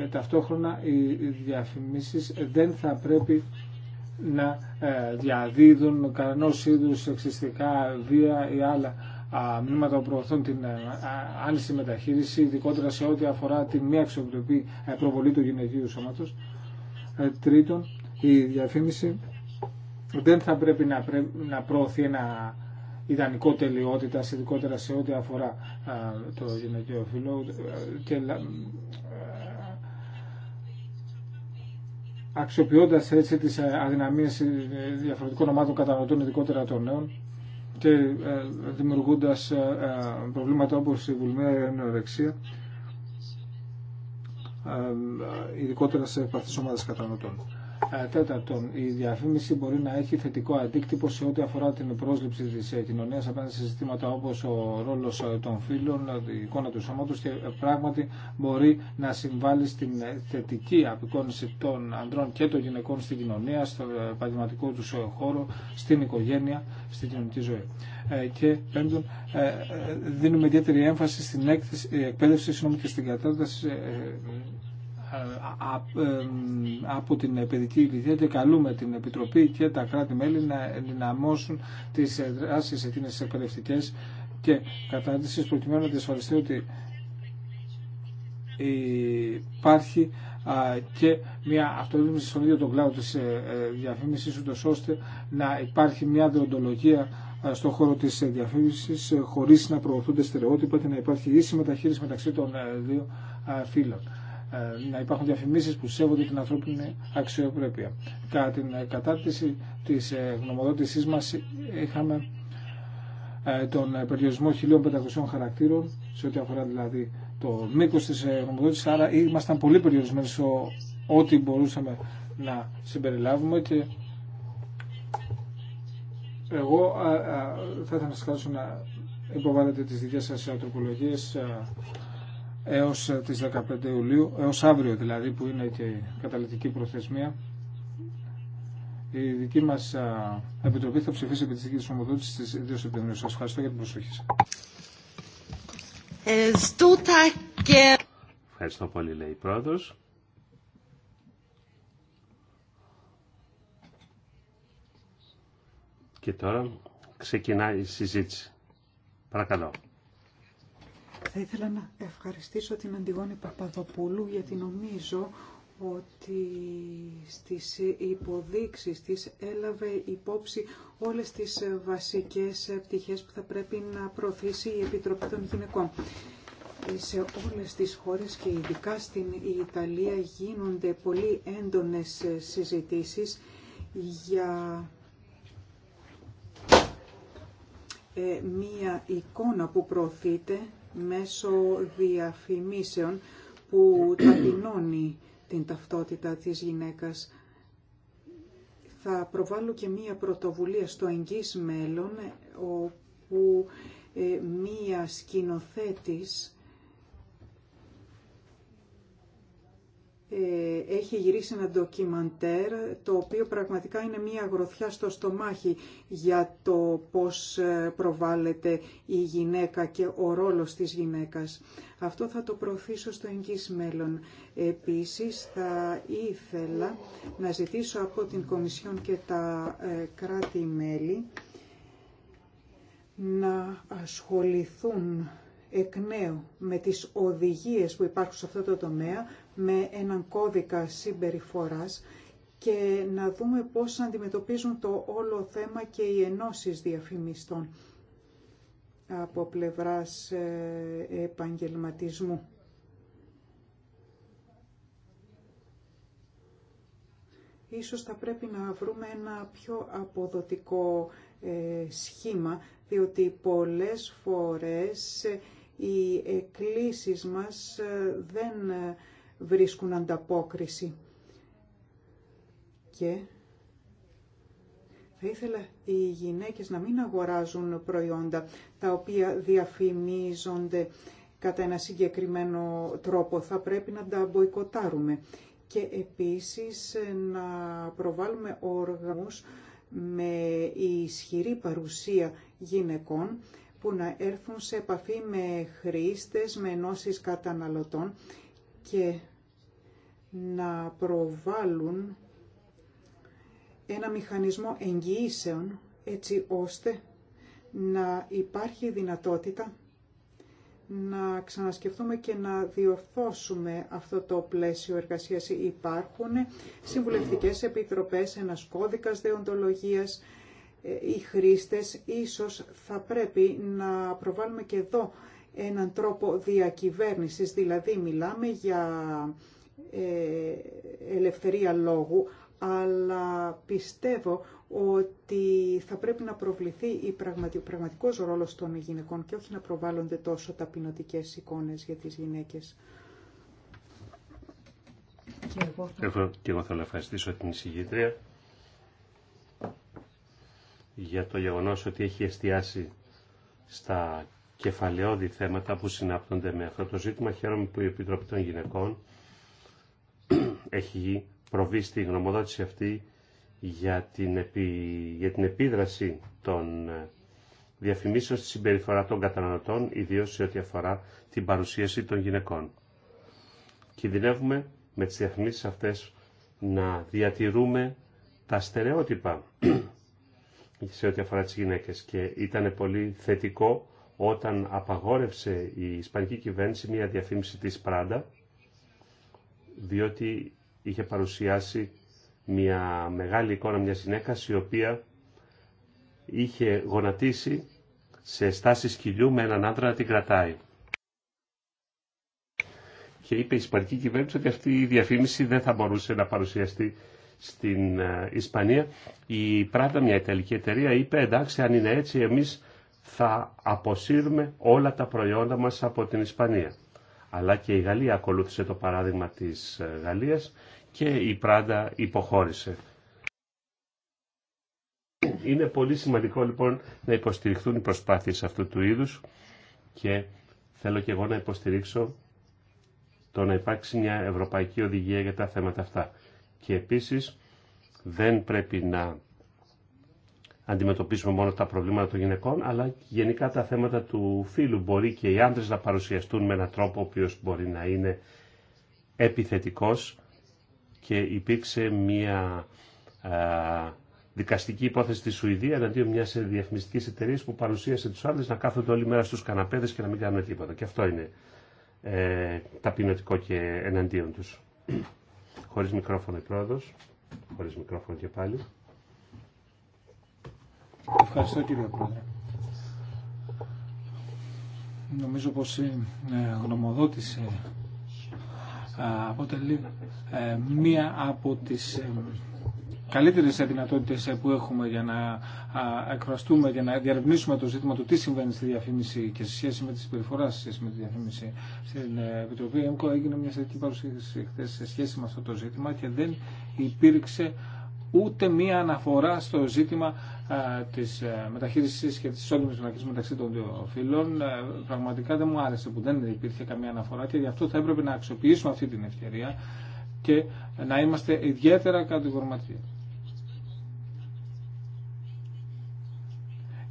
Ταυτόχρονα οι διαφημίσεις δεν θα πρέπει να ε, διαδίδουν κανένας είδου εξιστικά βία ή άλλα μνήματα που προωθούν την ε, άνηση μεταχείριση, ειδικότερα σε ό,τι αφορά την μη αξιοπρεπή ε, προβολή του γυναικείου σώματος. Τρίτον, η διαφήμιση δεν θα πρέπει να προωθεί ένα ιδανικό τελειότητα, ειδικότερα σε ό,τι αφορά το γυναικείο φύλλο αξιοποιώντα έτσι τις ε, αδυναμίες ε, διαφορετικών ομάδων καταναλωτών, ειδικότερα των νέων, και ε, δημιουργώντα προβλήματα όπως η βουλμία η νεορεξία, ειδικότερα σε επαφές ομάδε καταναλωτών. Τέταρτον, η διαφήμιση μπορεί να έχει θετικό αντίκτυπο σε ό,τι αφορά την πρόσληψη τη κοινωνία απέναντι σε ζητήματα όπω ο ρόλο των φίλων, η εικόνα του σώματο και πράγματι μπορεί να συμβάλλει στην θετική απεικόνηση των ανδρών και των γυναικών στην κοινωνία, στον επαγγελματικό του χώρο, στην οικογένεια, στην κοινωνική ζωή. Ε, και πέμπτον, ε, ε, δίνουμε ιδιαίτερη έμφαση στην έκθεση, εκπαίδευση και στην κατάσταση από την παιδική ηλικία και καλούμε την Επιτροπή και τα κράτη-μέλη να ενδυναμώσουν τις δράσεις εκείνες τις εκπαιδευτικές και κατάρτισης προκειμένου να διασφαλιστεί ότι υπάρχει και μια αυτοδόμηση στον ίδιο τον κλάδο της ε, ε, διαφήμισης ούτως ώστε να υπάρχει μια δεοντολογία στον χώρο της ε, διαφήμισης χωρίς να προωθούνται στερεότυπα και να υπάρχει ίση μεταχείριση μεταξύ των δύο φύλων. Ε, να υπάρχουν διαφημίσεις που σέβονται την ανθρώπινη αξιοπρέπεια. Κατά την ε, κατάρτιση της ε, γνωμοδότησής μας είχαμε τον περιορισμό 1500 χαρακτήρων σε ό,τι αφορά δηλαδή το μήκος της γνωμοδότησης, άρα ήμασταν πολύ περιορισμένοι σε ό,τι μπορούσαμε να συμπεριλάβουμε και εγώ θα ήθελα να σας κάνω να υποβάλλετε τις δικές σας ατροπολογίες έως ε, τις 15 Ιουλίου, έως αύριο δηλαδή που είναι και η καταλητική προθεσμία. Η δική μας Επιτροπή θα ψηφίσει επί της δικής ομοδότησης στις 2 Σεπτεμβρίου. Σας ευχαριστώ για την προσοχή σας. Ευχαριστώ πολύ λέει η πρόεδρος. Και τώρα ξεκινάει η συζήτηση. Παρακαλώ. Θα ήθελα να ευχαριστήσω την Αντιγόνη Παπαδοπούλου γιατί νομίζω ότι στις υποδείξεις της έλαβε υπόψη όλες τις βασικές πτυχές που θα πρέπει να προωθήσει η Επιτροπή των Γυναικών. Σε όλες τις χώρες και ειδικά στην Ιταλία γίνονται πολύ έντονες συζητήσεις για ε, μία εικόνα που προωθείται μέσω διαφημίσεων που ταπεινώνει την ταυτότητα της γυναίκας. Θα προβάλλω και μία πρωτοβουλία στο εγγύς μέλλον, όπου ε, μία σκηνοθέτης Ε, έχει γυρίσει ένα ντοκιμαντέρ το οποίο πραγματικά είναι μία γροθιά στο στομάχι για το πώς ε, προβάλλεται η γυναίκα και ο ρόλος της γυναίκας. Αυτό θα το προωθήσω στο εγγύς μέλλον. Επίσης θα ήθελα να ζητήσω από την Κομισιόν και τα ε, κράτη-μέλη να ασχοληθούν εκ νέου με τις οδηγίες που υπάρχουν σε αυτό το τομέα με έναν κώδικα συμπεριφοράς και να δούμε πώς αντιμετωπίζουν το όλο θέμα και οι ενώσεις διαφημιστών από πλευράς ε, επαγγελματισμού. Ίσως θα πρέπει να βρούμε ένα πιο αποδοτικό ε, σχήμα, διότι πολλές φορές οι εκκλήσεις μας ε, δεν βρίσκουν ανταπόκριση. Και θα ήθελα οι γυναίκες να μην αγοράζουν προϊόντα τα οποία διαφημίζονται κατά ένα συγκεκριμένο τρόπο. Θα πρέπει να τα μποϊκοτάρουμε και επίσης να προβάλλουμε οργανούς με ισχυρή παρουσία γυναικών που να έρθουν σε επαφή με χρήστες, με ενώσεις καταναλωτών και να προβάλλουν ένα μηχανισμό εγγυήσεων έτσι ώστε να υπάρχει δυνατότητα να ξανασκεφτούμε και να διορθώσουμε αυτό το πλαίσιο εργασίας. Υπάρχουν συμβουλευτικές επιτροπές, ένας κώδικας δεοντολογίας, ε, οι χρήστες. Ίσως θα πρέπει να προβάλλουμε και εδώ έναν τρόπο διακυβέρνησης, δηλαδή μιλάμε για ε, ελευθερία λόγου, αλλά πιστεύω ότι θα πρέπει να προβληθεί ο πραγματικός ρόλος των γυναικών και όχι να προβάλλονται τόσο ταπεινωτικές εικόνες για τις γυναίκες. Και εγώ, θα... θέλω να ευχαριστήσω την εισηγήτρια για το γεγονός ότι έχει εστιάσει στα κεφαλαιώδη θέματα που συνάπτονται με αυτό το ζήτημα. Χαίρομαι που η Επιτροπή των Γυναικών έχει προβεί στη γνωμοδότηση αυτή για την, για την επίδραση των ε, διαφημίσεων στη συμπεριφορά των καταναλωτών, ιδίως σε ό,τι αφορά την παρουσίαση των γυναικών. Κινδυνεύουμε με τις διαφημίσεις αυτές να διατηρούμε τα στερεότυπα (clears throat) σε ό,τι αφορά τις γυναίκες και ήταν πολύ θετικό όταν απαγόρευσε η Ισπανική κυβέρνηση μια διαφήμιση της Πράντα διότι είχε παρουσιάσει μια μεγάλη εικόνα μια γυναίκα η οποία είχε γονατίσει σε στάση σκυλιού με έναν άντρα να την κρατάει. Και είπε η Ισπανική κυβέρνηση ότι αυτή η διαφήμιση δεν θα μπορούσε να παρουσιαστεί στην ε, Ισπανία. Η Πράτα, μια Ιταλική εταιρεία, είπε εντάξει αν είναι έτσι εμείς θα αποσύρουμε όλα τα προϊόντα μας από την Ισπανία αλλά και η Γαλλία ακολούθησε το παράδειγμα της ε, Γαλλίας και η Πράντα υποχώρησε. Είναι πολύ σημαντικό λοιπόν να υποστηριχθούν οι προσπάθειες αυτού του είδους και θέλω και εγώ να υποστηρίξω το να υπάρξει μια ευρωπαϊκή οδηγία για τα θέματα αυτά. Και επίσης δεν πρέπει να αντιμετωπίσουμε μόνο τα προβλήματα των γυναικών, αλλά γενικά τα θέματα του φύλου. Μπορεί και οι άντρες να παρουσιαστούν με έναν τρόπο ο οποίος μπορεί να είναι επιθετικός και υπήρξε μια δικαστική υπόθεση στη Σουηδία εναντίον μια διαφημιστική εταιρεία που παρουσίασε του άντρε να κάθονται όλη μέρα στου καναπέδε και να μην κάνουν τίποτα. Και αυτό είναι ε, ταπεινωτικό και εναντίον του. (clears throat) Χωρί μικρόφωνο η πρόοδο. Χωρί μικρόφωνο και πάλι. Ευχαριστώ κύριε Πρόεδρε. Νομίζω πως η ε, γνωμοδότηση ε, αποτελεί ε, μία από τις καλύτερες δυνατότητες που έχουμε για να εκφραστούμε, για να διαρευνήσουμε το ζήτημα του τι συμβαίνει στη διαφήμιση και σε σχέση με τις συμπεριφορά σε σχέση με τη διαφήμιση στην Επιτροπή έγινε μια σχετική παρουσίαση χθε σε σχέση με αυτό το ζήτημα και δεν υπήρξε ούτε μία αναφορά στο ζήτημα της ε, μεταχείρισης και της όλης μεταχείρισης μεταξύ των δύο φύλων. Ε, πραγματικά δεν μου άρεσε που δεν υπήρχε καμία αναφορά και γι' αυτό θα έπρεπε να αξιοποιήσουμε αυτή την ευκαιρία και να είμαστε ιδιαίτερα κατηγορηματικοί.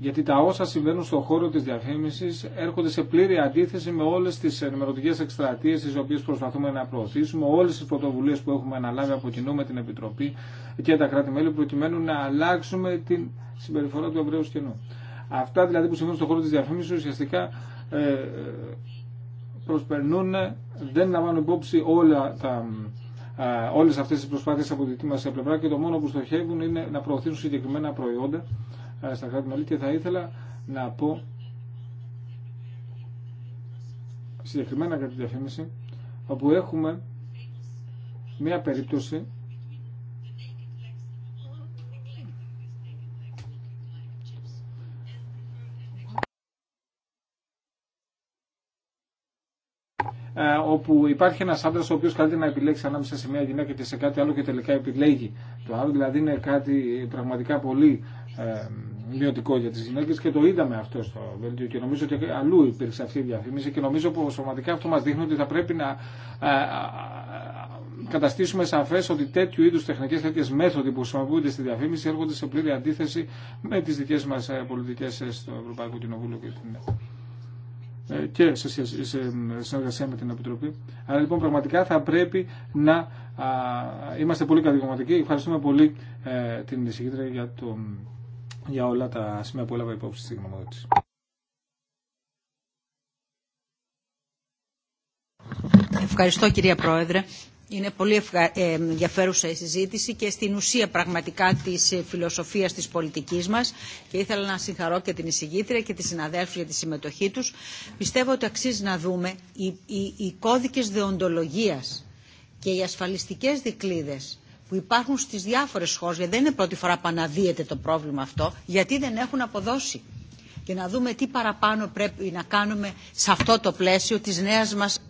γιατί τα όσα συμβαίνουν στον χώρο της διαφήμισης έρχονται σε πλήρη αντίθεση με όλες τις ενημερωτικές εκστρατείε, τις οποίες προσπαθούμε να προωθήσουμε, όλες τις πρωτοβουλίες που έχουμε αναλάβει από κοινού με την Επιτροπή και τα κράτη-μέλη προκειμένου να αλλάξουμε την συμπεριφορά του ευρέω κοινού. Αυτά δηλαδή που συμβαίνουν στον χώρο της διαφήμισης ουσιαστικά ε, προσπερνούν, δεν λαμβάνουν υπόψη όλα τα, ε, όλες αυτές τις προσπάθειες από τη δική πλευρά και το μόνο που στοχεύουν είναι να προωθήσουν συγκεκριμένα προϊόντα ε, στα και θα ήθελα να πω συγκεκριμένα για τη διαφήμιση όπου έχουμε μία περίπτωση Ε, όπου υπάρχει ένα άντρα ο οποίο καλείται να επιλέξει ανάμεσα σε μια γυναίκα και σε κάτι άλλο και τελικά επιλέγει το άλλο. Δηλαδή είναι κάτι πραγματικά πολύ ε, μειωτικό για τι γυναίκε και το είδαμε αυτό στο Βέλγιο και νομίζω ότι αλλού υπήρξε αυτή η διαφήμιση και νομίζω πω σωματικά αυτό μα δείχνει ότι θα πρέπει να ε, καταστήσουμε σαφέ ότι τέτοιου είδου τεχνικέ, τέτοιε μέθοδοι που χρησιμοποιούνται στη διαφήμιση έρχονται σε πλήρη αντίθεση με τι δικέ μα πολιτικέ στο Ευρωπαϊκό Κοινοβούλιο και την ε, και σε συνεργασία με την Επιτροπή. Άρα λοιπόν πραγματικά θα πρέπει να είμαστε πολύ κατηγορηματικοί. Ευχαριστούμε πολύ ε, την εισηγήτρια για, για όλα τα σημεία που έλαβα υπόψη στη γνωμοδότηση. Ευχαριστώ κυρία Πρόεδρε. Είναι πολύ ε, ενδιαφέρουσα η συζήτηση και στην ουσία πραγματικά της ε, φιλοσοφίας της πολιτικής μας και ήθελα να συγχαρώ και την εισηγήτρια και τη συναδέλφια για τη συμμετοχή τους. Πιστεύω ότι αξίζει να δούμε οι, οι, οι κώδικες δεοντολογίας και οι ασφαλιστικές δικλίδες που υπάρχουν στις διάφορες χώρες, γιατί δεν είναι πρώτη φορά που αναδύεται το πρόβλημα αυτό, γιατί δεν έχουν αποδώσει και να δούμε τι παραπάνω πρέπει να κάνουμε σε αυτό το πλαίσιο της νέας μας ε,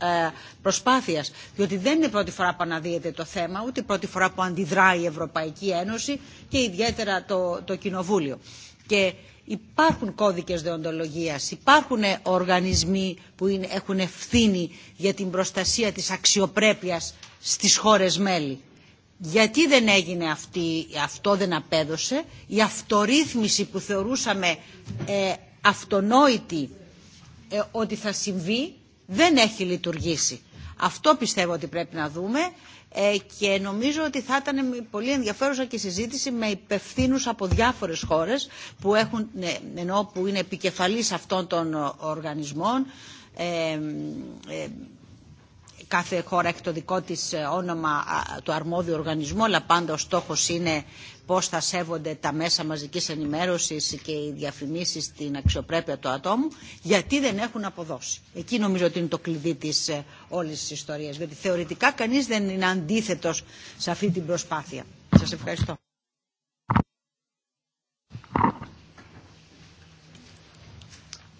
προσπάθειας. Διότι δεν είναι πρώτη φορά που αναδύεται το θέμα, ούτε πρώτη φορά που αντιδράει η Ευρωπαϊκή Ένωση και ιδιαίτερα το, το Κοινοβούλιο. Και υπάρχουν κώδικες δεοντολογίας, υπάρχουν οργανισμοί που έχουν ευθύνη για την προστασία της αξιοπρέπειας στις χώρες μέλη γιατί δεν έγινε αυτή, αυτό δεν απέδωσε, η αυτορύθμιση που θεωρούσαμε ε, αυτονόητη ε, ότι θα συμβεί δεν έχει λειτουργήσει. Αυτό πιστεύω ότι πρέπει να δούμε ε, και νομίζω ότι θα ήταν πολύ ενδιαφέρουσα και συζήτηση με υπευθύνους από διάφορες χώρες που, έχουν, ε, είναι επικεφαλής αυτών των οργανισμών, κάθε χώρα έχει το δικό της ε, όνομα του αρμόδιου οργανισμού, αλλά πάντα ο στόχος είναι πώς θα σέβονται τα μέσα μαζικής ενημέρωσης και οι διαφημίσεις στην αξιοπρέπεια του ατόμου, γιατί δεν έχουν αποδώσει. Εκεί νομίζω ότι είναι το κλειδί της ε, όλης της ιστορίας, γιατί θεωρητικά κανείς δεν είναι αντίθετος σε αυτή την προσπάθεια. Σας ευχαριστώ.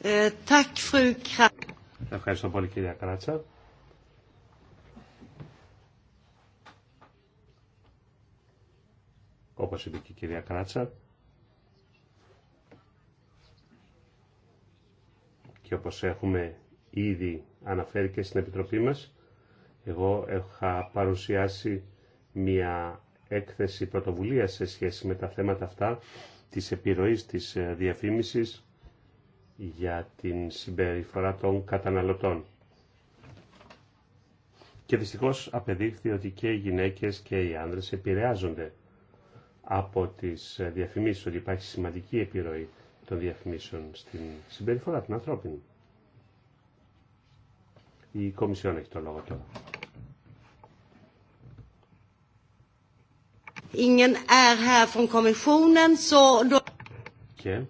Ε, ευχαριστώ πολύ κυρία Κράτσα. όπως είπε και η κυρία Κράτσα και όπως έχουμε ήδη αναφέρει και στην Επιτροπή μας εγώ έχω παρουσιάσει μια έκθεση πρωτοβουλία σε σχέση με τα θέματα αυτά της επιρροής της ε, διαφήμισης για την συμπεριφορά των καταναλωτών. Και δυστυχώς απεδείχθη ότι και οι γυναίκες και οι άνδρες επηρεάζονται από τις διαφημίσεις ότι υπάρχει σημαντική επιρροή των διαφημίσεων στην συμπεριφορά την ανθρώπινη. Η Κομισιόν έχει το λόγο τώρα. Και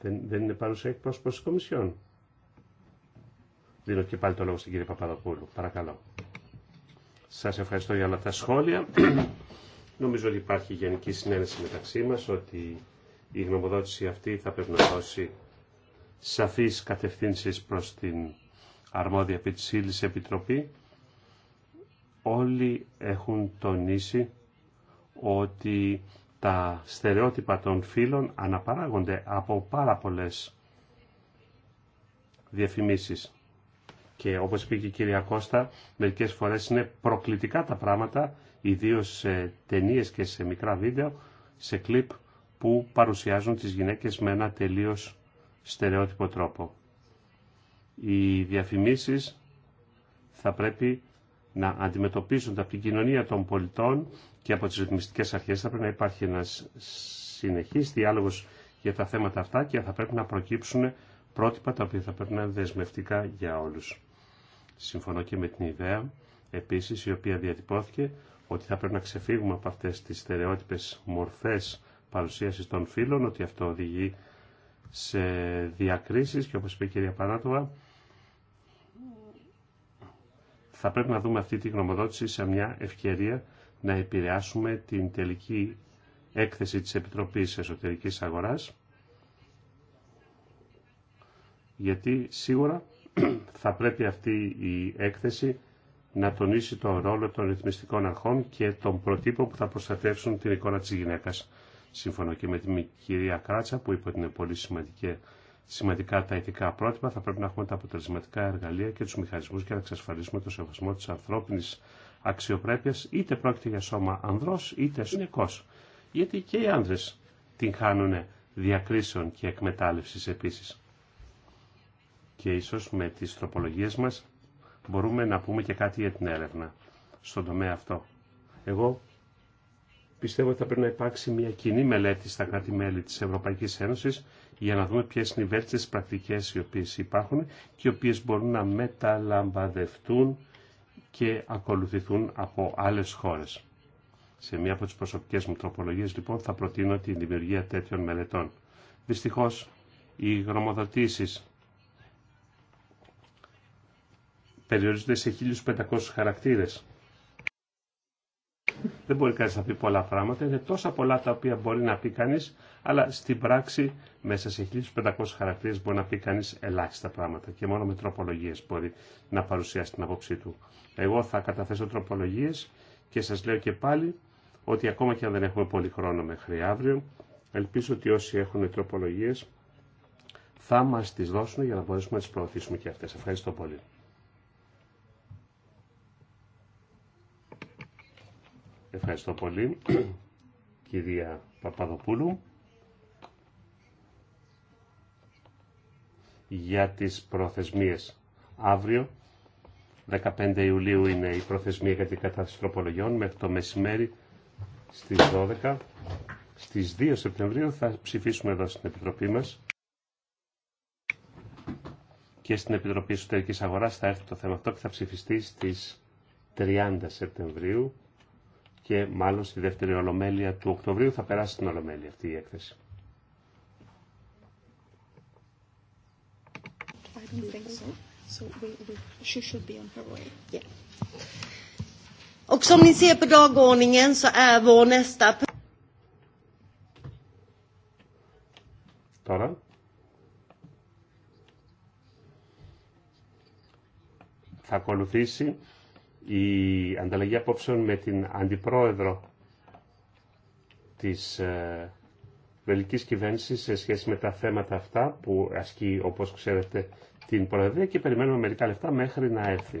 δεν, είναι παρούσα εκπρόσωπος της Κομισιόν. Δίνω και πάλι το λόγο στην κυρία Παπαδοπούλου. Παρακαλώ. Σας ευχαριστώ για όλα τα σχόλια. Νομίζω ότι υπάρχει γενική συνένεση μεταξύ μας ότι η γνωμοδότηση αυτή θα πρέπει να δώσει σαφείς κατευθύνσεις προς την αρμόδια επί Επιτροπή. Όλοι έχουν τονίσει ότι τα στερεότυπα των φύλων αναπαράγονται από πάρα πολλέ διαφημίσεις. Και όπως είπε και η κυρία Κώστα, μερικές φορές είναι προκλητικά τα πράγματα ιδίως σε ταινίες και σε μικρά βίντεο, σε κλιπ που παρουσιάζουν τις γυναίκες με ένα τελείως στερεότυπο τρόπο. Οι διαφημίσεις θα πρέπει να αντιμετωπίζονται από την κοινωνία των πολιτών και από τις ρυθμιστικές αρχές. Θα πρέπει να υπάρχει ένας συνεχής διάλογος για τα θέματα αυτά και θα πρέπει να προκύψουν πρότυπα τα οποία θα πρέπει να είναι δεσμευτικά για όλους. Συμφωνώ και με την ιδέα, επίσης, η οποία διατυπώθηκε, ότι θα πρέπει να ξεφύγουμε από αυτές τις στερεότυπες μορφές παρουσίασης των φύλων, ότι αυτό οδηγεί σε διακρίσεις και όπως είπε η κυρία Πανάτοβα, θα πρέπει να δούμε αυτή τη γνωμοδότηση σε μια ευκαιρία να επηρεάσουμε την τελική έκθεση της Επιτροπής Εσωτερικής Αγοράς, γιατί σίγουρα (clears throat) θα πρέπει αυτή η έκθεση να τονίσει τον ρόλο των ρυθμιστικών αρχών και των προτύπων που θα προστατεύσουν την εικόνα της γυναίκας. Σύμφωνα και με την κυρία Κράτσα που είπε ότι είναι πολύ σημαντική, σημαντικά τα ηθικά πρότυπα, θα πρέπει να έχουμε τα αποτελεσματικά εργαλεία και τους μηχανισμούς για να εξασφαλίσουμε το σεβασμό της ανθρώπινης αξιοπρέπειας, είτε πρόκειται για σώμα ανδρός είτε γυναικός. Γιατί και οι άνδρες την χάνουν διακρίσεων και εκμετάλλευσης επίσης. Και ίσως με τις τροπολογίες μας μπορούμε να πούμε και κάτι για την έρευνα στον τομέα αυτό. Εγώ πιστεύω ότι θα πρέπει να υπάρξει μια κοινή μελέτη στα κράτη-μέλη της Ευρωπαϊκής Ένωσης για να δούμε ποιες είναι οι βέλτιστες πρακτικές οι οποίες υπάρχουν και οι οποίες μπορούν να μεταλαμπαδευτούν και ακολουθηθούν από άλλες χώρες. Σε μία από τις προσωπικές μου τροπολογίες λοιπόν θα προτείνω τη δημιουργία τέτοιων μελετών. Δυστυχώς οι γνωμοδοτήσεις περιορίζονται σε 1500 χαρακτήρες. Δεν μπορεί κανείς να πει πολλά πράγματα, είναι τόσα πολλά τα οποία μπορεί να πει κανείς, αλλά στην πράξη μέσα σε 1500 χαρακτήρες μπορεί να πει κανείς ελάχιστα πράγματα και μόνο με τροπολογίες μπορεί να παρουσιάσει την απόψη του. Εγώ θα καταθέσω τροπολογίες και σας λέω και πάλι ότι ακόμα και αν δεν έχουμε πολύ χρόνο μέχρι αύριο, ελπίζω ότι όσοι έχουν τροπολογίες θα μας τις δώσουν για να μπορέσουμε να τις προωθήσουμε και αυτές. Ευχαριστώ πολύ. Ευχαριστώ πολύ, (clears throat) κυρία Παπαδοπούλου, για τις προθεσμίες. Αύριο, 15 Ιουλίου, είναι η προθεσμία για την κατάσταση τροπολογιών μέχρι το μεσημέρι στις 12. Στις 2 Σεπτεμβρίου θα ψηφίσουμε εδώ στην Επιτροπή μας και στην Επιτροπή Εσωτερικής Αγοράς θα έρθει το θέμα αυτό και θα ψηφιστεί στις 30 Σεπτεμβρίου και μάλλον στη δεύτερη ολομέλεια του Οκτωβρίου θα περάσει στην ολομέλεια αυτή η έκθεση. Τώρα. Θα ακολουθήσει η ανταλλαγή απόψεων με την αντιπρόεδρο της ε, βελικής κυβέρνησης σε σχέση με τα θέματα αυτά που ασκεί όπως ξέρετε την Προεδρία και περιμένουμε μερικά λεφτά μέχρι να έρθει.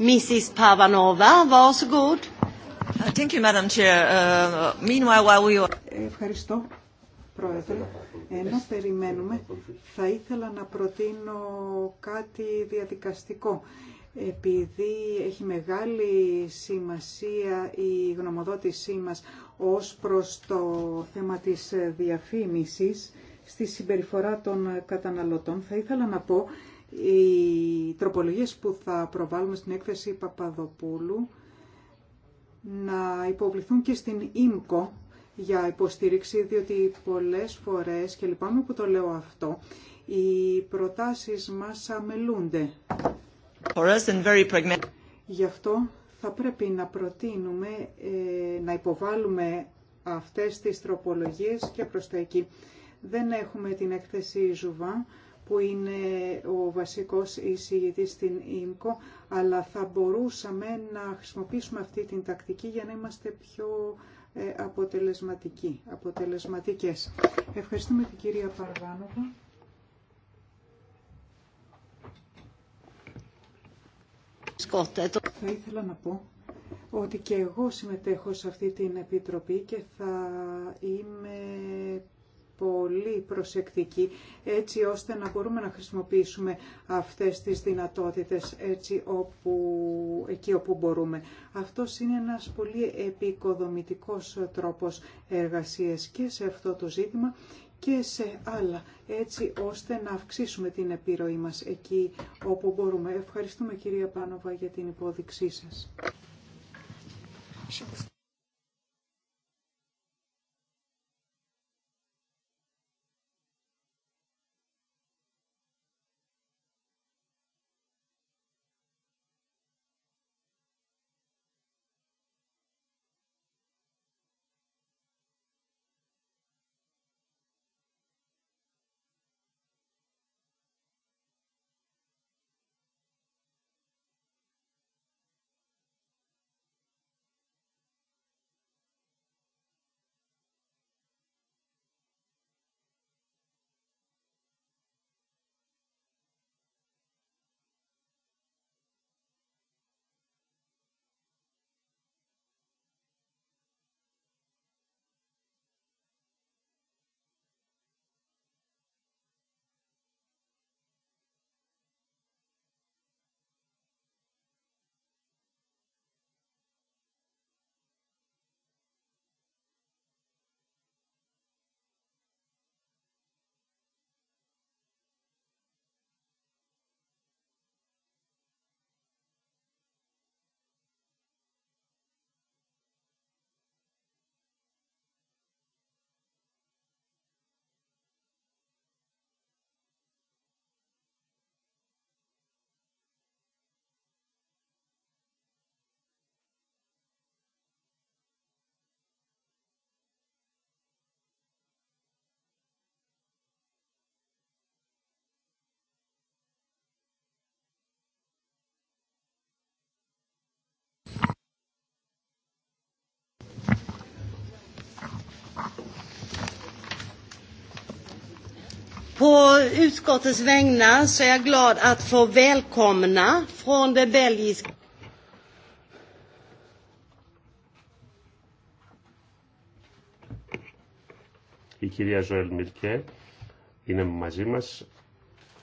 Mrs. Pavanova, good. Uh, thank you, Madam Chair. Uh, meanwhile, while we are... Ευχαριστώ, Πρόεδρε. Ενώ περιμένουμε, θα ήθελα να προτείνω κάτι διαδικαστικό. Επειδή έχει μεγάλη σημασία η γνωμοδότησή μας ως προς το θέμα της διαφήμισης στη συμπεριφορά των καταναλωτών, θα ήθελα να πω οι τροπολογίες που θα προβάλλουμε στην έκθεση Παπαδοπούλου να υποβληθούν και στην ΙΜΚΟ για υποστήριξη, διότι πολλές φορές, και λυπάμαι που το λέω αυτό, οι προτάσεις μας αμελούνται. Very Γι' αυτό θα πρέπει να προτείνουμε ε, να υποβάλουμε αυτές τις τροπολογίες και προς τα εκεί. Δεν έχουμε την έκθεση Ζουβά που είναι ο βασικός εισηγητής στην ΙΜΚΟ, αλλά θα μπορούσαμε να χρησιμοποιήσουμε αυτή την τακτική για να είμαστε πιο ε, αποτελεσματικοί, αποτελεσματικές. Ευχαριστούμε την κυρία Παρβάνοβα. Θα ήθελα να πω ότι και εγώ συμμετέχω σε αυτή την επιτροπή και θα είμαι πολύ προσεκτικοί έτσι ώστε να μπορούμε να χρησιμοποιήσουμε αυτές τις δυνατότητες έτσι όπου, εκεί όπου μπορούμε. Αυτό είναι ένας πολύ επικοδομητικός τρόπος εργασίας και σε αυτό το ζήτημα και σε άλλα, έτσι ώστε να αυξήσουμε την επιρροή μας εκεί όπου μπορούμε. Ευχαριστούμε κυρία Πάνοβα για την υπόδειξή σας. På utskottets vägnar så är jag glad att få välkomna från det belgiska Η κυρία Ζωέλ Μιλκέ είναι μαζί μας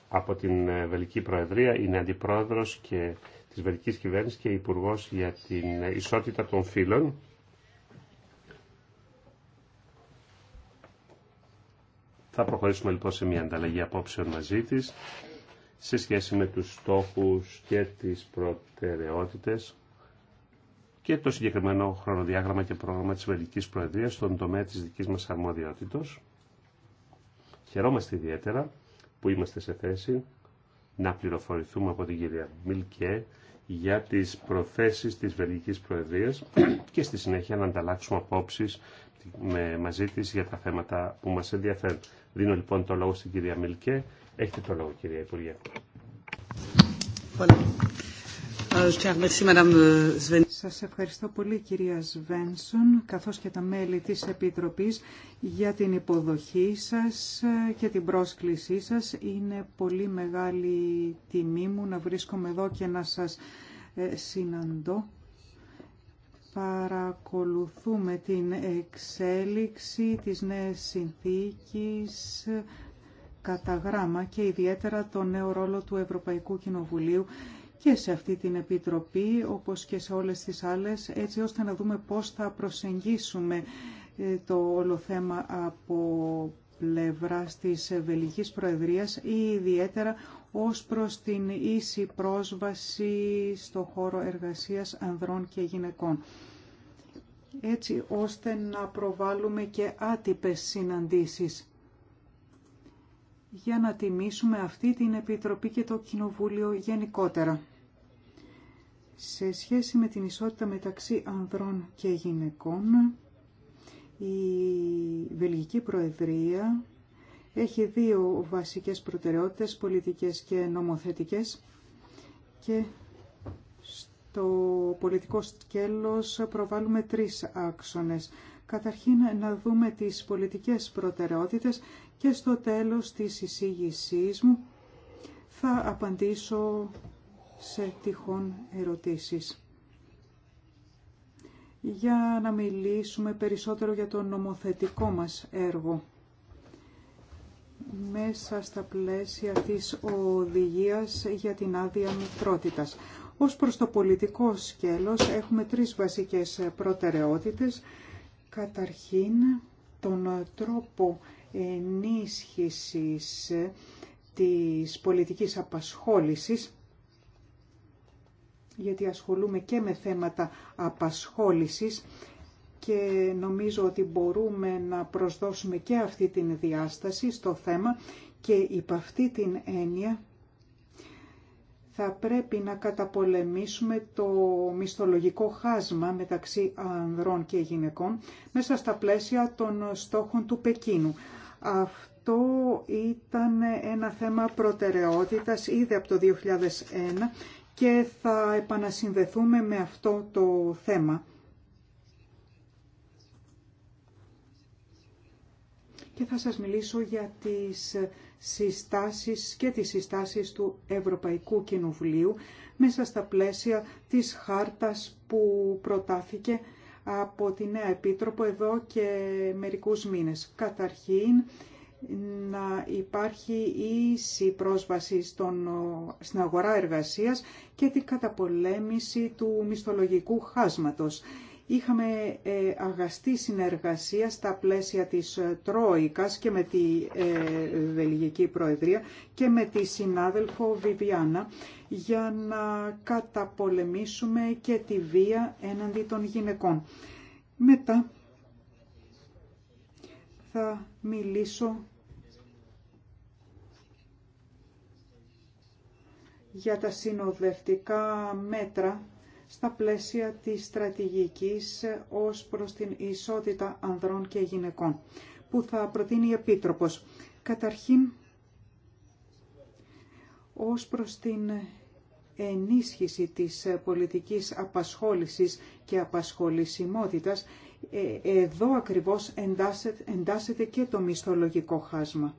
από την ε, Βελική Προεδρία, είναι αντιπρόεδρος και της Βελικής Κυβέρνησης και υπουργός για την ε, ισότητα των φύλων. Θα προχωρήσουμε λοιπόν σε μια ανταλλαγή απόψεων μαζί της σε σχέση με τους στόχους και τις προτεραιότητες και το συγκεκριμένο χρονοδιάγραμμα και πρόγραμμα της Βελικής Προεδρίας στον τομέα της δικής μας αρμοδιότητος. Χαιρόμαστε ιδιαίτερα που είμαστε σε θέση να πληροφορηθούμε από την κυρία Μιλκέ για τις προθέσεις της Βελγικής Προεδρίας και στη συνέχεια να ανταλλάξουμε απόψεις με, μαζί τη για τα θέματα που μα ενδιαφέρουν. Δίνω λοιπόν το λόγο στην κυρία Μιλκέ. Έχετε το λόγο κυρία Υπουργέ. Euh, euh, σα ευχαριστώ πολύ κυρία Σβένσον καθώ και τα μέλη τη Επίτροπή, για την υποδοχή σα ε, και την πρόσκλησή σα. Είναι πολύ μεγάλη τιμή μου να βρίσκομαι εδώ και να σας ε, συναντώ παρακολουθούμε την εξέλιξη της νέας συνθήκης κατά γράμμα και ιδιαίτερα τον νέο ρόλο του Ευρωπαϊκού Κοινοβουλίου και σε αυτή την Επιτροπή, όπως και σε όλες τις άλλες, έτσι ώστε να δούμε πώς θα προσεγγίσουμε ε, το όλο θέμα από πλευράς της Βελγικής Προεδρίας ή ιδιαίτερα ως προς την ίση πρόσβαση στο χώρο εργασίας ανδρών και γυναικών. Έτσι ώστε να προβάλλουμε και άτυπες συναντήσεις για να τιμήσουμε αυτή την Επιτροπή και το Κοινοβούλιο γενικότερα. Σε σχέση με την ισότητα μεταξύ ανδρών και γυναικών, η Βελγική Προεδρία έχει δύο βασικές προτεραιότητες, πολιτικές και νομοθετικές και στο πολιτικό σκέλος προβάλλουμε τρεις άξονες. Καταρχήν να δούμε τις πολιτικές προτεραιότητες και στο τέλος της εισήγησής μου θα απαντήσω σε τυχόν ερωτήσεις. Για να μιλήσουμε περισσότερο για το νομοθετικό μας έργο μέσα στα πλαίσια της οδηγίας για την άδεια μητρότητας. Ως προς το πολιτικό σκέλος έχουμε τρεις βασικές προτεραιότητες. Καταρχήν, τον τρόπο ενίσχυσης της πολιτικής απασχόλησης, γιατί ασχολούμε και με θέματα απασχόλησης και νομίζω ότι μπορούμε να προσδώσουμε και αυτή την διάσταση στο θέμα και υπ' αυτή την έννοια θα πρέπει να καταπολεμήσουμε το μισθολογικό χάσμα μεταξύ ανδρών και γυναικών μέσα στα πλαίσια των στόχων του Πεκίνου. Αυτό ήταν ένα θέμα προτεραιότητας ήδη από το 2001 και θα επανασυνδεθούμε με αυτό το θέμα και θα σας μιλήσω για τις συστάσεις και τις συστάσεις του Ευρωπαϊκού Κοινοβουλίου μέσα στα πλαίσια της χάρτας που προτάθηκε από τη Νέα Επίτροπο εδώ και μερικούς μήνες. Καταρχήν, να υπάρχει ίση πρόσβαση στον, στην αγορά εργασίας και την καταπολέμηση του μισθολογικού χάσματος. Είχαμε ε, αγαστή συνεργασία στα πλαίσια της ε, Τρόικας και με τη ε, Βελγική Προεδρία και με τη συνάδελφο Βιβιάνα για να καταπολεμήσουμε και τη βία έναντι των γυναικών. Μετά θα μιλήσω για τα συνοδευτικά μέτρα στα πλαίσια της στρατηγικής ως προς την ισότητα ανδρών και γυναικών που θα προτείνει η Επίτροπος. Καταρχήν, ως προς την ενίσχυση της πολιτικής απασχόλησης και απασχολησιμότητας, ε, εδώ ακριβώς εντάσσεται, και το μισθολογικό χάσμα.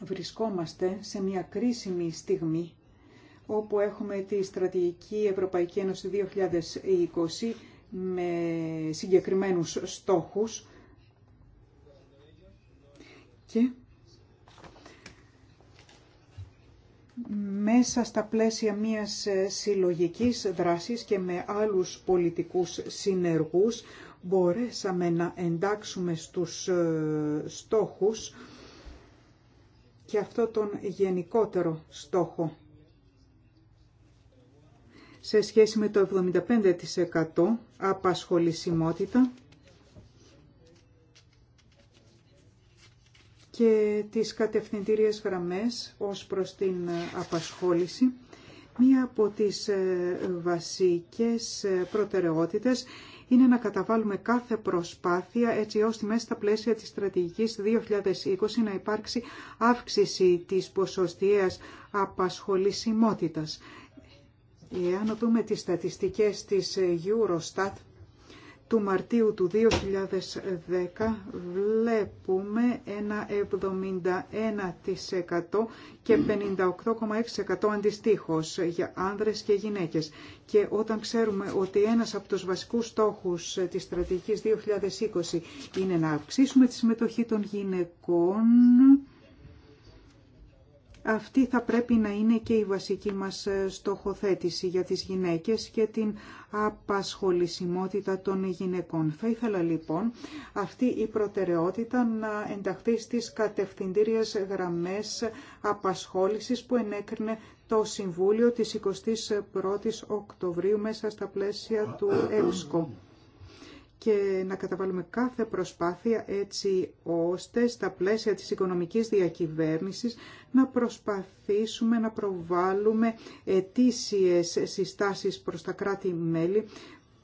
Βρισκόμαστε σε μια κρίσιμη στιγμή όπου έχουμε τη Στρατηγική Ευρωπαϊκή Ένωση 2020 με συγκεκριμένους στόχους και μέσα στα πλαίσια μιας συλλογικής δράσης και με άλλους πολιτικούς συνεργούς μπορέσαμε να εντάξουμε στους ε, στόχους και αυτό τον γενικότερο στόχο σε σχέση με το 75% απασχολησιμότητα και τις κατευθυντήριες γραμμές ως προς την απασχόληση. Μία από τις ε, βασικές ε, προτεραιότητες είναι να καταβάλουμε κάθε προσπάθεια έτσι ώστε μέσα στα πλαίσια της στρατηγικής 2020 να υπάρξει αύξηση της ποσοστιαίας απασχολησιμότητας. Εάν δούμε τις στατιστικές της Eurostat του Μαρτίου του 2010 βλέπουμε ένα 71% και 58,6% αντιστοίχως για άνδρες και γυναίκες. Και όταν ξέρουμε ότι ένας από τους βασικούς στόχους της στρατηγικής 2020 είναι να αυξήσουμε τη συμμετοχή των γυναικών αυτή θα πρέπει να είναι και η βασική μας ε, στοχοθέτηση για τις γυναίκες και την απασχολησιμότητα των γυναικών. Θα ήθελα λοιπόν αυτή η προτεραιότητα να ενταχθεί στις κατευθυντήριες γραμμές απασχόλησης που ενέκρινε το Συμβούλιο της 21ης Οκτωβρίου μέσα στα πλαίσια του εσκό και να καταβάλουμε κάθε προσπάθεια έτσι ώστε στα πλαίσια της οικονομικής διακυβέρνησης να προσπαθήσουμε να προβάλλουμε ετήσιες συστάσεις προς τα κράτη-μέλη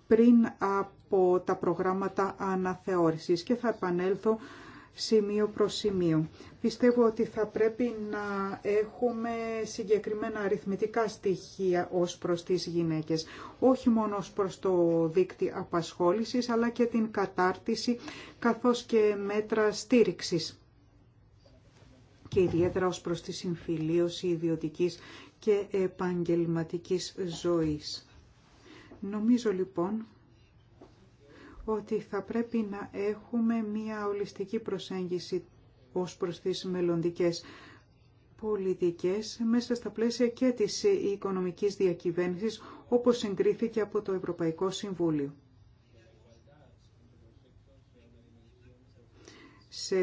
πριν από τα προγράμματα αναθεώρησης και θα επανέλθω σημείο προς σημείο. Πιστεύω ότι θα πρέπει να έχουμε συγκεκριμένα αριθμητικά στοιχεία ως προς τις γυναίκες, όχι μόνο ως προς το δίκτυο απασχόλησης, αλλά και την κατάρτιση καθώς και μέτρα στήριξης και ιδιαίτερα ως προς τη συμφιλίωση ιδιωτικής και επαγγελματικής ζωής. Νομίζω λοιπόν ότι θα πρέπει να έχουμε μία ολιστική προσέγγιση ως προς τις μελλοντικές πολιτικές μέσα στα πλαίσια και της οικονομικής διακυβέρνησης όπως συγκρίθηκε από το Ευρωπαϊκό Συμβούλιο. σε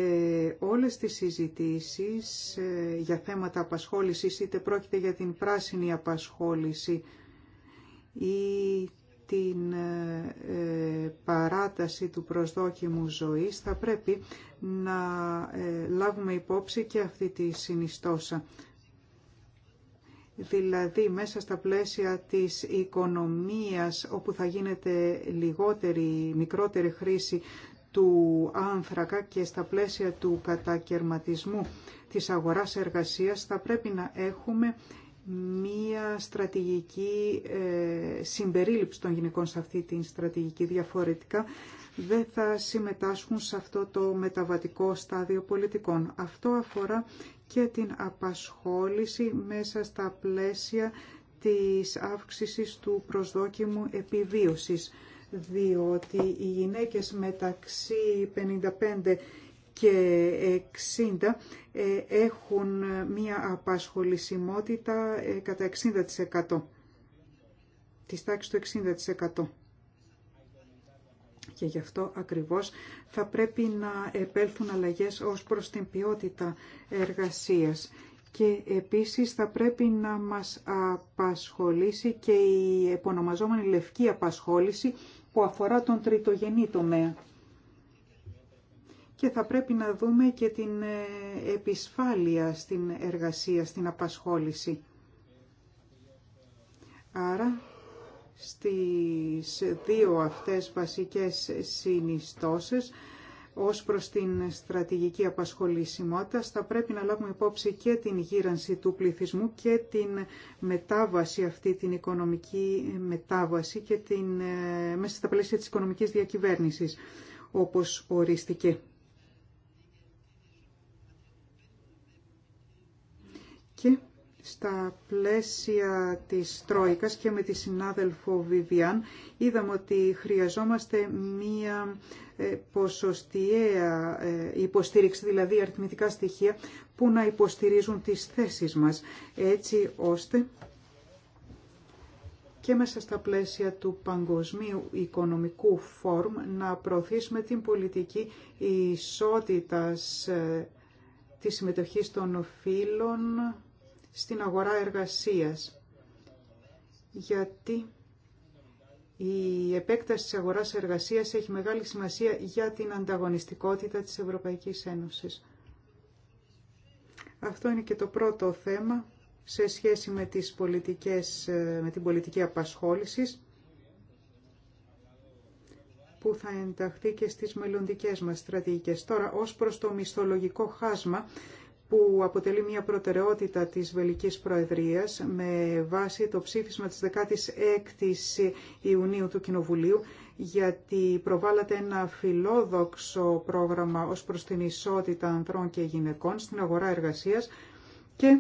όλες τις συζητήσεις ε, για θέματα απασχόλησης, είτε πρόκειται για την πράσινη απασχόληση ή την ε, παράταση του προσδόκιμου ζωής θα πρέπει να ε, λάβουμε υπόψη και αυτή τη συνιστόσα. Δηλαδή μέσα στα πλαίσια της οικονομίας όπου θα γίνεται λιγότερη, μικρότερη χρήση του άνθρακα και στα πλαίσια του κατακαιρματισμού της αγοράς εργασίας θα πρέπει να έχουμε μία στρατηγική ε, συμπερίληψη των γυναικών σε αυτή την στρατηγική διαφορετικά δεν θα συμμετάσχουν σε αυτό το μεταβατικό στάδιο πολιτικών. Αυτό αφορά και την απασχόληση μέσα στα πλαίσια της αύξησης του προσδόκιμου επιβίωσης, διότι οι γυναίκες μεταξύ 55 και 60 ε, έχουν μία απασχολησιμότητα ε, κατά 60%. Της τάξης του 60%. Και γι' αυτό ακριβώς θα πρέπει να επέλθουν αλλαγές ως προς την ποιότητα εργασίας. Και επίσης θα πρέπει να μας απασχολήσει και η επωνομαζόμενη λευκή απασχόληση που αφορά τον τριτογενή τομέα και θα πρέπει να δούμε και την ε, επισφάλεια στην εργασία, στην απασχόληση. Άρα, στις δύο αυτές βασικές συνιστώσεις, ως προς την στρατηγική απασχολησιμότητα, θα πρέπει να λάβουμε υπόψη και την γύρανση του πληθυσμού και την μετάβαση αυτή, την οικονομική μετάβαση και την, ε, μέσα στα πλαίσια της οικονομικής διακυβέρνησης, όπως ορίστηκε. και στα πλαίσια της Τρόικας και με τη συνάδελφο Βιβιάν είδαμε ότι χρειαζόμαστε μία ε, ποσοστιαία ε, υποστήριξη, δηλαδή αριθμητικά στοιχεία που να υποστηρίζουν τις θέσεις μας, έτσι ώστε και μέσα στα πλαίσια του Παγκοσμίου Οικονομικού Φόρουμ να προωθήσουμε την πολιτική ισότητας ε, της συμμετοχής των φίλων στην αγορά εργασίας. Γιατί η επέκταση της αγοράς εργασίας έχει μεγάλη σημασία για την ανταγωνιστικότητα της Ευρωπαϊκής Ένωσης. Αυτό είναι και το πρώτο θέμα σε σχέση με, τις πολιτικές, ε, με την πολιτική απασχόλησης που θα ενταχθεί και στις μελλοντικές μας στρατηγικές. Τώρα, ως προς το μισθολογικό χάσμα που αποτελεί μια προτεραιότητα της Βελικής Προεδρίας με βάση το ψήφισμα της 16ης Ιουνίου του Κοινοβουλίου γιατί προβάλλεται ένα φιλόδοξο πρόγραμμα ως προς την ισότητα ανδρών και γυναικών στην αγορά εργασίας και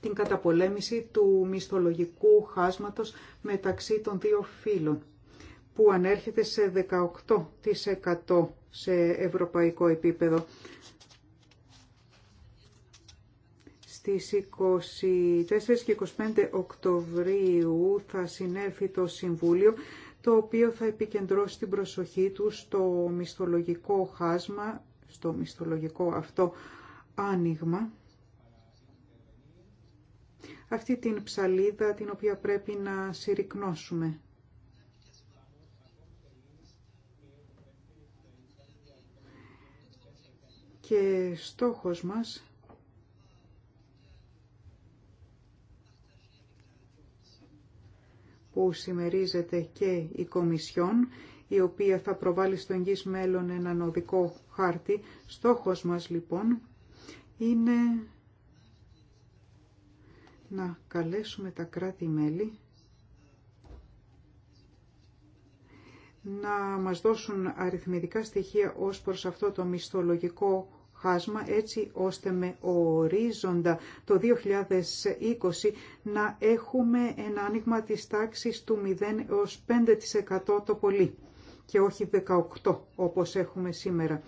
την καταπολέμηση του μισθολογικού χάσματος μεταξύ των δύο φύλων που ανέρχεται σε 18% σε ευρωπαϊκό επίπεδο. Στις 24 και 25 Οκτωβρίου θα συνέλθει το Συμβούλιο, το οποίο θα επικεντρώσει την προσοχή του στο μισθολογικό χάσμα, στο μισθολογικό αυτό άνοιγμα, αυτή την ψαλίδα την οποία πρέπει να συρρυκνώσουμε. Και στόχος μας που συμμερίζεται και η Κομισιόν, η οποία θα προβάλλει στον γης μέλλον έναν οδικό χάρτη. Στόχος μας λοιπόν είναι να καλέσουμε τα κράτη-μέλη να μας δώσουν αριθμητικά στοιχεία ως προς αυτό το μισθολογικό χάσμα έτσι ώστε με ορίζοντα το 2020 να έχουμε ένα άνοιγμα της τάξης του 0 έως 5% το πολύ και όχι 18% όπως έχουμε σήμερα.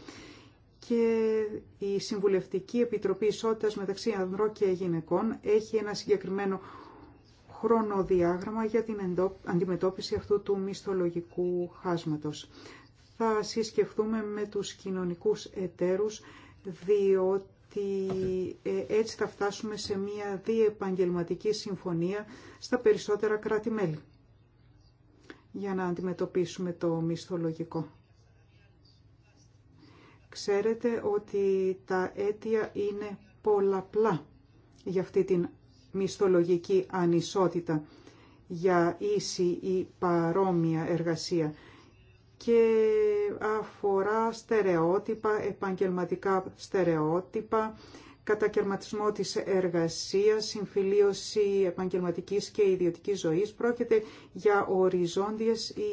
Και η Συμβουλευτική Επιτροπή Ισότητας μεταξύ ανδρών και γυναικών έχει ένα συγκεκριμένο χρονοδιάγραμμα για την αντιμετώπιση αυτού του μισθολογικού χάσματος. Θα συσκεφτούμε με τους κοινωνικούς εταίρους διότι ε, έτσι θα φτάσουμε σε μια διεπαγγελματική συμφωνία στα περισσότερα κράτη-μέλη για να αντιμετωπίσουμε το μισθολογικό. Ξέρετε ότι τα αίτια είναι πολλαπλά για αυτή την μισθολογική ανισότητα για ίση ή παρόμοια εργασία και αφορά στερεότυπα, επαγγελματικά στερεότυπα, κατακαιρματισμό της εργασίας, συμφιλίωση επαγγελματικής και ιδιωτικής ζωής. Πρόκειται για οριζόντιες ή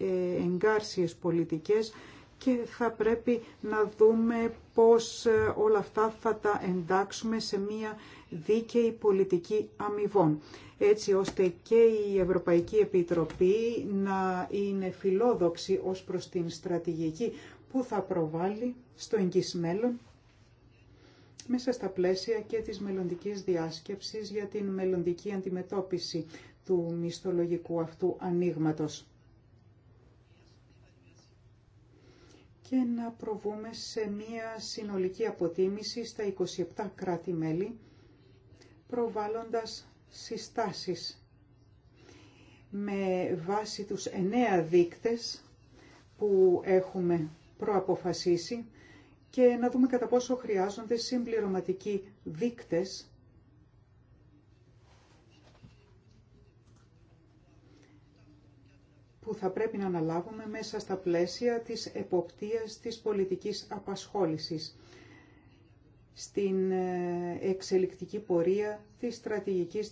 ε, εγκάρσιες πολιτικές και θα πρέπει να δούμε πώς ε, όλα αυτά θα τα εντάξουμε σε μία δίκαιη πολιτική αμοιβών, έτσι ώστε και η Ευρωπαϊκή Επιτροπή να είναι φιλόδοξη ως προς την στρατηγική που θα προβάλλει στο εγγύς μέλλον μέσα στα πλαίσια και της μελλοντικής διάσκεψης για την μελλοντική αντιμετώπιση του μισθολογικού αυτού ανοίγματος. και να προβούμε σε μία συνολική αποτίμηση στα 27 κράτη-μέλη, προβάλλοντας συστάσεις με βάση τους εννέα δείκτες που έχουμε προαποφασίσει και να δούμε κατά πόσο χρειάζονται συμπληρωματικοί δείκτες που θα πρέπει να αναλάβουμε μέσα στα πλαίσια της εποπτείας της πολιτικής απασχόλησης στην ε, εξελικτική πορεία της στρατηγικής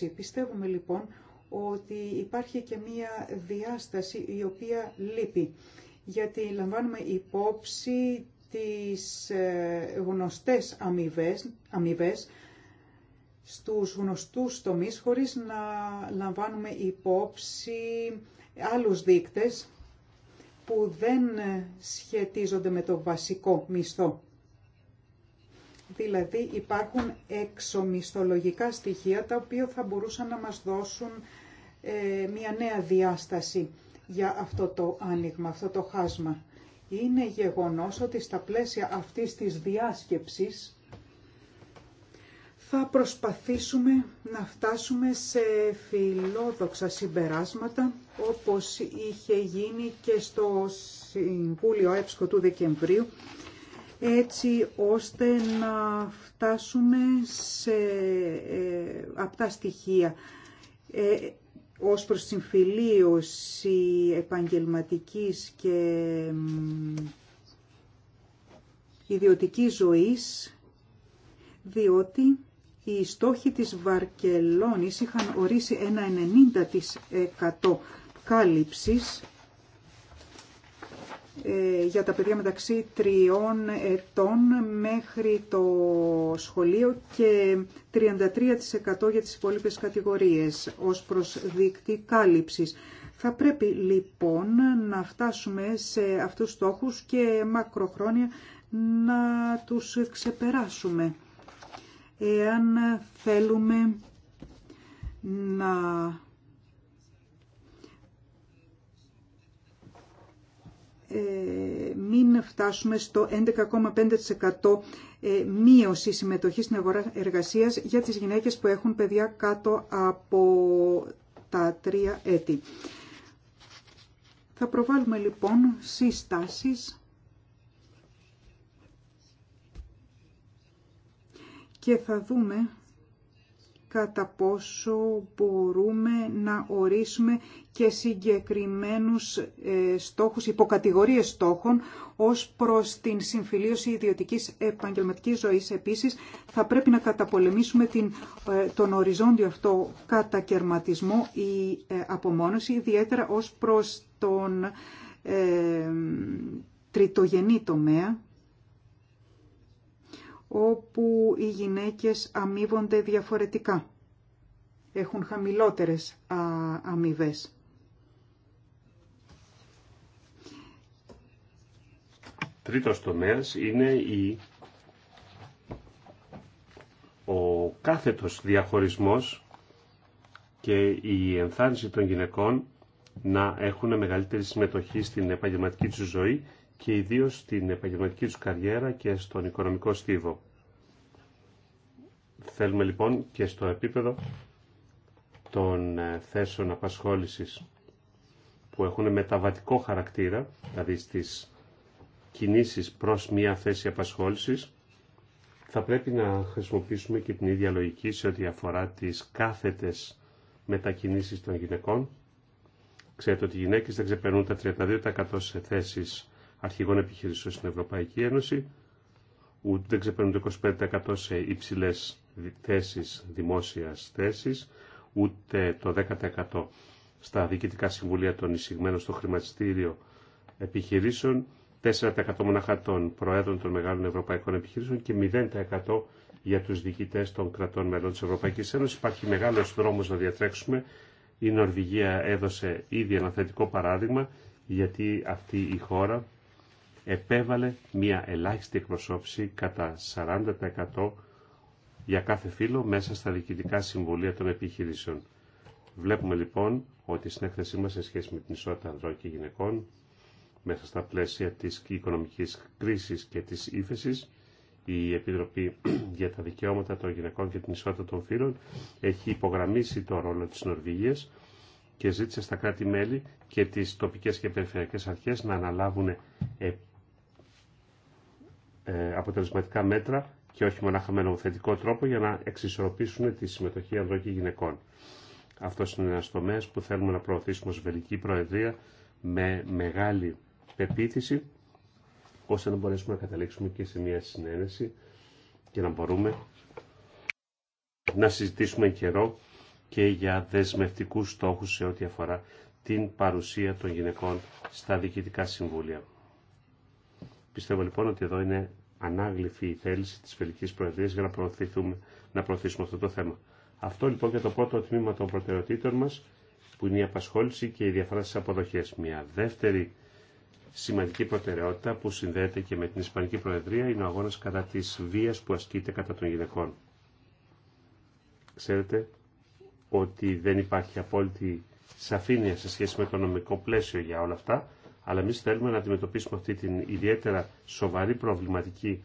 2020. Πιστεύουμε λοιπόν ότι υπάρχει και μία διάσταση η οποία λείπει, γιατί λαμβάνουμε υπόψη τις ε, γνωστές αμοιβές, στους γνωστούς τομείς χωρίς να λαμβάνουμε υπόψη άλλους δείκτες που δεν σχετίζονται με το βασικό μισθό. Δηλαδή υπάρχουν εξομισθολογικά στοιχεία τα οποία θα μπορούσαν να μας δώσουν ε, μια νέα διάσταση για αυτό το άνοιγμα, αυτό το χάσμα. Είναι γεγονός ότι στα πλαίσια αυτής της διάσκεψης θα προσπαθήσουμε να φτάσουμε σε φιλόδοξα συμπεράσματα όπως είχε γίνει και στο Συμβούλιο ΕΨΚΟ του Δεκεμβρίου έτσι ώστε να φτάσουμε σε ε, αυτά στοιχεία ε, ως προς συμφιλίωση επαγγελματικής και ιδιωτικής ζωής διότι οι στόχοι της Βαρκελόνης είχαν ορίσει ένα 90% κάλυψης ε, για τα παιδιά μεταξύ τριών ετών μέχρι το σχολείο και 33% για τις υπόλοιπες κατηγορίες ως προς δίκτυ κάλυψης. Θα πρέπει λοιπόν να φτάσουμε σε αυτούς τους στόχους και μακροχρόνια να τους ξεπεράσουμε εάν θέλουμε να ε, μην φτάσουμε στο 11,5% ε, μείωση συμμετοχής στην αγορά εργασίας για τις γυναίκες που έχουν παιδιά κάτω από τα τρία έτη. Θα προβάλλουμε λοιπόν συστάσεις και θα δούμε κατά πόσο μπορούμε να ορίσουμε και συγκεκριμένους ε, στόχους, υποκατηγορίες στόχων ως προς την συμφιλίωση ιδιωτικής επαγγελματικής ζωής. Επίσης, θα πρέπει να καταπολεμήσουμε την, ε, τον οριζόντιο αυτό κατακαιρματισμό ή ε, απομόνωση, ιδιαίτερα ως προς τον ε, τριτογενή τομέα όπου οι γυναίκες αμείβονται διαφορετικά. Έχουν χαμηλότερες αμοιβέ. Τρίτος τομέας είναι η... ο κάθετος διαχωρισμός και η ενθάρρυνση των γυναικών να έχουν μεγαλύτερη συμμετοχή στην επαγγελματική τους ζωή και ιδίως στην επαγγελματική τους καριέρα και στον οικονομικό στίβο. Θέλουμε λοιπόν και στο επίπεδο των ε, θέσεων απασχόλησης που έχουν μεταβατικό χαρακτήρα, δηλαδή στις κινήσεις προς μία θέση απασχόλησης, θα πρέπει να χρησιμοποιήσουμε και την ίδια λογική σε ό,τι αφορά τις κάθετες μετακινήσεις των γυναικών. Ξέρετε ότι οι γυναίκες δεν ξεπερνούν τα 32% σε θέσεις αρχηγών επιχειρήσεων στην Ευρωπαϊκή Ένωση, ούτε δεν ξεπερνούν το 25% σε υψηλές θέσεις δημόσιας θέσης, ούτε το 10% στα διοικητικά συμβουλία των εισηγμένων στο χρηματιστήριο επιχειρήσεων, 4% μονάχα των προέδρων των μεγάλων ευρωπαϊκών επιχειρήσεων και 0% για τους διοικητές των κρατών μελών της Ευρωπαϊκής Ένωσης. Υπάρχει μεγάλος δρόμος να διατρέξουμε. Η Νορβηγία έδωσε ήδη ένα θετικό παράδειγμα γιατί αυτή η χώρα επέβαλε μια ελάχιστη εκπροσώπηση κατά 40% για κάθε φύλλο μέσα στα διοικητικά συμβουλία των επιχειρήσεων. Βλέπουμε λοιπόν ότι η έκθεσή μα σε σχέση με την ισότητα ανδρών και γυναικών μέσα στα πλαίσια της οικονομικής κρίσης και της ύφεσης η Επιτροπή (clears throat) για τα Δικαιώματα των Γυναικών και την Ισότητα των Φύλων έχει υπογραμμίσει το ρόλο της Νορβηγίας και ζήτησε στα κράτη-μέλη και τις τοπικές και περιφερειακές αρχές να αναλάβουν ε, ε, αποτελεσματικά μέτρα και όχι μονάχα με νομοθετικό τρόπο για να εξισορροπήσουν τη συμμετοχή ανδρών και γυναικών. Αυτό είναι ένα τομέα που θέλουμε να προωθήσουμε ω Βελική Προεδρία με μεγάλη πεποίθηση, ώστε να μπορέσουμε να καταλήξουμε και σε μια συνένεση και να μπορούμε να συζητήσουμε καιρό και για δεσμευτικούς στόχους σε ό,τι αφορά την παρουσία των γυναικών στα διοικητικά συμβούλια. Πιστεύω λοιπόν ότι εδώ είναι ανάγλυφη η θέληση τη Φιλική Προεδρίας για να, να προωθήσουμε αυτό το θέμα. Αυτό λοιπόν για το πρώτο τμήμα των προτεραιοτήτων μα, που είναι η απασχόληση και η διαφορά στι αποδοχές. Μια δεύτερη σημαντική προτεραιότητα που συνδέεται και με την Ισπανική Προεδρία είναι ο αγώνα κατά τη βία που ασκείται κατά των γυναικών. Ξέρετε ότι δεν υπάρχει απόλυτη σαφήνεια σε σχέση με το νομικό πλαίσιο για όλα αυτά, αλλά εμεί θέλουμε να αντιμετωπίσουμε αυτή την ιδιαίτερα σοβαρή προβληματική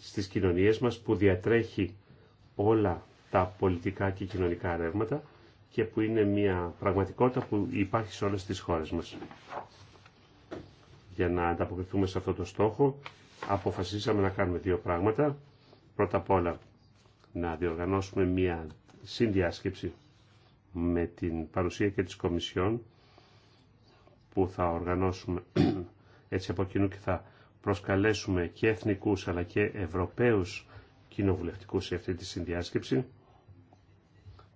στις κοινωνίες μας που διατρέχει όλα τα πολιτικά και κοινωνικά ρεύματα και που είναι μια πραγματικότητα που υπάρχει σε όλες τις χώρες μας. Για να ανταποκριθούμε σε αυτό το στόχο αποφασίσαμε να κάνουμε δύο πράγματα. Πρώτα απ' όλα να διοργανώσουμε μια συνδιάσκεψη με την παρουσία και της Κομισιόν που θα οργανώσουμε (clears throat) έτσι από κοινού και θα προσκαλέσουμε και εθνικούς αλλά και ευρωπαίους κοινοβουλευτικούς σε αυτή τη συνδιάσκεψη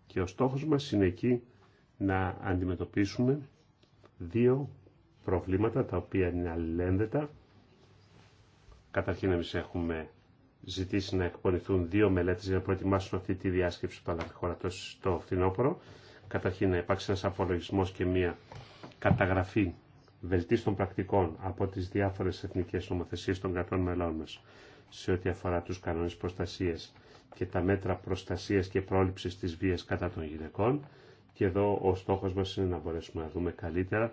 και ο στόχος μας είναι εκεί να αντιμετωπίσουμε δύο προβλήματα τα οποία είναι αλληλένδετα. Καταρχήν εμείς έχουμε ζητήσει να εκπονηθούν δύο μελέτες για να προετοιμάσουν αυτή τη διάσκεψη που θα χώρα το φθινόπωρο. Καταρχήν να υπάρξει ένας απολογισμός και μία καταγραφή βελτίστων πρακτικών από τις διάφορες εθνικές νομοθεσίε των κρατών μελών μας σε ό,τι αφορά τους κανόνες προστασία και τα μέτρα προστασία και πρόληψης τη βίας κατά των γυναικών. Και εδώ ο στόχος μας είναι να μπορέσουμε να δούμε καλύτερα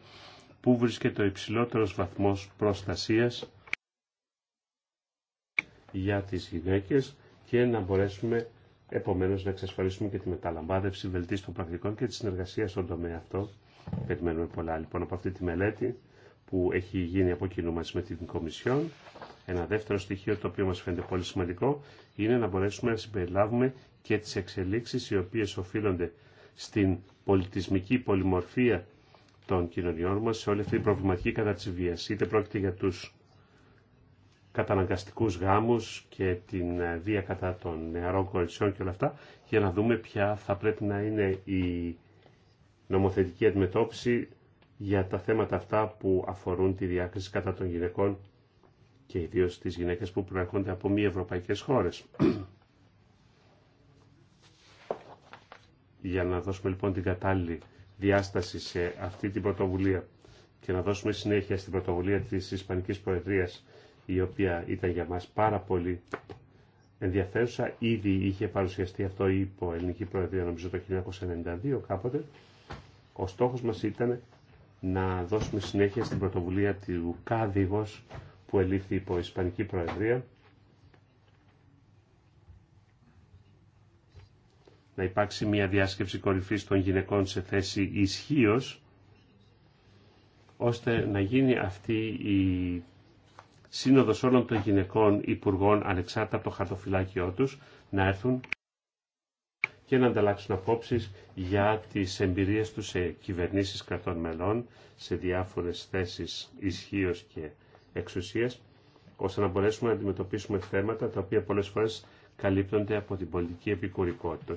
πού βρίσκεται ο υψηλότερο βαθμός προστασίας για τις γυναίκε και να μπορέσουμε επομένως να εξασφαλίσουμε και τη μεταλαμβάνευση βελτίστων πρακτικών και τη συνεργασία στον τομέα αυτό Περιμένουμε πολλά λοιπόν από αυτή τη μελέτη που έχει γίνει από κοινού μαζί με την Κομισιόν. Ένα δεύτερο στοιχείο το οποίο μας φαίνεται πολύ σημαντικό είναι να μπορέσουμε να συμπεριλάβουμε και τις εξελίξεις οι οποίες οφείλονται στην πολιτισμική πολυμορφία των κοινωνιών μας σε όλη αυτή την προβληματική κατά της βίας. Είτε πρόκειται για τους καταναγκαστικούς γάμους και την ε, βία κατά των νεαρών κοριτσιών και όλα αυτά για να δούμε ποια θα πρέπει να είναι η νομοθετική αντιμετώπιση για τα θέματα αυτά που αφορούν τη διάκριση κατά των γυναικών και ιδίω τι γυναίκες που προέρχονται από μη ευρωπαϊκές χώρες. για να δώσουμε λοιπόν την κατάλληλη διάσταση σε αυτή την πρωτοβουλία και να δώσουμε συνέχεια στην πρωτοβουλία της Ισπανικής Προεδρίας η οποία ήταν για μας πάρα πολύ ενδιαφέρουσα. Ήδη είχε παρουσιαστεί αυτό υπό Ελληνική Προεδρία νομίζω το 1992 κάποτε ο στόχος μας ήταν να δώσουμε συνέχεια στην πρωτοβουλία του Κάδηγος που ελήφθη υπό Ισπανική Προεδρία να υπάρξει μια διάσκεψη κορυφής των γυναικών σε θέση ισχύω, ώστε να γίνει αυτή η σύνοδος όλων των γυναικών υπουργών ανεξάρτητα από το χαρτοφυλάκιό τους να έρθουν και να ανταλλάξουν απόψει για τι εμπειρίε τους σε κυβερνήσει κρατών μελών, σε διάφορες θέσει ισχύω και εξουσίας, ώστε να μπορέσουμε να αντιμετωπίσουμε θέματα τα οποία πολλέ φορέ καλύπτονται από την πολιτική επικουρικότητα.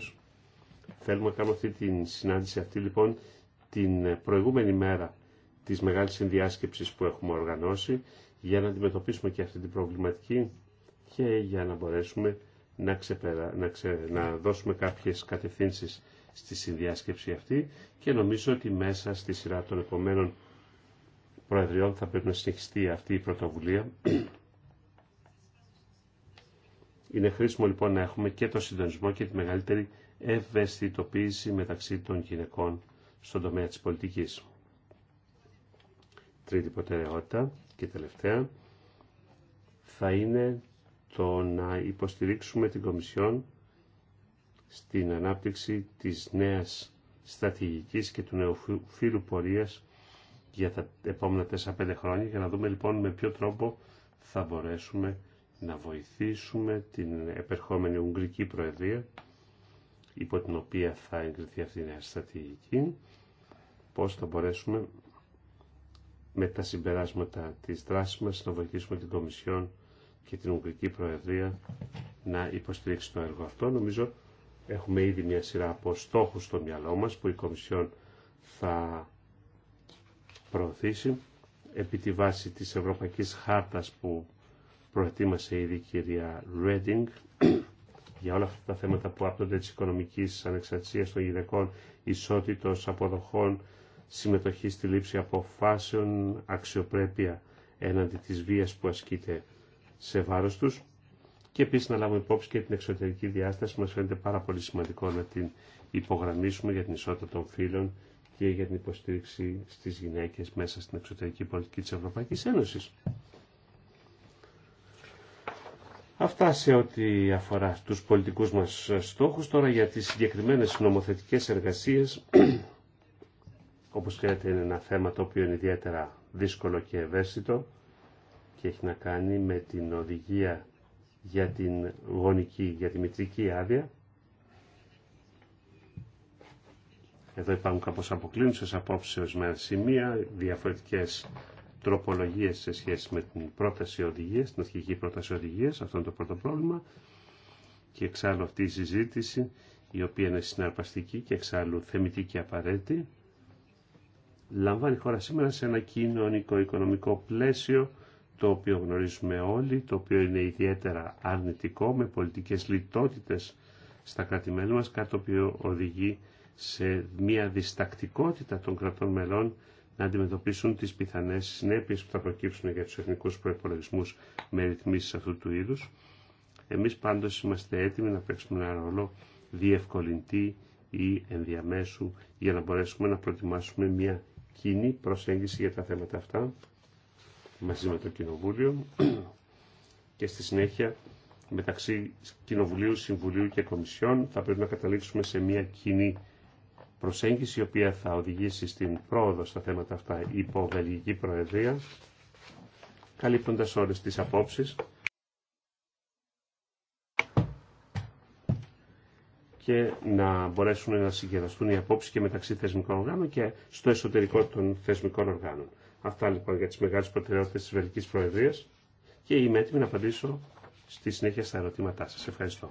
Θέλουμε να κάνουμε αυτή τη συνάντηση αυτή λοιπόν την προηγούμενη μέρα της μεγάλης συνδιάσκεψης που έχουμε οργανώσει για να αντιμετωπίσουμε και αυτή την προβληματική και για να μπορέσουμε να, ξεπερα... να, δώσουμε κάποιες κατευθύνσεις στη συνδιάσκεψη αυτή και νομίζω ότι μέσα στη σειρά των επομένων προεδριών θα πρέπει να συνεχιστεί αυτή η πρωτοβουλία. Είναι χρήσιμο λοιπόν να έχουμε και το συντονισμό και τη μεγαλύτερη ευαισθητοποίηση μεταξύ των γυναικών στον τομέα της πολιτικής. Τρίτη προτεραιότητα και τελευταία θα είναι το να υποστηρίξουμε την Κομισιόν στην ανάπτυξη της νέας στρατηγικής και του νέου φύλου πορείας για τα επόμενα 4-5 χρόνια για να δούμε λοιπόν με ποιο τρόπο θα μπορέσουμε να βοηθήσουμε την επερχόμενη Ουγγρική Προεδρία υπό την οποία θα εγκριθεί αυτή η νέα στρατηγική πώς θα μπορέσουμε με τα συμπεράσματα της δράσης μας να βοηθήσουμε την Κομισιόν και την Ουγγρική Προεδρία να υποστηρίξει το έργο αυτό. Νομίζω έχουμε ήδη μια σειρά από στόχους στο μυαλό μας που η Κομισιόν θα προωθήσει επί τη βάση της Ευρωπαϊκής Χάρτας που προετοίμασε ήδη η κυρία Ρέντινγκ (clears throat) για όλα αυτά τα θέματα που άπτονται της οικονομικής ανεξαρτησίας των γυναικών, ισότητος αποδοχών, συμμετοχή στη λήψη αποφάσεων, αξιοπρέπεια έναντι της βίας που ασκείται σε βάρος τους και επίσης να λάβουμε υπόψη και την εξωτερική διάσταση μας φαίνεται πάρα πολύ σημαντικό να την υπογραμμίσουμε για την ισότητα των φύλων και για την υποστήριξη στις γυναίκες μέσα στην εξωτερική πολιτική της Ευρωπαϊκής Ένωσης. Αυτά σε ό,τι αφορά τους πολιτικούς μας στόχους. Τώρα για τις συγκεκριμένες νομοθετικές εργασίες, (clears throat) όπως ξέρετε είναι ένα θέμα το οποίο είναι ιδιαίτερα δύσκολο και ευαίσθητο και έχει να κάνει με την οδηγία για την γονική, για τη μητρική άδεια. Εδώ υπάρχουν κάπως αποκλίνουσες απόψεις ορισμένα σημεία, διαφορετικές τροπολογίες σε σχέση με την πρόταση οδηγίας, την αρχική πρόταση οδηγίας, αυτό είναι το πρώτο πρόβλημα. Και εξάλλου αυτή η συζήτηση, η οποία είναι συναρπαστική και εξάλλου θεμητή και απαραίτητη, λαμβάνει χώρα σήμερα σε ένα κοινωνικό-οικονομικό πλαίσιο το οποίο γνωρίζουμε όλοι, το οποίο είναι ιδιαίτερα αρνητικό με πολιτικές λιτότητες στα κράτη-μέλη μας, κάτι το οποίο οδηγεί σε μια διστακτικότητα των κρατών μελών να αντιμετωπίσουν τις πιθανές συνέπειες που θα προκύψουν για τους εθνικούς προϋπολογισμούς με ρυθμίσεις αυτού του είδους. Εμείς πάντως είμαστε έτοιμοι να παίξουμε ένα ρόλο διευκολυντή ή ενδιαμέσου για να μπορέσουμε να προετοιμάσουμε μια κοινή προσέγγιση για τα θέματα αυτά μαζί με το Κοινοβούλιο (clears throat) και στη συνέχεια μεταξύ Κοινοβουλίου, Συμβουλίου και Κομισιών θα πρέπει να καταλήξουμε σε μια κοινή προσέγγιση η οποία θα οδηγήσει στην πρόοδο στα θέματα αυτά υπό Βελγική Προεδρία καλύπτοντας όλες τις απόψεις και να μπορέσουν να συγκεδαστούν οι απόψεις και μεταξύ θεσμικών οργάνων και στο εσωτερικό των θεσμικών οργάνων. Αυτά λοιπόν για τι μεγάλε προτεραιότητε τη Βελική Προεδρίας και είμαι έτοιμη να απαντήσω στη συνέχεια στα ερωτήματά σας. Ευχαριστώ.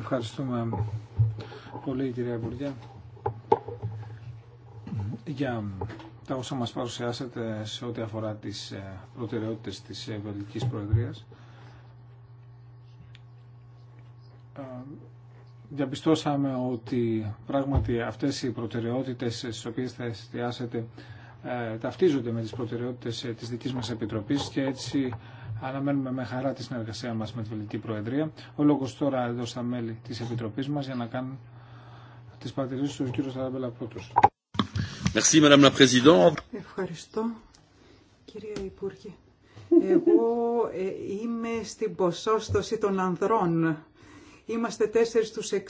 Ευχαριστούμε πολύ κυρία Υπουργέ για τα όσα μας παρουσιάσατε σε ό,τι αφορά τις ε, προτεραιότητες της ε, Βελικής Προεδρίας. Ε, διαπιστώσαμε ότι πράγματι αυτές οι προτεραιότητες στις οποίες θα εστιάσετε ε, ταυτίζονται με τις προτεραιότητες ε, της δικής μας Επιτροπής και έτσι αναμένουμε με χαρά τη συνεργασία μας με τη Βελική Προεδρία. Ο λόγος τώρα εδώ στα μέλη της Επιτροπής μας για να κάνουν τις παρατηρήσεις του κ. Σαραμπέλα πρώτος. Ευχαριστώ κυρία Υπουργέ. Εγώ είμαι στην ποσόστοση των ανδρών Είμαστε τέσσερις στους 60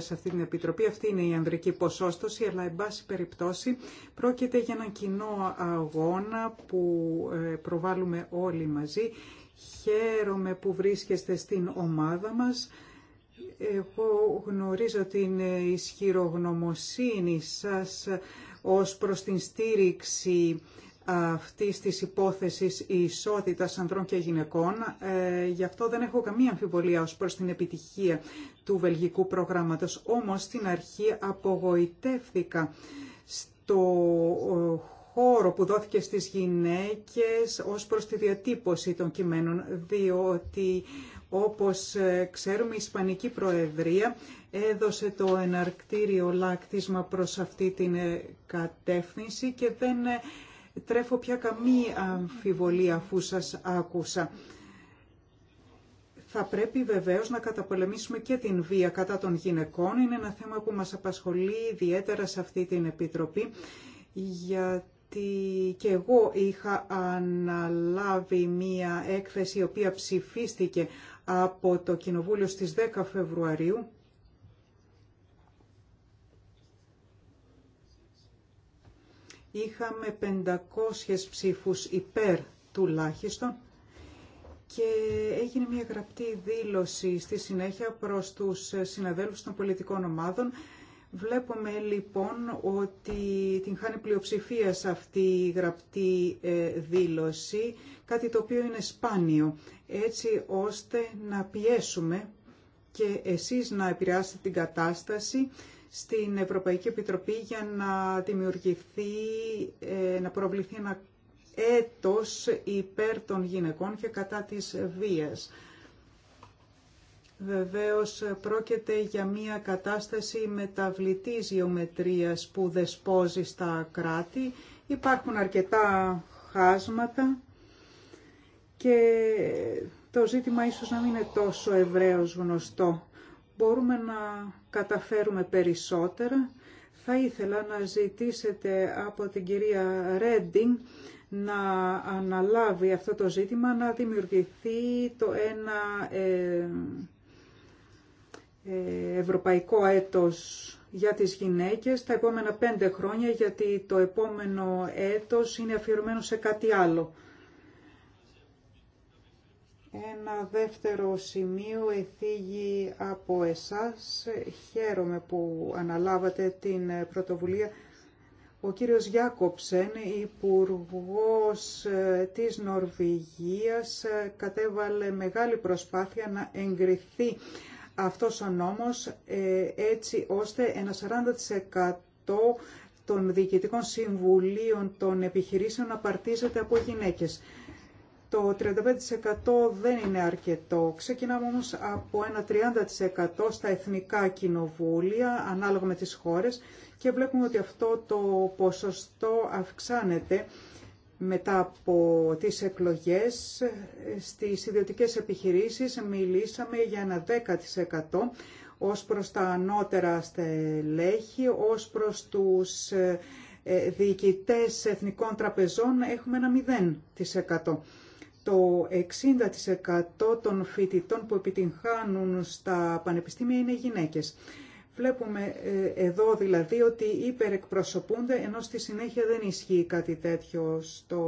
σε αυτή την επιτροπή, αυτή είναι η ανδρική ποσόστοση, αλλά εν πάση περιπτώσει πρόκειται για έναν κοινό αγώνα που ε, προβάλλουμε όλοι μαζί. Χαίρομαι που βρίσκεστε στην ομάδα μας. Εγώ γνωρίζω την ε, ισχυρογνωμοσύνη σας ως προς την στήριξη αυτή της υπόθεσης ισότητα ανδρών και γυναικών. Ε, γι' αυτό δεν έχω καμία αμφιβολία ως προς την επιτυχία του βελγικού προγράμματος. Όμως στην αρχή απογοητεύθηκα στο χώρο που δόθηκε στις γυναίκες ως προς τη διατύπωση των κειμένων, διότι όπως ε, ξέρουμε η Ισπανική Προεδρία έδωσε το εναρκτήριο λάκτισμα προς αυτή την ε, κατεύθυνση και δεν ε, τρέφω πια καμία αμφιβολία αφού σας άκουσα. Θα πρέπει βεβαίως να καταπολεμήσουμε και την βία κατά των γυναικών. Είναι ένα θέμα που μας απασχολεί ιδιαίτερα σε αυτή την Επιτροπή, γιατί και εγώ είχα αναλάβει μία έκθεση η οποία ψηφίστηκε από το Κοινοβούλιο στις 10 Φεβρουαρίου είχαμε 500 ψήφους υπέρ τουλάχιστον και έγινε μια γραπτή δήλωση στη συνέχεια προς τους συναδέλφους των πολιτικών ομάδων. Βλέπουμε λοιπόν ότι την χάνει πλειοψηφία σε αυτή η γραπτή ε, δήλωση, κάτι το οποίο είναι σπάνιο, έτσι ώστε να πιέσουμε και εσείς να επηρεάσετε την κατάσταση στην Ευρωπαϊκή Επιτροπή για να δημιουργηθεί, ε, να προβληθεί ένα έτος υπέρ των γυναικών και κατά της βίας. Βεβαίως πρόκειται για μια κατάσταση μεταβλητής γεωμετρίας που δεσπόζει στα κράτη. Υπάρχουν αρκετά χάσματα και το ζήτημα ίσως να μην είναι τόσο ευρέως γνωστό μπορούμε να καταφέρουμε περισσότερα. Θα ήθελα να ζητήσετε από την κυρία Ρέντινγκ να αναλάβει αυτό το ζήτημα, να δημιουργηθεί το ένα ε, ε, ευρωπαϊκό έτος για τις γυναίκες τα επόμενα πέντε χρόνια, γιατί το επόμενο έτος είναι αφιερωμένο σε κάτι άλλο. Ένα δεύτερο σημείο εφήγει από εσάς. Χαίρομαι που αναλάβατε την πρωτοβουλία. Ο κύριος Γιάκοψεν, υπουργός ε, της Νορβηγίας, ε, κατέβαλε μεγάλη προσπάθεια να εγκριθεί αυτός ο νόμος ε, έτσι ώστε ένα 40% των διοικητικών συμβουλίων των επιχειρήσεων απαρτίζεται από γυναίκες. Το 35% δεν είναι αρκετό. Ξεκινάμε όμως από ένα 30% στα εθνικά κοινοβούλια, ανάλογα με τις χώρες, και βλέπουμε ότι αυτό το ποσοστό αυξάνεται μετά από τις εκλογές. Στις ιδιωτικές επιχειρήσεις μιλήσαμε για ένα 10% ως προς τα ανώτερα στελέχη, ως προς τους ε, ε, διοικητές εθνικών τραπεζών έχουμε ένα 0% το 60% των φοιτητών που επιτυγχάνουν στα πανεπιστήμια είναι γυναίκες. Βλέπουμε ε, εδώ δηλαδή ότι υπερεκπροσωπούνται, ενώ στη συνέχεια δεν ισχύει κάτι τέτοιο στο,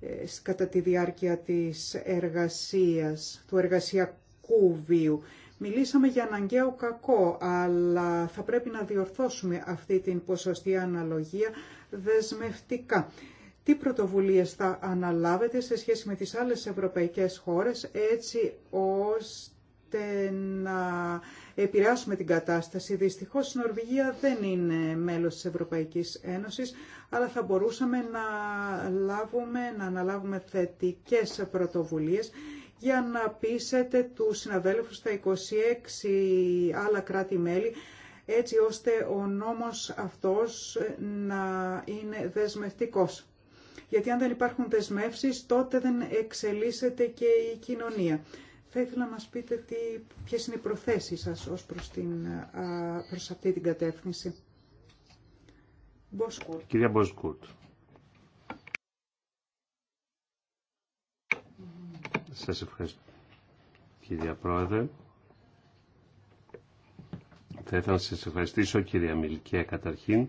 ε, κατά τη διάρκεια της εργασίας, του εργασιακού βίου. Μιλήσαμε για αναγκαίο κακό, αλλά θα πρέπει να διορθώσουμε αυτή την ποσοστή αναλογία δεσμευτικά τι πρωτοβουλίες θα αναλάβετε σε σχέση με τις άλλες ευρωπαϊκές χώρες έτσι ώστε να επηρεάσουμε την κατάσταση. Δυστυχώς η Νορβηγία δεν είναι μέλος της Ευρωπαϊκής Ένωσης, αλλά θα μπορούσαμε να, λάβουμε, να αναλάβουμε θετικές πρωτοβουλίες για να πείσετε του συναδέλφους στα 26 άλλα κράτη-μέλη έτσι ώστε ο νόμος αυτός να είναι δεσμευτικός γιατί αν δεν υπάρχουν δεσμεύσεις τότε δεν εξελίσσεται και η κοινωνία. Θα ήθελα να μας πείτε τι, ποιες είναι οι προθέσεις σας ως προς, την, προς αυτή την κατεύθυνση. Κυρία Μποσκούρτ. Σας ευχαριστώ. Κυρία Πρόεδρε, θα ήθελα να σας ευχαριστήσω κυρία Μιλκέ, καταρχήν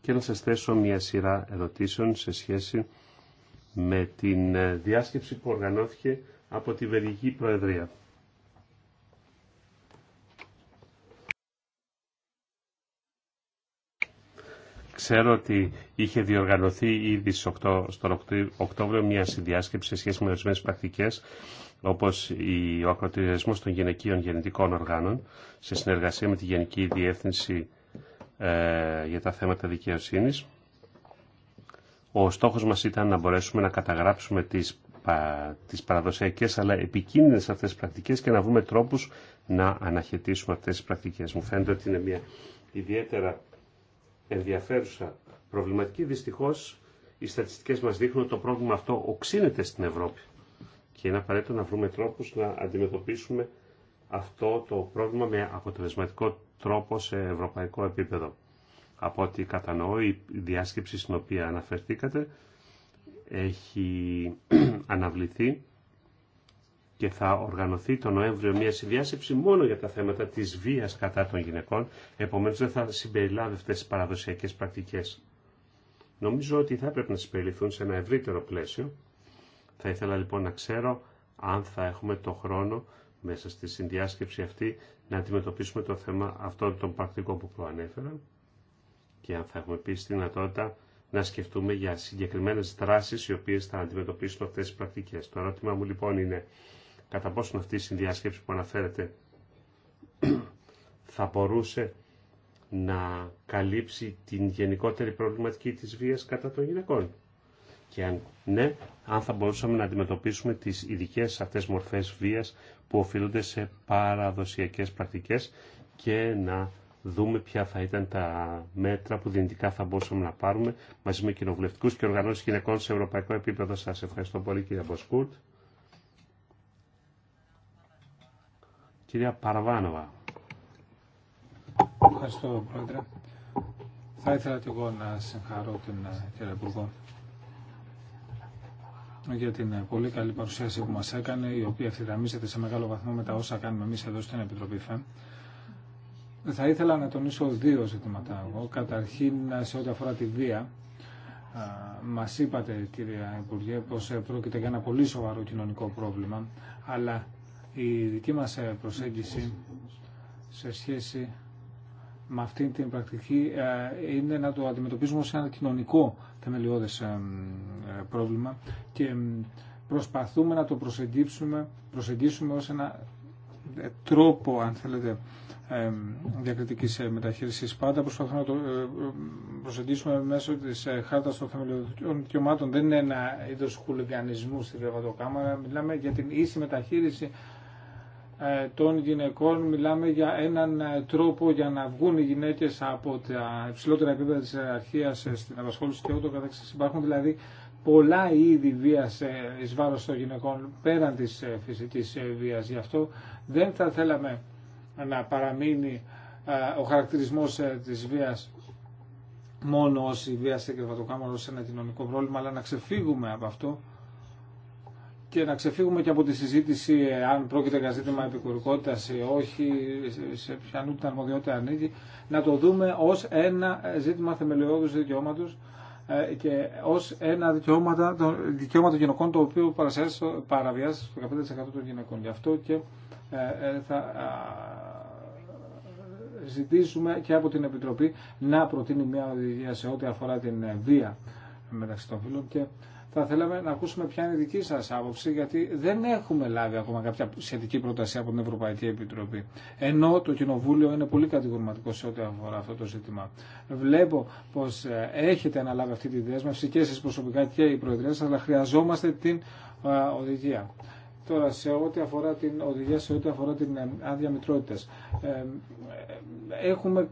και να σας θέσω μια σειρά ερωτήσεων σε σχέση με την ε, διάσκεψη που οργανώθηκε από τη Βελγική Προεδρία. Ξέρω ότι είχε διοργανωθεί ήδη στον Οκτώβριο μια συνδιάσκεψη σε σχέση με ορισμένε πρακτικέ όπω ο ακροτηριασμό των γυναικείων γεννητικών οργάνων σε συνεργασία με τη Γενική Διεύθυνση ε, για τα θέματα δικαιοσύνη. Ο στόχος μας ήταν να μπορέσουμε να καταγράψουμε τις, πα, τις παραδοσιακές αλλά επικίνδυνες αυτές τις πρακτικές και να βρούμε τρόπους να αναχαιτήσουμε αυτές τις πρακτικές. Μου φαίνεται ότι είναι μια ιδιαίτερα ενδιαφέρουσα προβληματική. Δυστυχώς οι στατιστικές μας δείχνουν ότι το πρόβλημα αυτό οξύνεται στην Ευρώπη και είναι απαραίτητο να βρούμε τρόπους να αντιμετωπίσουμε αυτό το πρόβλημα με αποτελεσματικό τρόπο σε ευρωπαϊκό επίπεδο από ό,τι κατανοώ η διάσκεψη στην οποία αναφερθήκατε έχει (clears throat) αναβληθεί και θα οργανωθεί το Νοέμβριο μια συνδιάσκεψη μόνο για τα θέματα της βίας κατά των γυναικών, επομένως δεν θα συμπεριλάβει αυτές τις παραδοσιακές πρακτικές. Νομίζω ότι θα έπρεπε να συμπεριληφθούν σε ένα ευρύτερο πλαίσιο. Θα ήθελα λοιπόν να ξέρω αν θα έχουμε το χρόνο μέσα στη συνδιάσκεψη αυτή να αντιμετωπίσουμε το θέμα αυτών των πρακτικών που προανέφερα και αν θα έχουμε επίση τη δυνατότητα να σκεφτούμε για συγκεκριμένε δράσει οι οποίε θα αντιμετωπίσουν αυτέ τι πρακτικέ. Το ερώτημα μου λοιπόν είναι κατά πόσον αυτή η συνδιάσκεψη που αναφέρεται θα μπορούσε να καλύψει την γενικότερη προβληματική της βίας κατά των γυναικών. Και αν ναι, αν θα μπορούσαμε να αντιμετωπίσουμε τις ειδικέ αυτές μορφές βίας που οφείλονται σε παραδοσιακές πρακτικές και να δούμε ποια θα ήταν τα μέτρα που δυνητικά θα μπορούσαμε να πάρουμε μαζί με κοινοβουλευτικού και οργανώσει γυναικών σε ευρωπαϊκό επίπεδο. Σα ευχαριστώ πολύ, κύριε Μποσκούρτ. Κυρία Παραβάνοβα. Ευχαριστώ, Πρόεδρε. Θα ήθελα και εγώ να συγχαρώ την κυρία Υπουργό για την πολύ καλή παρουσίαση που μας έκανε, η οποία ευθυγραμμίζεται σε μεγάλο βαθμό με τα όσα κάνουμε εμείς εδώ στην Επιτροπή ΦΕΜ. Θα ήθελα να τονίσω δύο ζητήματα εγώ. Καταρχήν, σε ό,τι αφορά τη βία, μας είπατε κυρία Υπουργέ πως ε, πρόκειται για ένα πολύ σοβαρό κοινωνικό πρόβλημα, αλλά η δική μας ε, προσέγγιση σε σχέση με αυτή την πρακτική ε, είναι να το αντιμετωπίζουμε ως ένα κοινωνικό θεμελιώδε πρόβλημα και προσπαθούμε να το προσεγγίσουμε, προσεγγίσουμε ένα τρόπο, αν θέλετε, Διακριτική ε, μεταχείριση. Πάντα προσπαθούμε να το ε, ε, προσεγγίσουμε μέσω της χάρτα των θεμελιωδών δικαιωμάτων. Δεν είναι ένα είδο χουλιγανισμού στη Βεβατοκάμαρα. Μιλάμε για την ίση μεταχείριση των γυναικών. Μιλάμε για έναν τρόπο για να βγουν οι γυναίκες από τα υψηλότερα επίπεδα της ιεραρχίας στην απασχόληση και ούτω καθεξή. Υπάρχουν δηλαδή πολλά είδη βίας ει βάρο των γυναικών πέραν της φυσική βία. Γι' αυτό δεν θα θέλαμε να παραμείνει ο χαρακτηρισμός ε, της βίας μόνο ως η βία σε κερβατοκάμαρο σε ένα κοινωνικό πρόβλημα, αλλά να ξεφύγουμε από αυτό και να ξεφύγουμε και από τη συζήτηση ε, αν πρόκειται για ζήτημα επικουρικότητα ή όχι, σε ποιανού την αρμοδιότητα ανήκει, να το δούμε ως ένα ζήτημα θεμελιώδους δικαιώματο ε, και ως ένα δικαιώματα, το δικαιώμα των γυναικών το οποίο παραβιάζει στο 15% των γυναικών. Γι' αυτό και θα ζητήσουμε και από την Επιτροπή να προτείνει μια οδηγία σε ό,τι αφορά την βία μεταξύ των φίλων και θα θέλαμε να ακούσουμε ποια είναι η δική σας άποψη γιατί δεν έχουμε λάβει ακόμα κάποια σχετική πρόταση από την Ευρωπαϊκή Επιτροπή ενώ το Κοινοβούλιο είναι πολύ κατηγορηματικό σε ό,τι αφορά αυτό το ζήτημα. Βλέπω πως ε, έχετε αναλάβει αυτή τη δέσμευση και εσείς προσωπικά και η Προεδρία σας αλλά χρειαζόμαστε την ε, οδηγία. Τώρα, σε ό,τι αφορά την οδηγία, σε ό,τι αφορά την άδεια ε, έχουμε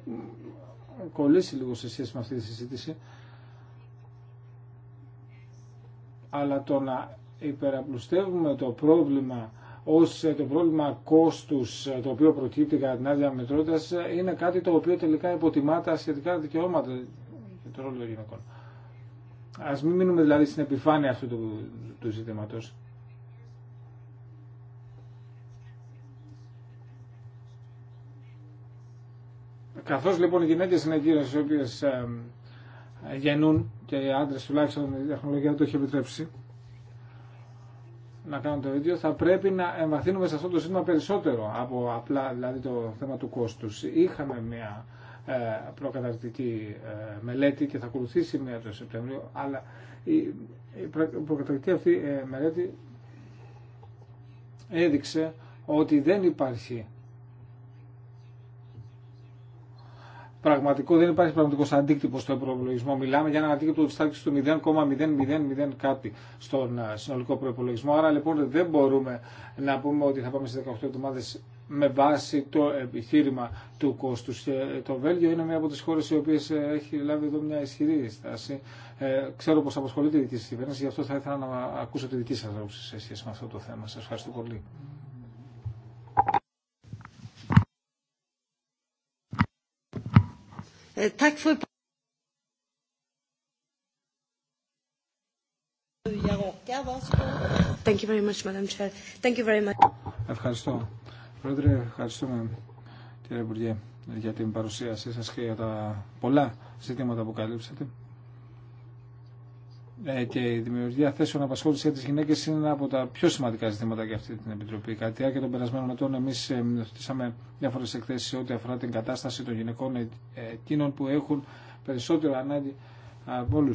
κολλήσει λίγο σε σχέση με αυτή τη συζήτηση, αλλά το να υπεραπλουστεύουμε το πρόβλημα ως το πρόβλημα κόστους το οποίο προκύπτει κατά την άδεια μητρότητας είναι κάτι το οποίο τελικά υποτιμά τα σχετικά δικαιώματα και το των γυναικών. Ας μην μείνουμε δηλαδή στην επιφάνεια αυτού του, του ζητήματος. Καθώς λοιπόν οι γυναίκες είναι εκείνες οι οποίες ε, γεννούν και οι άντρες τουλάχιστον η τεχνολογία το έχει επιτρέψει να κάνουν το ίδιο, θα πρέπει να εμβαθύνουμε σε αυτό το σύστημα περισσότερο από απλά δηλαδή το θέμα του κόστους. Είχαμε μια ε, προκαταρκτική ε, μελέτη και θα ακολουθήσει μία το Σεπτεμβρίο, αλλά η, προκαταρκτική αυτή μελέτη έδειξε ότι δεν υπάρχει πραγματικό, δεν υπάρχει πραγματικό αντίκτυπο στο προπολογισμό. Μιλάμε για ένα αντίκτυπο τη τάξη του 0,000 κάτι στον ε, συνολικό προπολογισμό. Άρα λοιπόν δεν μπορούμε να πούμε ότι θα πάμε σε 18 εβδομάδε με βάση το επιχείρημα του κόστου. Ε, το Βέλγιο είναι μία από τι χώρε οι οποίε ε, έχει λάβει εδώ μια ισχυρή στάση. Ε, ξέρω πω απασχολείται η δική σα κυβέρνηση, γι' αυτό θα ήθελα να ακούσω τη δική σα άποψη σε σχέση με αυτό το θέμα. Σα ευχαριστώ πολύ. Thank you very much, Madam Chair. Thank you very much. Ευχαριστώ. Πρόεδρε, ευχαριστούμε κύριε Υπουργέ για την παρουσίασή σας και για τα πολλά ζητήματα που καλύψατε. Ναι, και η δημιουργία θέσεων απασχόληση για τι γυναίκε είναι ένα από τα πιο σημαντικά ζητήματα για αυτή την Επιτροπή. Κατά και των περασμένων ετών, εμεί ε, θέσαμε διάφορε εκθέσει ό,τι αφορά την κατάσταση των γυναικών ε, ε, εκείνων που έχουν περισσότερο ανάγκη από όλου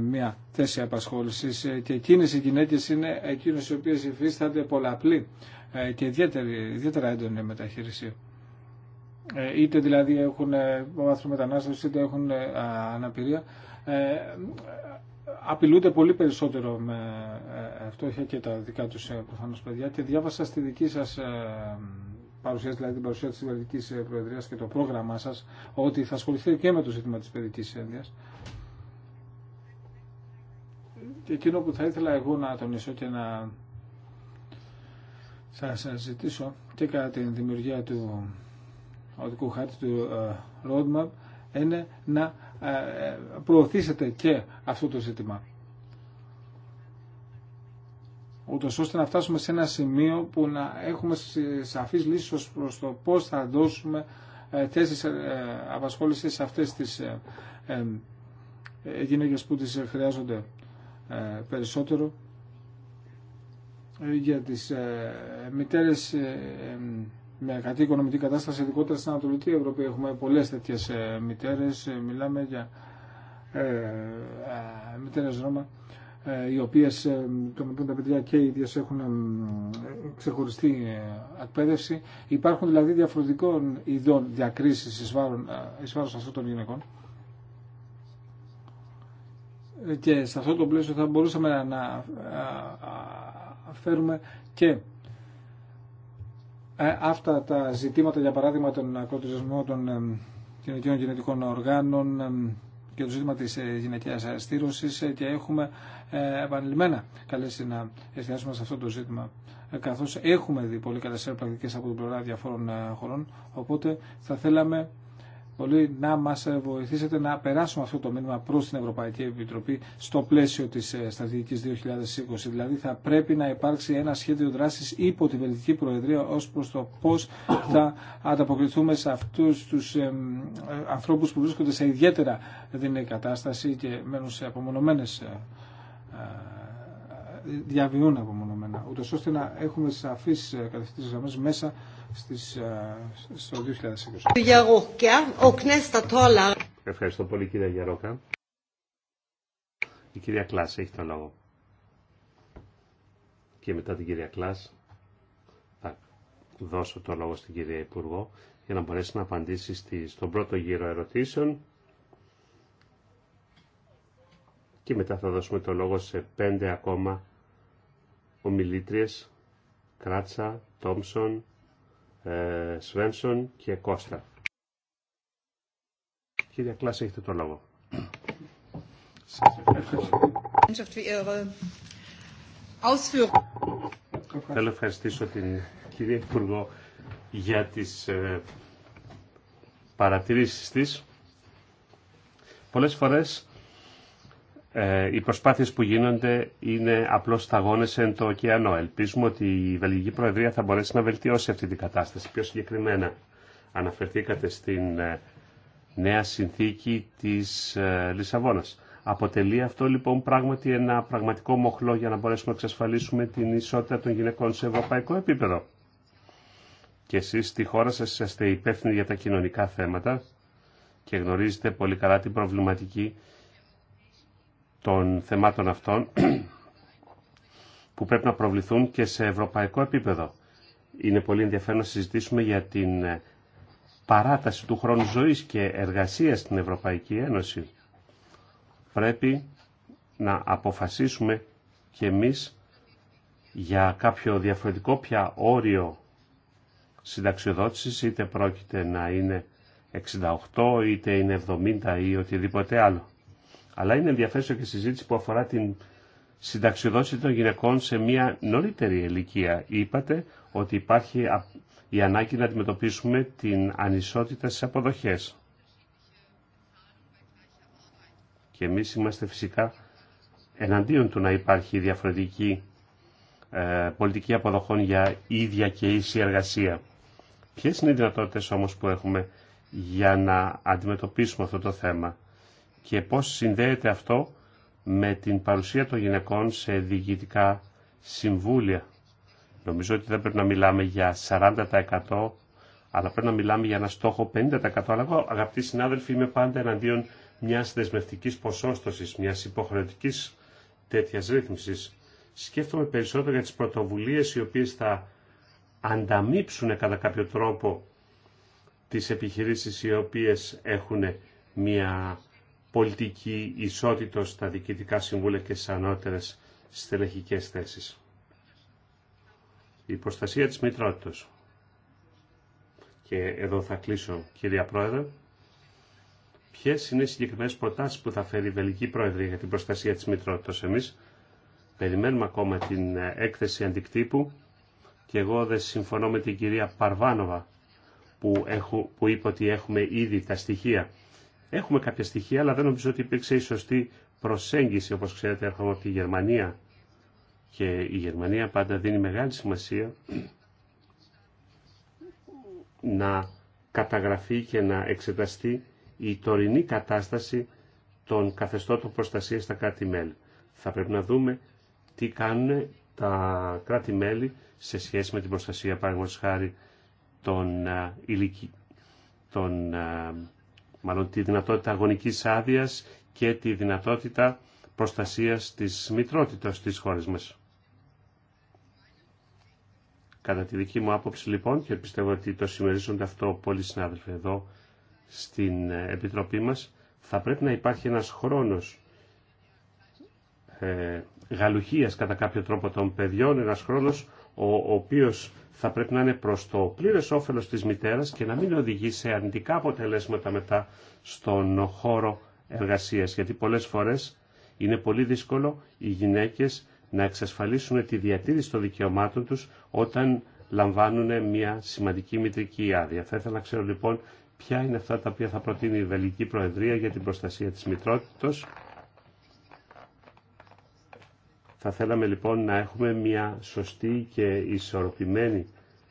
μια θέση απασχόληση και εκείνε οι γυναίκε είναι εκείνε οι οποίε υφίστανται πολλαπλή και ιδιαίτερα έντονη μεταχείριση. Είτε δηλαδή έχουν βάθρο μετανάστευση, είτε έχουν αναπηρία απειλούνται πολύ περισσότερο με ε, φτώχεια και τα δικά τους ε, προφανώς παιδιά και διάβασα στη δική σας ε, παρουσίαση, δηλαδή την παρουσία της Βελγικής Προεδρίας και το πρόγραμμά σας ότι θα ασχοληθεί και με το ζήτημα της παιδικής ένδυας. Και εκείνο που θα ήθελα εγώ να τονίσω και να θα σας ζητήσω και κατά την δημιουργία του οδικού χάρτη του Roadmap είναι να ε, ε, προωθήσετε και αυτό το ζήτημα. Ούτω ώστε να φτάσουμε σε ένα σημείο που να έχουμε σαφείς λύσεις ως προς το πώς θα δώσουμε ε, θέσεις απασχόλησης σε αυτές τις γυναίκες που τις χρειάζονται περισσότερο για τις μητέρες με κατή οικονομική κατάσταση, ειδικότερα στην Ανατολική Ευρώπη. Έχουμε πολλέ τέτοιε μητέρε. Ε, μιλάμε για ε, ε μητέρε Ρώμα, ε, οι οποίε το τα παιδιά και οι ίδιε έχουν ξεχωριστή εκπαίδευση. Υπάρχουν δηλαδή διαφορετικών ειδών διακρίσει ει βάρο αυτών των γυναικών. Και σε αυτό το πλαίσιο θα μπορούσαμε να φέρουμε και ε, αυτά τα ζητήματα, για παράδειγμα, τον ακροτηρισμό των κοινωνικών ε, γενετικών οργάνων ε, και το ζήτημα της γυναικείας στήρωσης και έχουμε επανειλημμένα καλέσει να εστιάσουμε σε αυτό το ζήτημα καθώς έχουμε δει πολύ καλέ πρακτικές από την πλευρά διαφόρων χωρών οπότε θα θέλαμε πολύ να μας βοηθήσετε να περάσουμε αυτό το μήνυμα προς την Ευρωπαϊκή Επιτροπή στο πλαίσιο της ε, στρατηγικής 2020. Δηλαδή θα πρέπει να υπάρξει ένα σχέδιο δράσης υπό την Βελγική Προεδρία ως προς το πώς θα ανταποκριθούμε σε αυτούς τους ε, ανθρώπους που βρίσκονται σε ιδιαίτερα δινή κατάσταση και μένουν σε απομονωμένες ε, ε, διαβιούν απομονωμένα, ούτως ώστε να έχουμε σαφείς κατευθυντές γραμμές μέσα στις, στο 2020. Ευχαριστώ πολύ κύριε Γιαρόκα. Η κυρία Κλάς έχει το λόγο. Και μετά την κυρία Κλάς θα δώσω το λόγο στην κυρία Υπουργό για να μπορέσει να απαντήσει στη, στον πρώτο γύρο ερωτήσεων και μετά θα δώσουμε το λόγο σε πέντε ακόμα ομιλήτριες Κράτσα, Τόμσον, ε, Σβένσον και Κώστα. Κύριε Κλάση, έχετε το λόγο. Θέλω να ευχαριστήσω την κυρία Υπουργό για τις ε, παρατηρήσεις της. Πολλές φορές ε, οι προσπάθειες που γίνονται είναι απλώς σταγόνες εν το ωκεανό. Ελπίζουμε ότι η Βελγική Προεδρία θα μπορέσει να βελτιώσει αυτή την κατάσταση. Πιο συγκεκριμένα αναφερθήκατε στην ε, νέα συνθήκη της ε, Λισαβόνας. Αποτελεί αυτό λοιπόν πράγματι ένα πραγματικό μοχλό για να μπορέσουμε να εξασφαλίσουμε την ισότητα των γυναικών σε ευρωπαϊκό επίπεδο. Και εσείς στη χώρα σας είστε υπεύθυνοι για τα κοινωνικά θέματα και γνωρίζετε πολύ καλά την προβληματική των θεμάτων αυτών που πρέπει να προβληθούν και σε ευρωπαϊκό επίπεδο. Είναι πολύ ενδιαφέρον να συζητήσουμε για την ε, παράταση του χρόνου ζωής και εργασίας στην Ευρωπαϊκή Ένωση. Πρέπει να αποφασίσουμε και εμείς για κάποιο διαφορετικό πια όριο συνταξιοδότησης, είτε πρόκειται να είναι 68, είτε είναι 70 ή οτιδήποτε άλλο. Αλλά είναι ενδιαφέρουσα και η συζήτηση που αφορά την συνταξιοδότηση των γυναικών σε μια νωρίτερη ηλικία. Είπατε ότι υπάρχει η ανάγκη να αντιμετωπίσουμε την ανισότητα στις αποδοχές. Και εμείς είμαστε φυσικά εναντίον του να υπάρχει διαφορετική ε, πολιτική αποδοχών για ίδια και ίση εργασία. Ποιες είναι οι δυνατότητες όμως που έχουμε για να αντιμετωπίσουμε αυτό το θέμα και πώς συνδέεται αυτό με την παρουσία των γυναικών σε διοικητικά συμβούλια. Νομίζω ότι δεν πρέπει να μιλάμε για 40% αλλά πρέπει να μιλάμε για ένα στόχο 50%. Αλλά εγώ αγαπητοί συνάδελφοι είμαι πάντα εναντίον μιας δεσμευτικής ποσόστοσης, μιας υποχρεωτικής τέτοια ρύθμιση. Σκέφτομαι περισσότερο για τις πρωτοβουλίες οι οποίες θα ανταμείψουν κατά κάποιο τρόπο τις επιχειρήσεις οι οποίες έχουν μια πολιτική ισότητα στα διοικητικά συμβούλια και στι ανώτερε στελεχικές θέσει. Η προστασία της μητρότητα. Και εδώ θα κλείσω, κυρία Πρόεδρε. Ποιε είναι οι συγκεκριμένε προτάσεις που θα φέρει η Βελική Πρόεδρε για την προστασία της μητρότητα, εμείς. Περιμένουμε ακόμα την ε, έκθεση αντικτύπου και εγώ δεν συμφωνώ με την κυρία Παρβάνοβα που, έχω, που είπε ότι έχουμε ήδη τα στοιχεία Έχουμε κάποια στοιχεία, αλλά δεν νομίζω ότι υπήρξε η σωστή προσέγγιση. Όπως ξέρετε, έρχομαι από τη Γερμανία και η Γερμανία πάντα δίνει μεγάλη σημασία να καταγραφεί και να εξεταστεί η τωρινή κατάσταση των καθεστώτων προστασία στα κράτη-μέλη. Θα πρέπει να δούμε τι κάνουν τα κράτη-μέλη σε σχέση με την προστασία, παραδείγματος χάρη, των, ε, των ε, μάλλον τη δυνατότητα αγωνικής άδεια και τη δυνατότητα προστασίας της μητρότητας της χώρα μας. Κατά τη δική μου άποψη λοιπόν, και πιστεύω ότι το συμμερίζονται αυτό πολλοί συνάδελφοι εδώ στην ε, Επιτροπή μας, θα πρέπει να υπάρχει ένας χρόνος ε, γαλουχίας κατά κάποιο τρόπο των παιδιών, ένας χρόνος ο, ο οποίος θα πρέπει να είναι προς το πλήρες όφελος της μητέρας και να μην οδηγεί σε αρνητικά αποτελέσματα μετά στον χώρο εργασίας. Γιατί πολλές φορές είναι πολύ δύσκολο οι γυναίκες να εξασφαλίσουν τη διατήρηση των δικαιωμάτων τους όταν λαμβάνουν μια σημαντική μητρική άδεια. Θα ήθελα να ξέρω λοιπόν ποια είναι αυτά τα οποία θα προτείνει η Βελική Προεδρία για την προστασία της μητρότητος θα θέλαμε λοιπόν να έχουμε μια σωστή και ισορροπημένη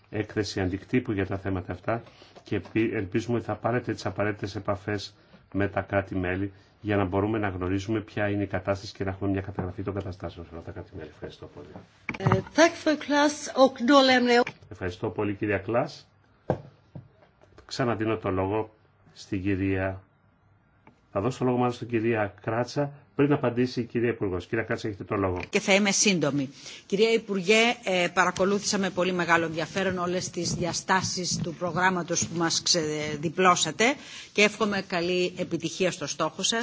έκθεση αντικτύπου για τα θέματα αυτά και ελπίζουμε ότι θα πάρετε τις απαραίτητες επαφές με τα κράτη-μέλη για να μπορούμε να γνωρίζουμε ποια είναι η κατάσταση και να έχουμε μια καταγραφή των καταστάσεων σε αυτά τα κράτη-μέλη. Ευχαριστώ πολύ. Ευχαριστώ πολύ κυρία Κλάς. Ξαναδίνω το λόγο στην κυρία... Θα δώσω το λόγο μάλλον στην κυρία Κράτσα πριν απαντήσει η κυρία Υπουργό. Κυρία Κάτσα, έχετε το λόγο. Και θα είμαι σύντομη. Κυρία Υπουργέ, ε, παρακολούθησα με πολύ μεγάλο ενδιαφέρον όλε τι διαστάσει του προγράμματο που μα ξεδιπλώσατε και εύχομαι καλή επιτυχία στο στόχο σα.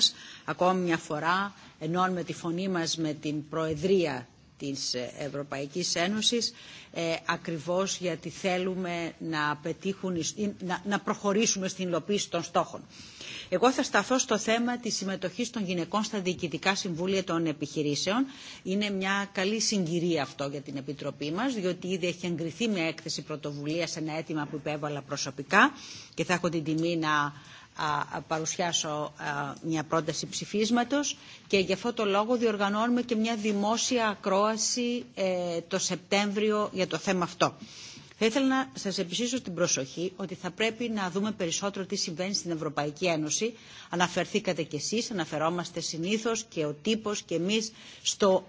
Ακόμη μια φορά ενώνουμε τη φωνή μα με την Προεδρία της ε, Ευρωπαϊκής Ένωσης ε, ακριβώς γιατί θέλουμε να, πετύχουν, να προχωρήσουμε στην υλοποίηση των στόχων. Εγώ θα σταθώ στο θέμα της συμμετοχής των γυναικών στα διοικητικά συμβούλια των επιχειρήσεων. Είναι μια καλή συγκυρία αυτό για την Επιτροπή μας, διότι ήδη έχει εγκριθεί μια έκθεση πρωτοβουλία σε ένα αίτημα που υπέβαλα προσωπικά και θα έχω την τιμή να παρουσιάσω μια πρόταση ψηφίσματος και γι' αυτό το λόγο διοργανώνουμε και μια δημόσια ακρόαση ε, το Σεπτέμβριο για το θέμα αυτό. Θα ήθελα να σας επισήσω την προσοχή ότι θα πρέπει να δούμε περισσότερο τι συμβαίνει στην Ευρωπαϊκή Ένωση. Αναφερθήκατε κι εσείς, αναφερόμαστε συνήθως και ο τύπος και εμείς στο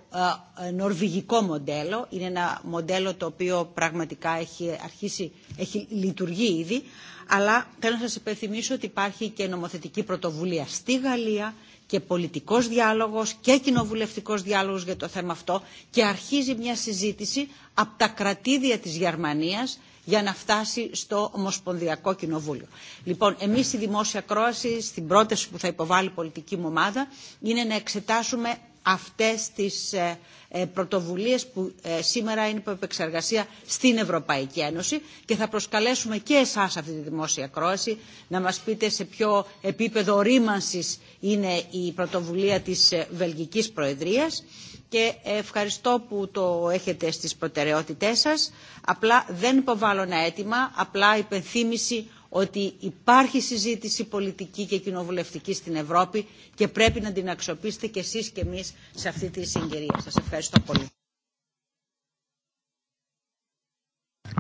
ε, νορβηγικό μοντέλο. Είναι ένα μοντέλο το οποίο πραγματικά έχει, αρχίσει, έχει λειτουργεί ήδη. Αλλά θέλω να σας υπενθυμίσω ότι υπάρχει και νομοθετική πρωτοβουλία στη Γαλλία και πολιτικός διάλογος και κοινοβουλευτικός διάλογος για το θέμα αυτό και αρχίζει μια συζήτηση από τα κρατήδια της Γερμανίας για να φτάσει στο Ομοσπονδιακό Κοινοβούλιο. Λοιπόν, εμείς η δημόσια κρόαση, στην πρόταση που θα υποβάλει η πολιτική μου ομάδα, είναι να εξετάσουμε αυτές τις ε, ε, πρωτοβουλίες που ε, σήμερα είναι υπό επεξεργασία στην Ευρωπαϊκή Ένωση και θα προσκαλέσουμε και εσάς αυτή τη δημόσια κρόαση να μας πείτε σε ποιο επίπεδο ρήμανσης είναι η πρωτοβουλία της Βελγικής Προεδρίας και ευχαριστώ που το έχετε στις προτεραιότητές σας. Απλά δεν υποβάλλω ένα αίτημα, απλά υπενθύμηση ότι υπάρχει συζήτηση πολιτική και κοινοβουλευτική στην Ευρώπη και πρέπει να την αξιοποιήσετε και εσείς και εμείς σε αυτή τη συγκυρία. Σας ευχαριστώ πολύ.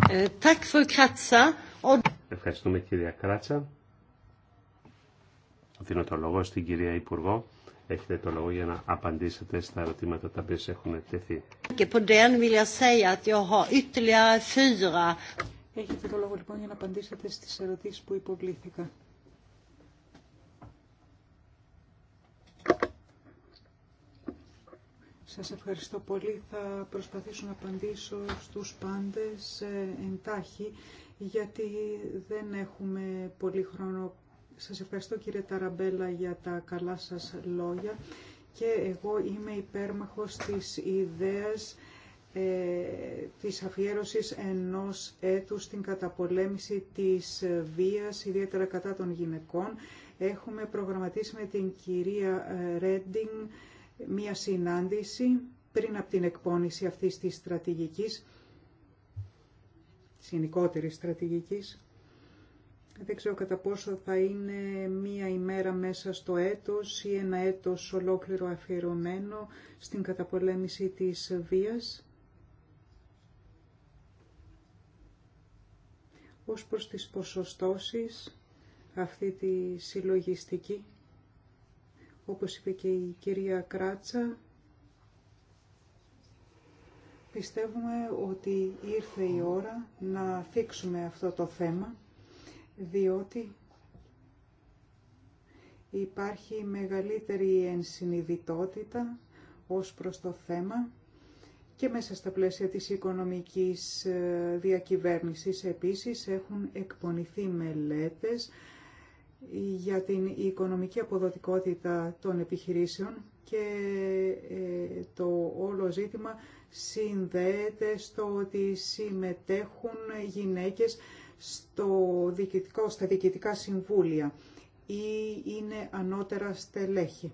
Ε, Ευχαριστούμε κυρία Κράτσα. Δίνω το λόγο στην κυρία Υπουργό. Έχετε το λόγο για να απαντήσετε στα ερωτήματα τα οποία έχουν τεθεί. Έχετε το λόγο λοιπόν για να απαντήσετε στις ερωτήσεις που υποβλήθηκα. Σας ευχαριστώ πολύ. Θα προσπαθήσω να απαντήσω στους πάντες ε, εντάχει, γιατί δεν έχουμε πολύ χρόνο. Σας ευχαριστώ κύριε Ταραμπέλα για τα καλά σας λόγια και εγώ είμαι υπέρμαχος της ιδέας ε, της αφιέρωσης ενός έτους στην καταπολέμηση της βίας, ιδιαίτερα κατά των γυναικών. Έχουμε προγραμματίσει με την κυρία ε, Ρέντινγκ μία συνάντηση πριν από την εκπόνηση αυτής της στρατηγικής, της γενικότερης στρατηγικής. Δεν ξέρω κατά πόσο θα είναι μία ημέρα μέσα στο έτος ή ένα έτος ολόκληρο αφιερωμένο στην καταπολέμηση της βίας ως προς τις ποσοστώσεις, αυτή τη συλλογιστική, όπως είπε και η κυρία Κράτσα, πιστεύουμε ότι ήρθε η ώρα να θίξουμε αυτό το θέμα, διότι υπάρχει μεγαλύτερη ενσυνειδητότητα ως προς το θέμα και μέσα στα πλαίσια της οικονομικής ε, διακυβέρνησης επίσης έχουν εκπονηθεί μελέτες για την οικονομική αποδοτικότητα των επιχειρήσεων και ε, το όλο ζήτημα συνδέεται στο ότι συμμετέχουν γυναίκες στο διοικητικό, στα διοικητικά συμβούλια ή είναι ανώτερα στελέχη.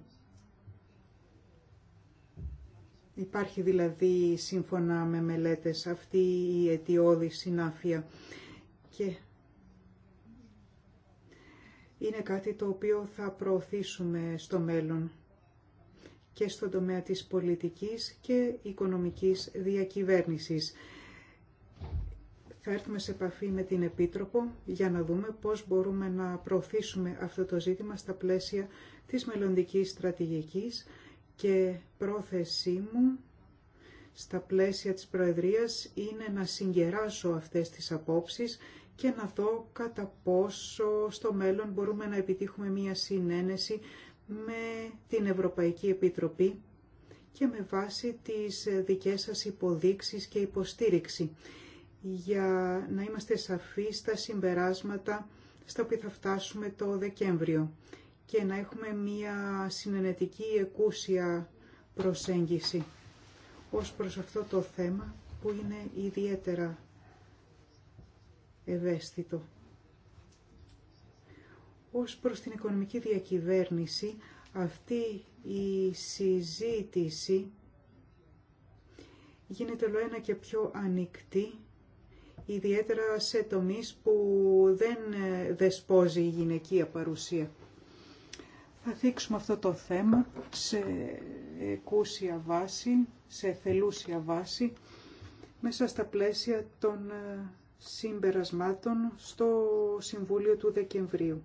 Υπάρχει δηλαδή σύμφωνα με μελέτες αυτή η αιτιώδη συνάφεια και είναι κάτι το οποίο θα προωθήσουμε στο μέλλον και στον τομέα της πολιτικής και οικονομικής διακυβέρνησης. Θα έρθουμε σε επαφή με την Επίτροπο για να δούμε πώς μπορούμε να προωθήσουμε αυτό το ζήτημα στα πλαίσια της μελλοντικής στρατηγικής και πρόθεσή μου στα πλαίσια της Προεδρίας είναι να συγκεράσω αυτές τις απόψεις και να δω κατά πόσο στο μέλλον μπορούμε να επιτύχουμε μία συνένεση με την Ευρωπαϊκή Επιτροπή και με βάση τις δικές σας υποδείξεις και υποστήριξη για να είμαστε σαφείς στα συμπεράσματα στα οποία θα φτάσουμε το Δεκέμβριο και να έχουμε μία συνενετική εκούσια προσέγγιση ως προς αυτό το θέμα που είναι ιδιαίτερα ευαίσθητο. Ως προς την οικονομική διακυβέρνηση, αυτή η συζήτηση γίνεται όλο ένα και πιο ανοιχτή, ιδιαίτερα σε τομείς που δεν δεσπόζει η γυναικεία παρουσία. Θα δείξουμε αυτό το θέμα σε εκούσια βάση, σε θελούσια βάση, μέσα στα πλαίσια των ε, συμπερασμάτων στο Συμβούλιο του Δεκεμβρίου.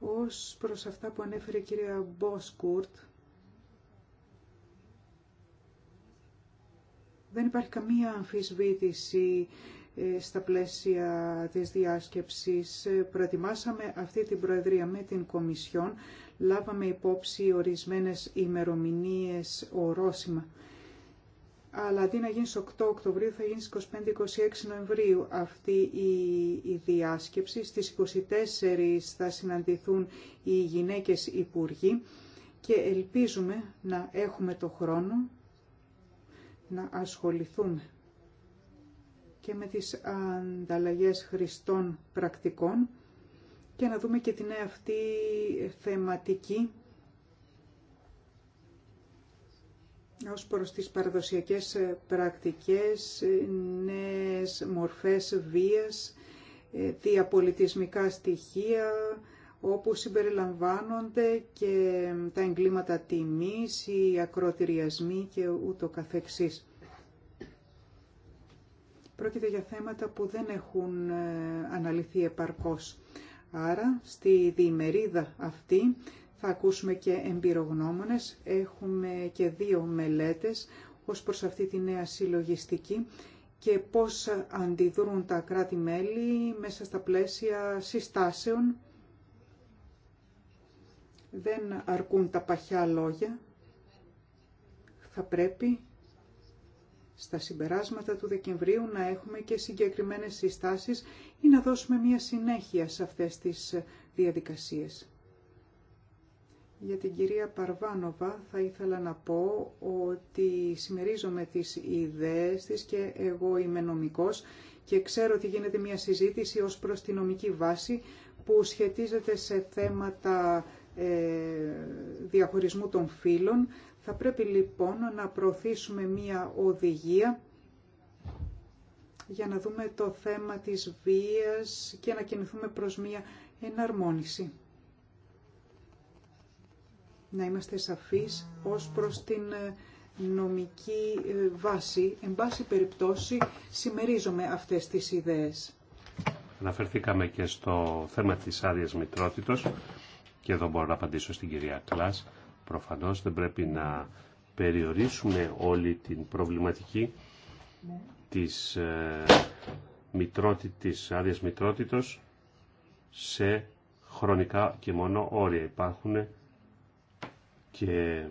Ως προς αυτά που ανέφερε η κυρία Μπόσκουρτ, δεν υπάρχει καμία αμφισβήτηση ε, στα πλαίσια της διάσκεψης. Ε, προετοιμάσαμε αυτή την Προεδρία με την Κομισιόν λάβαμε υπόψη ορισμένες ημερομηνίες ορόσημα. Αλλά αντί να γίνει 8 Οκτωβρίου θα γίνει 25-26 Νοεμβρίου αυτή η, η διάσκεψη. Στις 24 θα συναντηθούν οι γυναίκες υπουργοί και ελπίζουμε να έχουμε το χρόνο να ασχοληθούμε και με τις ανταλλαγές χρηστών πρακτικών και να δούμε και την αυτή θεματική ως προς τις παραδοσιακές ε, πρακτικές, ε, νέες μορφές βίας, ε, διαπολιτισμικά στοιχεία, όπου συμπεριλαμβάνονται και τα εγκλήματα τιμής, οι ακροτηριασμοί και ούτω καθεξής. Πρόκειται για θέματα που δεν έχουν αναλυθεί επαρκώς. Άρα στη διημερίδα αυτή θα ακούσουμε και εμπειρογνώμονες. Έχουμε και δύο μελέτες ως προς αυτή τη νέα συλλογιστική και πώς αντιδρούν τα κράτη-μέλη μέσα στα πλαίσια συστάσεων. Δεν αρκούν τα παχιά λόγια. Θα πρέπει στα συμπεράσματα του Δεκεμβρίου να έχουμε και συγκεκριμένες συστάσεις ή να δώσουμε μία συνέχεια σε αυτές τις διαδικασίες. Για την κυρία Παρβάνοβα θα ήθελα να πω ότι συμμερίζομαι τις ιδέες της και εγώ είμαι νομικός και ξέρω ότι γίνεται μια συζήτηση ως προς τη νομική βάση που σχετίζεται σε θέματα ε, διαχωρισμού των φύλων, θα πρέπει λοιπόν να προωθήσουμε μία οδηγία για να δούμε το θέμα της βίας και να κινηθούμε προς μία εναρμόνιση. Να είμαστε σαφείς ως προς την ε, νομική ε, βάση. Εν πάση περιπτώσει, συμμερίζομαι αυτές τις ιδέες. Αναφερθήκαμε και στο θέμα της άδειας μητρότητος και εδώ μπορώ να απαντήσω στην κυρία Κλάς. Προφανώς δεν πρέπει να περιορίσουμε όλη την προβληματική ναι. της, ε, της άδειας μητρότητος σε χρονικά και μόνο όρια. Υπάρχουν και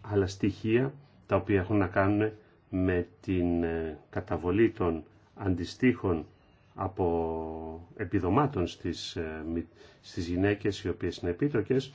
άλλα στοιχεία τα οποία έχουν να κάνουν με την ε, καταβολή των αντιστοίχων από επιδομάτων στις, ε, στις γυναίκες οι οποίες είναι επίτοκες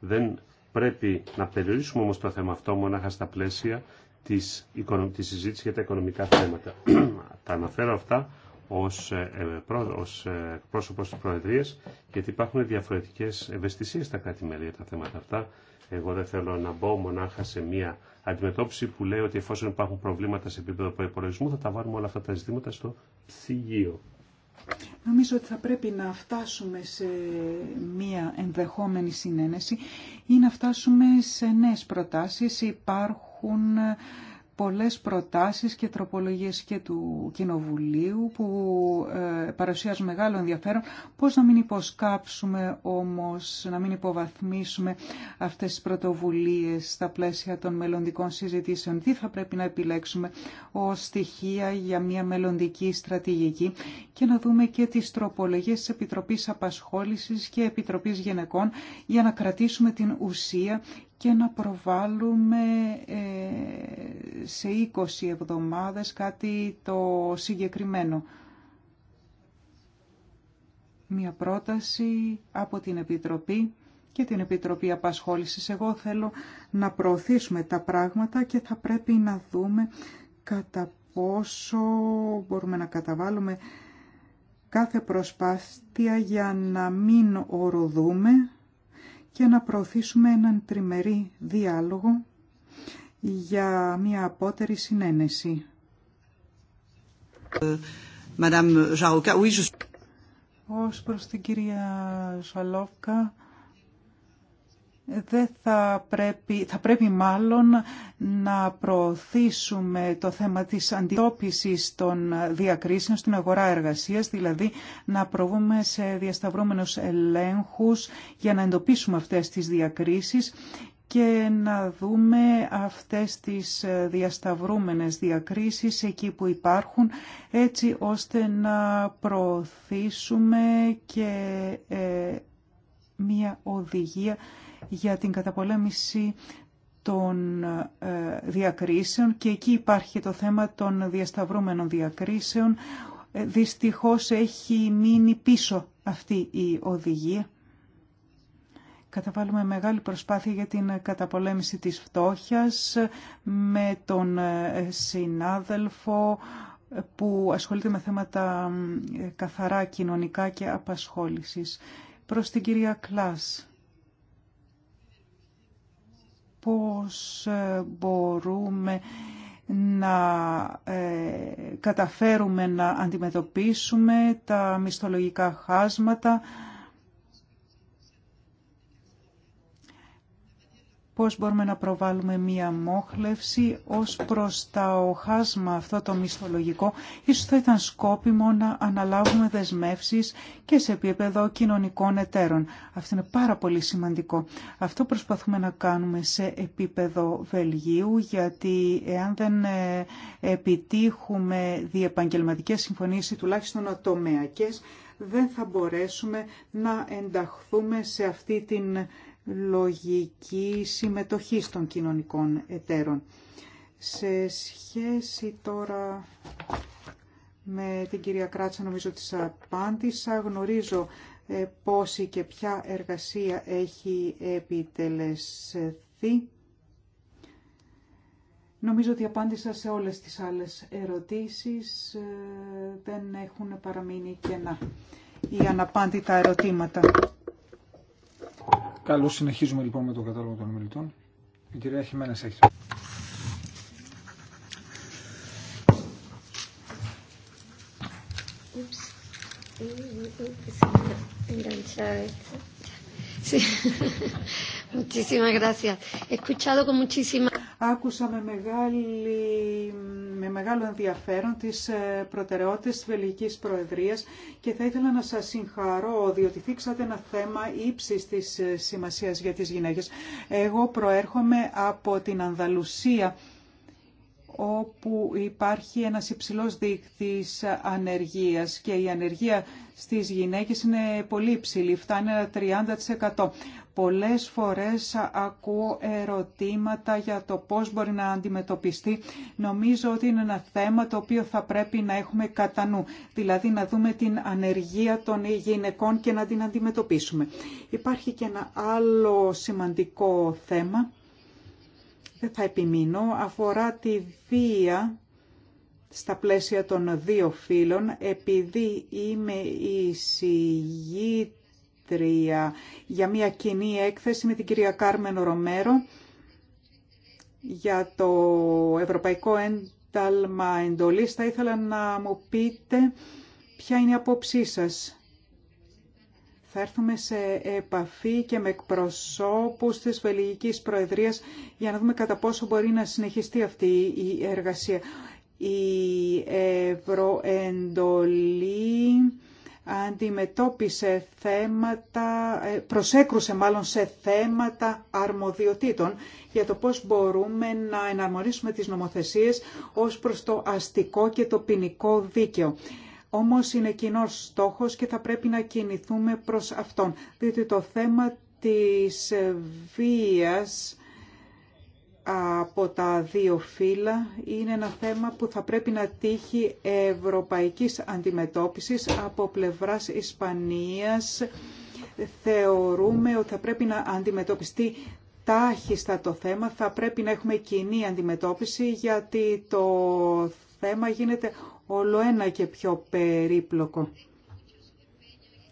δεν πρέπει να περιορίσουμε όμως το θέμα αυτό μονάχα στα πλαίσια της, της συζήτησης για τα οικονομικά θέματα. (clears throat) τα αναφέρω αυτά ως, ε, ε προ, ως ε, της Προεδρίας, γιατί υπάρχουν διαφορετικές ευαισθησίες στα κράτη-μέλη για τα θέματα αυτά. Εγώ δεν θέλω να μπω μονάχα σε μία αντιμετώπιση που λέει ότι εφόσον υπάρχουν προβλήματα σε επίπεδο προπολογισμού θα τα βάλουμε όλα αυτά τα ζητήματα στο ψυγείο. Νομίζω ότι θα πρέπει να φτάσουμε σε μία ενδεχόμενη συνένεση ή να φτάσουμε σε νέες προτάσεις. Υπάρχουν πολλές προτάσεις και τροπολογίες και του Κοινοβουλίου που ε, παρουσιάζουν μεγάλο ενδιαφέρον. Πώς να μην υποσκάψουμε όμως, να μην υποβαθμίσουμε αυτές τις πρωτοβουλίες στα πλαίσια των μελλοντικών συζητήσεων. Τι θα πρέπει να επιλέξουμε ως στοιχεία για μια μελλοντική στρατηγική και να δούμε και τις τροπολογίες της Επιτροπής Απασχόλησης και Επιτροπής Γενεκών για να κρατήσουμε την ουσία και να προβάλλουμε ε, σε 20 εβδομάδες κάτι το συγκεκριμένο. Μια πρόταση από την Επιτροπή και την Επιτροπή Απασχόλησης. Εγώ θέλω να προωθήσουμε τα πράγματα και θα πρέπει να δούμε κατά πόσο μπορούμε να καταβάλουμε κάθε προσπάθεια για να μην οροδούμε και να προωθήσουμε έναν τριμερή διάλογο για μια απότερη συνένεση. Ε, Madame Ως προς την κυρία Ζαλόφκα, δεν θα πρέπει, θα πρέπει μάλλον να προωθήσουμε το θέμα της αντιμετώπισης των διακρίσεων στην αγορά εργασίας, δηλαδή να προβούμε σε διασταυρώμενους ελέγχους για να εντοπίσουμε αυτές τις διακρίσεις και να δούμε αυτές τις διασταυρούμενες διακρίσεις εκεί που υπάρχουν έτσι ώστε να προωθήσουμε και ε, μία οδηγία για την καταπολέμηση των ε, διακρίσεων και εκεί υπάρχει το θέμα των διασταυρούμενων διακρίσεων. Ε, δυστυχώς έχει μείνει πίσω αυτή η οδηγία. Καταβάλουμε μεγάλη προσπάθεια για την καταπολέμηση της φτώχειας με τον ε, συνάδελφο που ασχολείται με θέματα καθαρά κοινωνικά και απασχόλησης. Προς την κυρία Κλάς πώς ε, μπορούμε να ε, καταφέρουμε να αντιμετωπίσουμε τα μισθολογικά χάσματα, πώς μπορούμε να προβάλλουμε μία μόχλευση ως προς τα οχάσμα αυτό το μισθολογικό. Ίσως θα ήταν σκόπιμο να αναλάβουμε δεσμεύσεις και σε επίπεδο κοινωνικών εταίρων. Αυτό είναι πάρα πολύ σημαντικό. Αυτό προσπαθούμε να κάνουμε σε επίπεδο Βελγίου, γιατί εάν δεν ε, επιτύχουμε διεπαγγελματικές συμφωνίες ή τουλάχιστον ατομεακές, δεν θα μπορέσουμε να ενταχθούμε σε αυτή την λογική συμμετοχή των κοινωνικών εταίρων. Σε σχέση τώρα με την κυρία Κράτσα, νομίζω ότι σας απάντησα. Γνωρίζω ε, πόση και ποια εργασία έχει επιτελεσθεί. Νομίζω ότι απάντησα σε όλες τις άλλες ερωτήσεις. Ε, δεν έχουν παραμείνει κενά ή αναπάντητα ερωτήματα. Καλώ συνεχίζουμε λοιπόν με τον κατάλογο των ομιλητών. Η κυρία Χιμένε έχει. (laughs) Muchísimas gracias. He escuchado con muchísima. Άκουσα με, μεγάλη, με μεγάλο ενδιαφέρον τις ε, προτεραιότητες της Βελγικής Προεδρίας και θα ήθελα να σας συγχαρώ διότι θίξατε ένα θέμα ύψης της ε, σημασίας για τις γυναίκες. Εγώ προέρχομαι από την Ανδαλουσία όπου υπάρχει ένας υψηλός δείκτης ανεργίας και η ανεργία στις γυναίκες είναι πολύ υψηλή, φτάνει ένα 30%. Πολλές φορές ακούω ερωτήματα για το πώς μπορεί να αντιμετωπιστεί. Νομίζω ότι είναι ένα θέμα το οποίο θα πρέπει να έχουμε κατά νου. Δηλαδή να δούμε την ανεργία των γυναικών και να την αντιμετωπίσουμε. Υπάρχει και ένα άλλο σημαντικό θέμα. Δεν θα επιμείνω. Αφορά τη βία στα πλαίσια των δύο φίλων, επειδή είμαι η για μια κοινή έκθεση με την κυρία Κάρμεν Ρομέρο για το Ευρωπαϊκό Ένταλμα εντολή, Θα ήθελα να μου πείτε ποια είναι η απόψή σας. Θα έρθουμε σε επαφή και με εκπροσώπους της Βελγικής Προεδρίας για να δούμε κατά πόσο μπορεί να συνεχιστεί αυτή η εργασία. Η Ευρωεντολή αντιμετώπισε θέματα, ε, προσέκρουσε μάλλον σε θέματα αρμοδιοτήτων για το πώς μπορούμε να εναρμονίσουμε τις νομοθεσίες ως προς το αστικό και το ποινικό δίκαιο. Όμως είναι κοινό στόχος και θα πρέπει να κινηθούμε προς αυτόν, διότι το θέμα της βίας από τα δύο φύλλα είναι ένα θέμα που θα πρέπει να τύχει ευρωπαϊκής αντιμετώπισης από πλευράς Ισπανίας. Θεωρούμε ότι θα πρέπει να αντιμετωπιστεί τάχιστα το θέμα, θα πρέπει να έχουμε κοινή αντιμετώπιση γιατί το θέμα γίνεται όλο ένα και πιο περίπλοκο.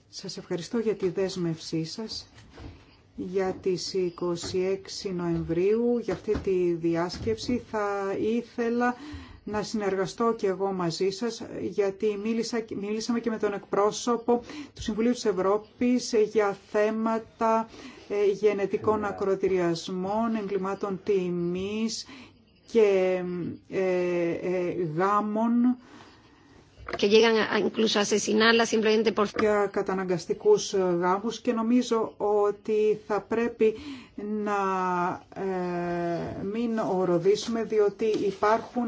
Σας ευχαριστώ για τη δέσμευσή σας για τις 26 Νοεμβρίου, για αυτή τη διάσκεψη. Θα ήθελα να συνεργαστώ και εγώ μαζί σας, γιατί μίλησα, μίλησαμε και με τον εκπρόσωπο του Συμβουλίου της Ευρώπης για θέματα ε, γενετικών ακροτηριασμών, εγκλημάτων τιμής και ε, ε, γάμων και llegan a καταναγκαστικούς ε, γάμους και νομίζω ότι θα πρέπει να ε, μην οροδίσουμε διότι υπάρχουν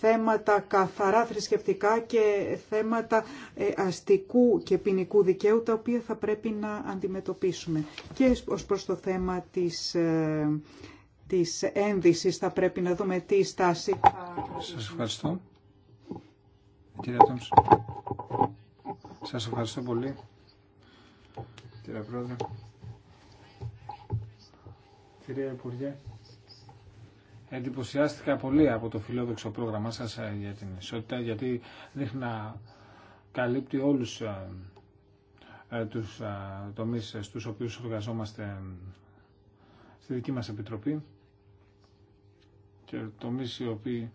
θέματα καθαρά θρησκευτικά και θέματα ε, αστικού και ποινικού δικαίου τα οποία θα πρέπει να αντιμετωπίσουμε. Και ως προς το θέμα της, της ένδυσης θα πρέπει να δούμε τι στάση θα... Σας ευχαριστώ. Κύριε σας ευχαριστώ πολύ. Κύριε Πρόεδρε, κύριε Υπουργέ, εντυπωσιάστηκα πολύ από το φιλόδοξο πρόγραμμά σας ε, για την ισότητα, γιατί δείχνει να καλύπτει όλους ε, ε, τους τομείς στους οποίους εργαζόμαστε στη δική μας Επιτροπή και τομείς οι οποίοι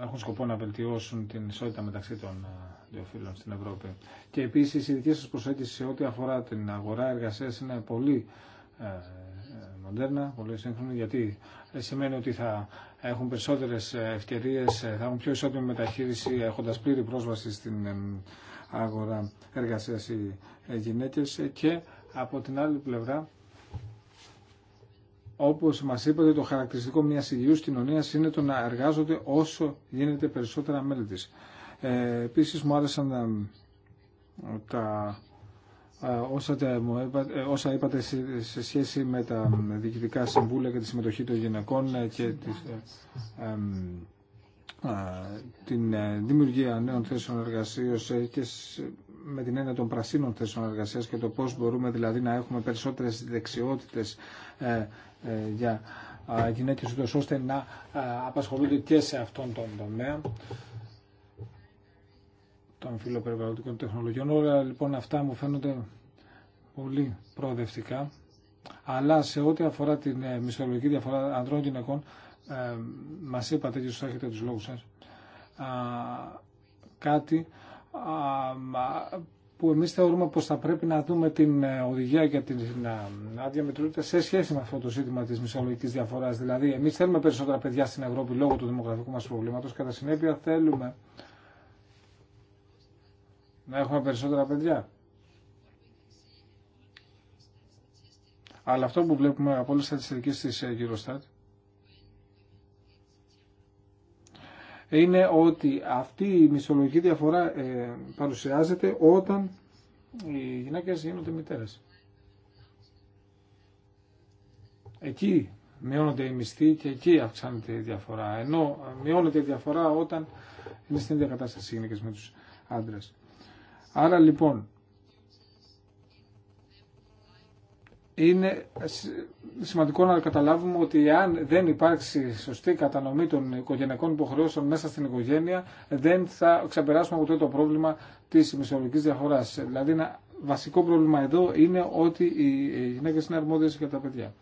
έχουν σκοπό να βελτιώσουν την ισότητα μεταξύ των ε, δύο φύλων στην Ευρώπη. Και επίσης η δική σας προσέγγιση σε ό,τι αφορά την αγορά εργασίας είναι πολύ ε, μοντέρνα, πολύ σύγχρονη, γιατί σημαίνει ότι θα έχουν περισσότερες ευκαιρίε, ε, θα έχουν πιο ισότιμη μεταχείριση έχοντα πλήρη πρόσβαση στην ε, αγορά εργασία οι γυναίκε και από την άλλη πλευρά όπως μας είπατε, το χαρακτηριστικό μιας υγιούς κοινωνίας είναι το να εργάζονται όσο γίνεται περισσότερα μέλη της. Ε, επίσης μου άρεσαν ε, τα ε, όσα, ε, όσα είπατε σε σχέση με τα διοικητικά συμβούλια και τη συμμετοχή των γυναικών και της, την δημιουργία νέων θέσεων εργασίας με την έννοια των πρασίνων θέσεων εργασίας και το πώς μπορούμε δηλαδή να έχουμε περισσότερες δεξιότητες ε, ε, για γυναίκες ούτως ώστε να ε, απασχολούνται και σε αυτόν τον τομέα των φιλοπεριβαλλοντικών τεχνολογιών. Όλα λοιπόν αυτά μου φαίνονται πολύ προοδευτικά. Αλλά σε ό,τι αφορά την μισθολογική διαφορά ανδρών και γυναικών, ε, μας είπατε και σωστά έχετε τους λόγους σας, κάτι που εμείς θεωρούμε πως θα πρέπει να δούμε την ε, οδηγία για την άδεια ε, σε σχέση με αυτό το ζήτημα της μισολογικής διαφοράς. Δηλαδή, εμείς θέλουμε περισσότερα παιδιά στην Ευρώπη λόγω του δημογραφικού μας προβλήματος. Κατά συνέπεια, θέλουμε να έχουμε περισσότερα παιδιά. Αλλά αυτό που βλέπουμε από όλες τις στατιστικές της ε, Eurostat είναι ότι αυτή η μισολογική διαφορά ε, παρουσιάζεται όταν οι γυναίκες γίνονται μητέρες. Εκεί μειώνονται οι μισθοί και εκεί αυξάνεται η διαφορά. Ενώ μειώνεται η διαφορά όταν είναι στην ίδια κατάσταση οι γυναίκες με τους άντρες. Άρα λοιπόν είναι σημαντικό να καταλάβουμε ότι αν δεν υπάρξει σωστή κατανομή των οικογενειακών υποχρεώσεων μέσα στην οικογένεια, δεν θα ξεπεράσουμε ποτέ το πρόβλημα τη μισολογική διαφορά. Δηλαδή ένα βασικό πρόβλημα εδώ είναι ότι οι γυναίκε είναι αρμόδιες για τα παιδιά.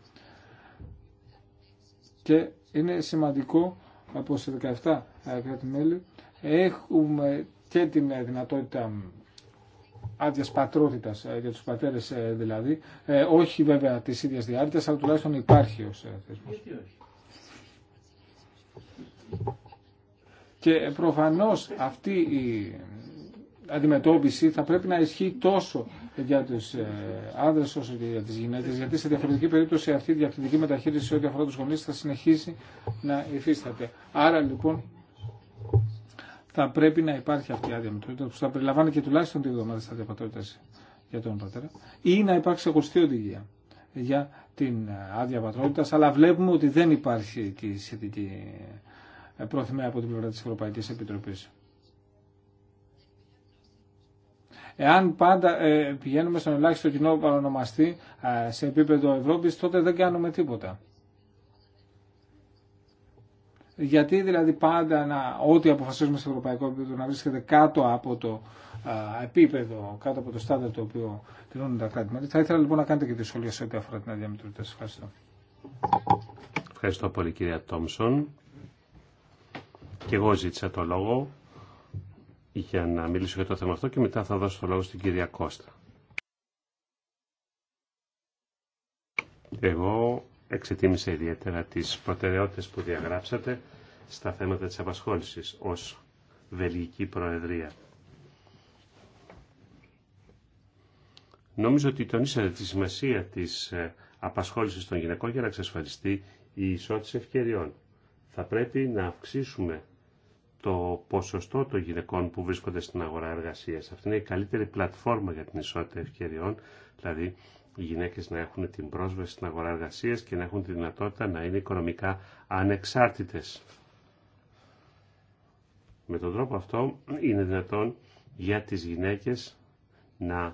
Και είναι σημαντικό από σε 17 κράτη-μέλη έχουμε και την δυνατότητα άδεια πατρότητα ε, για του πατέρε ε, δηλαδή. Ε, όχι βέβαια τη ίδια διάρκεια, αλλά τουλάχιστον υπάρχει ω θεσμό. Και προφανώς αυτή η αντιμετώπιση θα πρέπει να ισχύει τόσο για του άνδρε όσο και για τι γυναίκε, γιατί σε διαφορετική περίπτωση αυτή η διακριτική μεταχείριση ό,τι αφορά του γονεί θα συνεχίσει να υφίσταται. Άρα λοιπόν θα πρέπει να υπάρχει αυτή η άδεια που θα περιλαμβάνει και τουλάχιστον τη εβδομάδα στα πατρότητα για τον πατέρα ή να υπάρξει ακουστή οδηγία για την άδεια πατρότητα, αλλά βλέπουμε ότι δεν υπάρχει και σχετική πρόθυμη από την πλευρά τη Ευρωπαϊκή Επιτροπή. Εάν πάντα ε, πηγαίνουμε στον ελάχιστο κοινό παρονομαστή ε, σε επίπεδο Ευρώπης, τότε δεν κάνουμε τίποτα. Γιατί δηλαδή πάντα να, ό,τι αποφασίζουμε στο ευρωπαϊκό επίπεδο να βρίσκεται κάτω από το επίπεδο, κάτω από το στάδιο το οποίο τηρούν τα κράτη. Θα ήθελα λοιπόν να κάνετε και τη σχολεία σε ό,τι αφορά την αδιαμετρότητα. Σας ευχαριστώ. Ευχαριστώ πολύ κυρία Τόμσον. Και εγώ ζήτησα το λόγο για να μιλήσω για το θέμα αυτό και μετά θα δώσω το λόγο στην κυρία Κώστα. Εγώ εξετίμησε ιδιαίτερα τις προτεραιότητες που διαγράψατε στα θέματα της απασχόλησης ως Βελγική Προεδρία. Νομίζω ότι τονίσατε τη σημασία της ε, απασχόλησης των γυναικών για να εξασφαλιστεί η ισότητα ευκαιριών. Θα πρέπει να αυξήσουμε το ποσοστό των γυναικών που βρίσκονται στην αγορά εργασίας. Αυτή είναι η καλύτερη πλατφόρμα για την ισότητα ευκαιριών, δηλαδή οι γυναίκες να έχουν την πρόσβαση στην αγορά εργασία και να έχουν τη δυνατότητα να είναι οικονομικά ανεξάρτητες. Με τον τρόπο αυτό είναι δυνατόν για τις γυναίκες να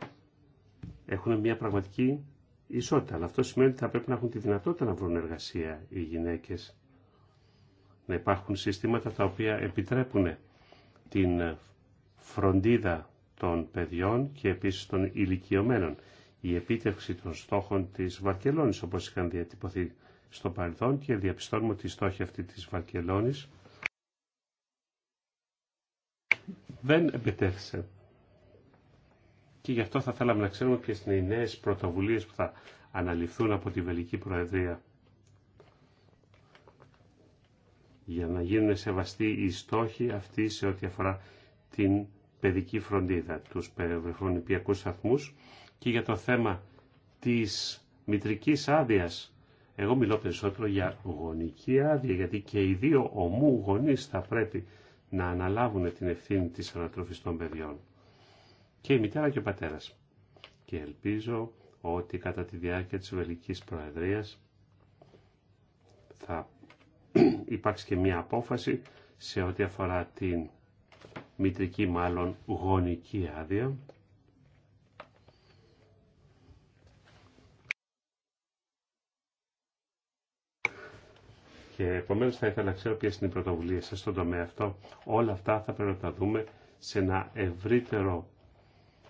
έχουν μια πραγματική ισότητα. Αλλά αυτό σημαίνει ότι θα πρέπει να έχουν τη δυνατότητα να βρουν εργασία οι γυναίκες. Να υπάρχουν συστήματα τα οποία επιτρέπουν την φροντίδα των παιδιών και επίσης των ηλικιωμένων η επίτευξη των στόχων της Βαρκελόνης όπως είχαν διατυπωθεί στο παρελθόν και διαπιστώνουμε ότι η στόχη αυτή της Βαρκελόνης δεν επιτέθησε. Και γι' αυτό θα θέλαμε να ξέρουμε ποιες είναι οι νέες πρωτοβουλίες που θα αναλυφθούν από τη Βελική Προεδρία για να γίνουν σεβαστοί οι στόχοι αυτοί σε ό,τι αφορά την παιδική φροντίδα, τους βρεφονιπιακούς αθμούς, και για το θέμα της μητρικής άδεια. Εγώ μιλώ περισσότερο για γονική άδεια, γιατί και οι δύο ομού γονείς θα πρέπει να αναλάβουν την ευθύνη της ανατροφής των παιδιών. Και η μητέρα και ο πατέρας. Και ελπίζω ότι κατά τη διάρκεια της Βελικής Προεδρίας θα (clears throat) υπάρξει και μια απόφαση σε ό,τι αφορά την μητρική μάλλον γονική άδεια Και επομένω θα ήθελα να ξέρω ποιε είναι οι πρωτοβουλίε σα στον τομέα αυτό. Όλα αυτά θα πρέπει να τα δούμε σε ένα ευρύτερο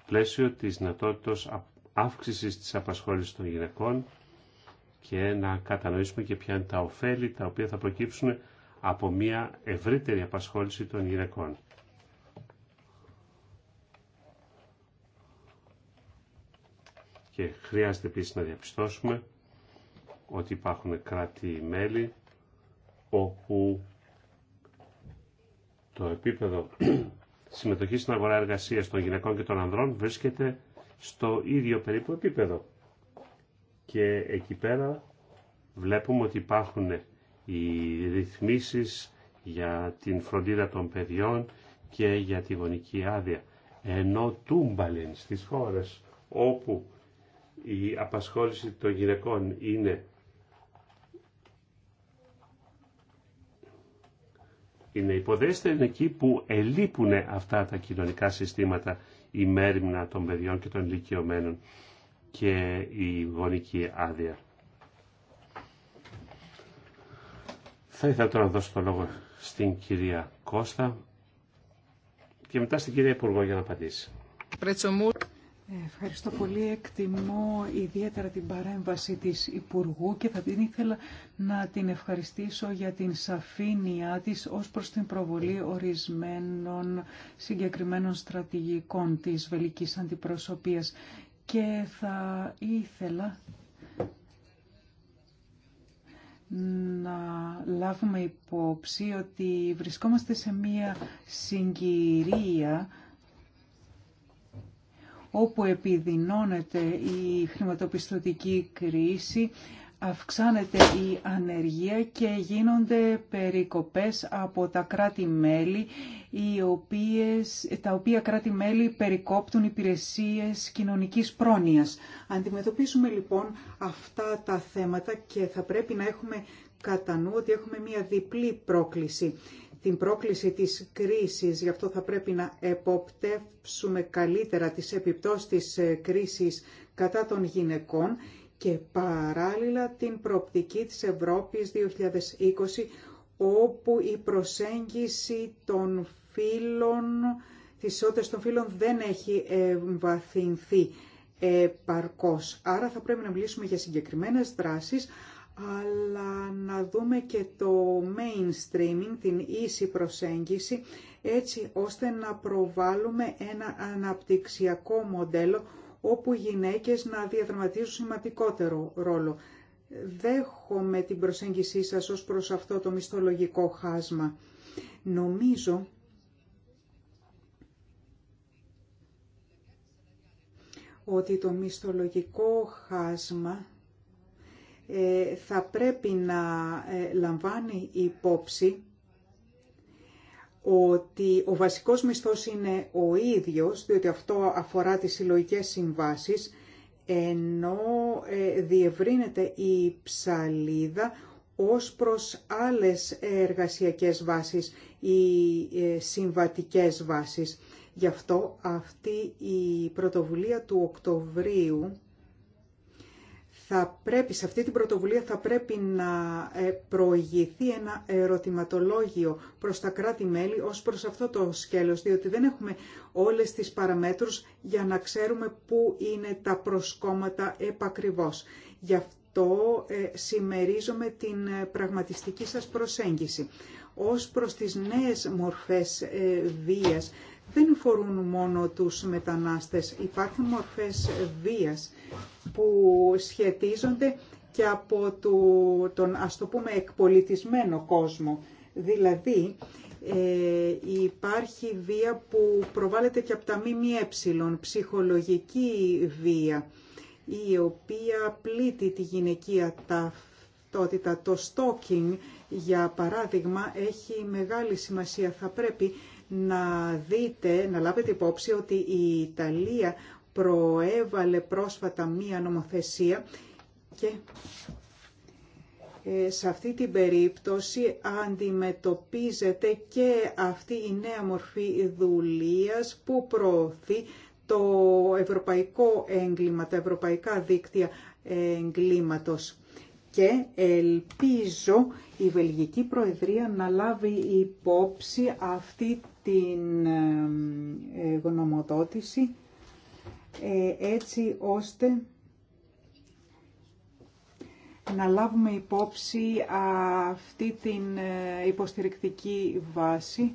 πλαίσιο τη δυνατότητα αύξηση τη απασχόληση των γυναικών και να κατανοήσουμε και ποια είναι τα ωφέλη τα οποία θα προκύψουν από μια ευρύτερη απασχόληση των γυναικών. Και χρειάζεται επίσης να διαπιστώσουμε ότι υπάρχουν κράτη-μέλη όπου το επίπεδο συμμετοχής στην αγορά εργασίας των γυναικών και των ανδρών βρίσκεται στο ίδιο περίπου επίπεδο. Και εκεί πέρα βλέπουμε ότι υπάρχουν οι ρυθμίσεις για την φροντίδα των παιδιών και για τη γονική άδεια. Ενώ τούμπαλιν στις χώρες όπου η απασχόληση των γυναικών είναι είναι υποδέστεροι εκεί που ελείπουν αυτά τα κοινωνικά συστήματα η μέρημνα των παιδιών και των ηλικιωμένων και η γονική άδεια. Θα ήθελα τώρα να δώσω το λόγο στην κυρία Κώστα και μετά στην κυρία Υπουργό για να απαντήσει. Ευχαριστώ πολύ. Εκτιμώ ιδιαίτερα την παρέμβαση της Υπουργού και θα την ήθελα να την ευχαριστήσω για την σαφήνειά της ως προς την προβολή ορισμένων συγκεκριμένων στρατηγικών της βελικής αντιπροσωπείας. Και θα ήθελα να λάβουμε υπόψη ότι βρισκόμαστε σε μία συγκυρία όπου επιδεινώνεται η χρηματοπιστωτική κρίση, αυξάνεται η ανεργία και γίνονται περικοπές από τα κράτη-μέλη, τα οποία κράτη-μέλη περικόπτουν υπηρεσίες κοινωνικής πρόνοιας. Αντιμετωπίσουμε λοιπόν αυτά τα θέματα και θα πρέπει να έχουμε κατά νου ότι έχουμε μια διπλή πρόκληση την πρόκληση της κρίσης, γι' αυτό θα πρέπει να εποπτεύσουμε καλύτερα τις επιπτώσεις της ε, κρίσης κατά των γυναικών και παράλληλα την προοπτική της Ευρώπης 2020, όπου η προσέγγιση των φύλων, της ισότητας των φύλων δεν έχει βαθυνθεί επαρκώς. Άρα θα πρέπει να μιλήσουμε για συγκεκριμένες δράσεις, αλλά να δούμε και το mainstreaming, την ίση προσέγγιση, έτσι ώστε να προβάλλουμε ένα αναπτυξιακό μοντέλο όπου οι γυναίκες να διαδραματίζουν σημαντικότερο ρόλο. Δέχομαι την προσέγγισή σας ως προς αυτό το μισθολογικό χάσμα. Νομίζω ότι το μισθολογικό χάσμα ε, θα πρέπει να ε, λαμβάνει υπόψη ότι ο βασικός μισθός είναι ο ίδιος, διότι αυτό αφορά τις συλλογικέ συμβάσεις, ενώ ε, διευρύνεται η ψαλίδα ως προς άλλες εργασιακές βάσεις ή συμβατικές βάσεις. Γι' αυτό αυτή η πρωτοβουλία του Οκτωβρίου θα πρέπει, σε αυτή την πρωτοβουλία θα πρέπει να ε, προηγηθεί ένα ερωτηματολόγιο προς τα κράτη-μέλη ως προς αυτό το σκέλος, διότι δεν έχουμε όλες τις παραμέτρους για να ξέρουμε πού είναι τα προσκόμματα επακριβώς. Γι' αυτό ε, συμμερίζομαι την ε, πραγματιστική σας προσέγγιση. Ως προς τις νέες μορφές ε, βίας, δεν φορούν μόνο τους μετανάστες. Υπάρχουν μορφές βίας που σχετίζονται και από το, τον ας το πούμε εκπολιτισμένο κόσμο. Δηλαδή ε, υπάρχει βία που προβάλλεται και από τα ΜΜΕ, ψυχολογική βία, η οποία πλήττει τη γυναικεία ταυτότητα. Το stalking, για παράδειγμα, έχει μεγάλη σημασία. Θα πρέπει να δείτε, να λάβετε υπόψη ότι η Ιταλία προέβαλε πρόσφατα μία νομοθεσία και ε, σε αυτή την περίπτωση αντιμετωπίζεται και αυτή η νέα μορφή δουλείας που προωθεί το ευρωπαϊκό έγκλημα, τα ευρωπαϊκά δίκτυα εγκλήματος. Και ελπίζω η Βελγική Προεδρία να λάβει υπόψη αυτή την ε, ε, γνωμοδότηση ε, έτσι ώστε να λάβουμε υπόψη αυτή την υποστηρικτική βάση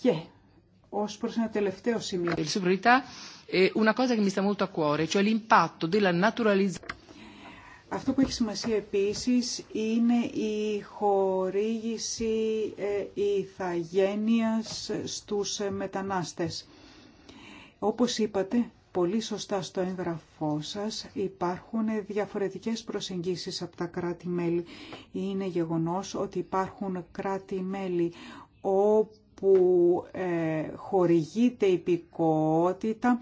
και ως προς ένα τελευταίο σημείο. Αυτό που έχει σημασία επίσης είναι η χορήγηση ε, ηθαγένειας στους ε, μετανάστες. Όπως είπατε, πολύ σωστά στο έγγραφό σας υπάρχουν ε, διαφορετικές προσεγγίσεις από τα κράτη-μέλη. Είναι γεγονός ότι υπάρχουν κράτη-μέλη όπου χορηγείται υπηκότητα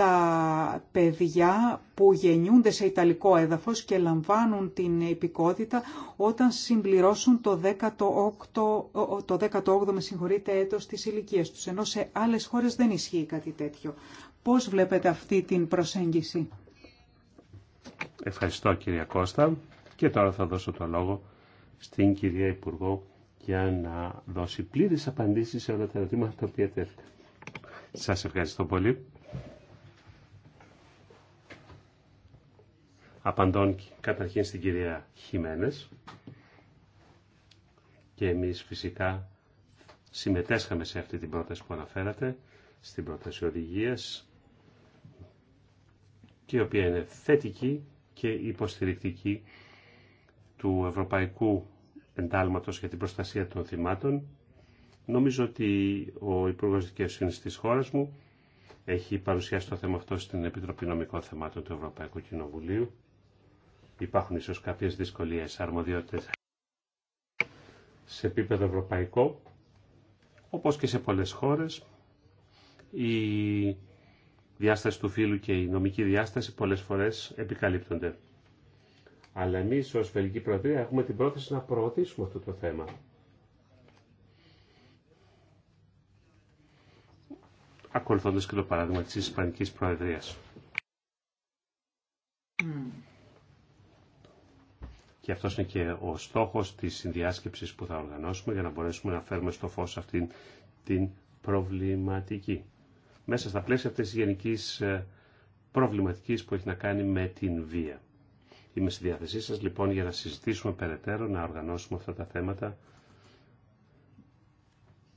τα παιδιά που γεννιούνται σε Ιταλικό έδαφος και λαμβάνουν την υπηκότητα όταν συμπληρώσουν το 18ο, το 18 με συγχωρείτε, έτος της ηλικίας τους, ενώ σε άλλες χώρες δεν ισχύει κάτι τέτοιο. Πώς βλέπετε αυτή την προσέγγιση. Ευχαριστώ κυρία Κώστα και τώρα θα δώσω το λόγο στην κυρία Υπουργό για να δώσει πλήρες απαντήσεις σε όλα τα ερωτήματα τα οποία Σας ευχαριστώ πολύ. απαντών καταρχήν στην κυρία Χιμένες και εμείς φυσικά συμμετέσχαμε σε αυτή την πρόταση που αναφέρατε, στην πρόταση οδηγίας και η οποία είναι θετική και υποστηρικτική του Ευρωπαϊκού Εντάλματος για την Προστασία των Θυμάτων. Νομίζω ότι ο Υπουργός Δικαιοσύνης της χώρας μου έχει παρουσιάσει το θέμα αυτό στην Επιτροπή Νομικών Θεμάτων του Ευρωπαϊκού Κοινοβουλίου υπάρχουν ίσως κάποιες δυσκολίες, αρμοδιότητες σε επίπεδο ευρωπαϊκό, όπως και σε πολλές χώρες. Η διάσταση του φύλου και η νομική διάσταση πολλές φορές επικαλύπτονται. Αλλά εμείς ως Βελική Προεδρία έχουμε την πρόθεση να προωθήσουμε αυτό το θέμα. Ακολουθώντας και το παράδειγμα της Ισπανικής Προεδρίας. Και αυτός είναι και ο στόχος της συνδιάσκεψης που θα οργανώσουμε για να μπορέσουμε να φέρουμε στο φως αυτήν την προβληματική. Μέσα στα πλαίσια αυτής της γενικής ε, προβληματικής που έχει να κάνει με την βία. Είμαι στη διάθεσή σας λοιπόν για να συζητήσουμε περαιτέρω, να οργανώσουμε αυτά τα θέματα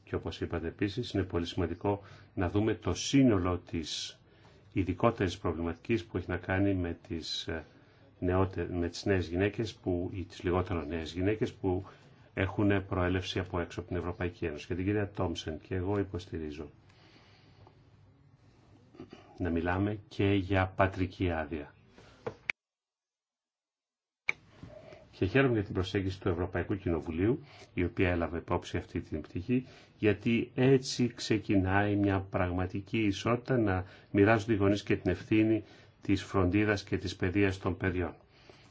και όπως είπατε επίσης είναι πολύ σημαντικό να δούμε το σύνολο της ειδικότερης προβληματικής που έχει να κάνει με τις ε, με τις νέες γυναίκες που, ή τις λιγότερο νέες γυναίκες που έχουν προέλευση από έξω από την Ευρωπαϊκή Ένωση. Και την κυρία Τόμσεν και εγώ υποστηρίζω να μιλάμε και για πατρική άδεια. Και χαίρομαι για την προσέγγιση του Ευρωπαϊκού Κοινοβουλίου, η οποία έλαβε υπόψη αυτή την πτυχή, γιατί έτσι ξεκινάει μια πραγματική ισότητα να μοιράζονται οι γονείς και την ευθύνη της φροντίδας και της παιδείας των παιδιών.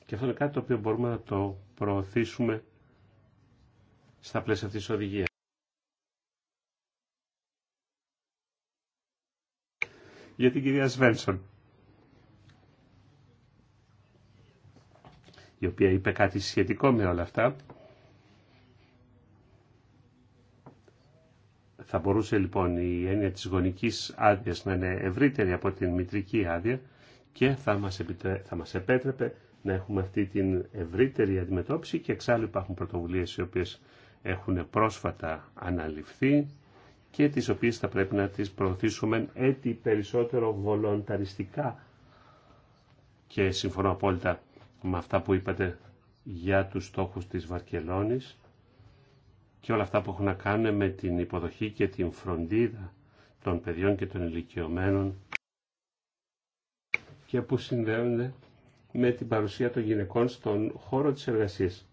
Και αυτό είναι κάτι το οποίο μπορούμε να το προωθήσουμε στα πλαίσια αυτής της οδηγίας. Για την κυρία Σβένσον, η οποία είπε κάτι σχετικό με όλα αυτά, Θα μπορούσε λοιπόν η έννοια της γονικής άδειας να είναι ευρύτερη από την μητρική άδεια και θα μας, επιτρέ... επέτρεπε να έχουμε αυτή την ευρύτερη αντιμετώπιση και εξάλλου υπάρχουν πρωτοβουλίες οι οποίες έχουν πρόσφατα αναλυφθεί και τις οποίες θα πρέπει να τις προωθήσουμε έτσι περισσότερο βολονταριστικά και συμφωνώ απόλυτα με αυτά που είπατε για τους στόχους της Βαρκελόνης και όλα αυτά που έχουν να κάνουν με την υποδοχή και την φροντίδα των παιδιών και των ηλικιωμένων και που συνδέονται με την παρουσία των γυναικών στον χώρο της εργασίας.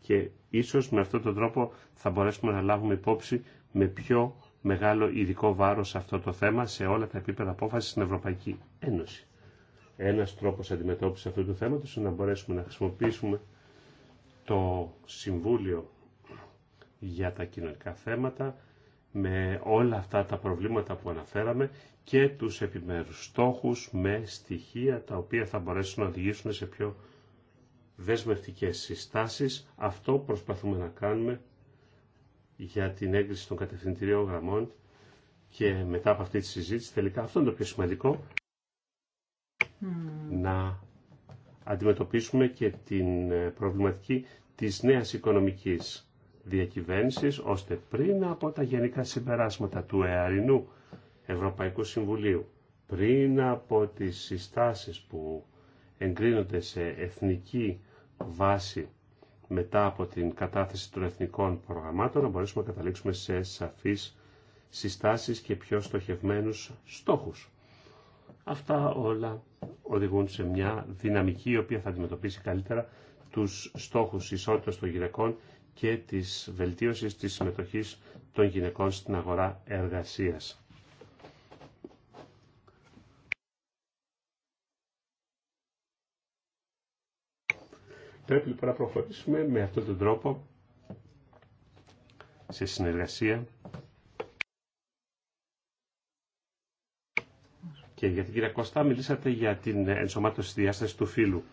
Και ίσως με αυτόν τον τρόπο θα μπορέσουμε να λάβουμε υπόψη με πιο μεγάλο ειδικό βάρος αυτό το θέμα σε όλα τα επίπεδα απόφασης στην Ευρωπαϊκή Ένωση. Ένας τρόπος αντιμετώπισης αυτού του θέματος είναι να μπορέσουμε να χρησιμοποιήσουμε το Συμβούλιο για τα κοινωνικά θέματα, με όλα αυτά τα προβλήματα που αναφέραμε και τους επιμέρους στόχους με στοιχεία τα οποία θα μπορέσουν να οδηγήσουν σε πιο δεσμευτικές συστάσεις. Αυτό προσπαθούμε να κάνουμε για την έγκριση των κατευθυντηρίων γραμμών και μετά από αυτή τη συζήτηση τελικά αυτό είναι το πιο σημαντικό να αντιμετωπίσουμε και την ε, προβληματική της νέας οικονομικής διακυβέρνησης, ώστε πριν από τα γενικά συμπεράσματα του εαρινού Ευρωπαϊκού Συμβουλίου, πριν από τις συστάσεις που εγκρίνονται σε εθνική βάση μετά από την κατάθεση των εθνικών προγραμμάτων, να μπορέσουμε να καταλήξουμε σε σαφείς συστάσεις και πιο στοχευμένους στόχους. Αυτά όλα οδηγούν σε μια δυναμική η οποία θα αντιμετωπίσει καλύτερα τους στόχους ισότητας των γυναικών και της βελτίωσης της συμμετοχής των γυναικών στην αγορά εργασίας. Πρέπει λοιπόν να προχωρήσουμε με αυτόν τον τρόπο σε συνεργασία και για την κυρία Κώστα μιλήσατε για την ενσωμάτωση διάσταση του φύλου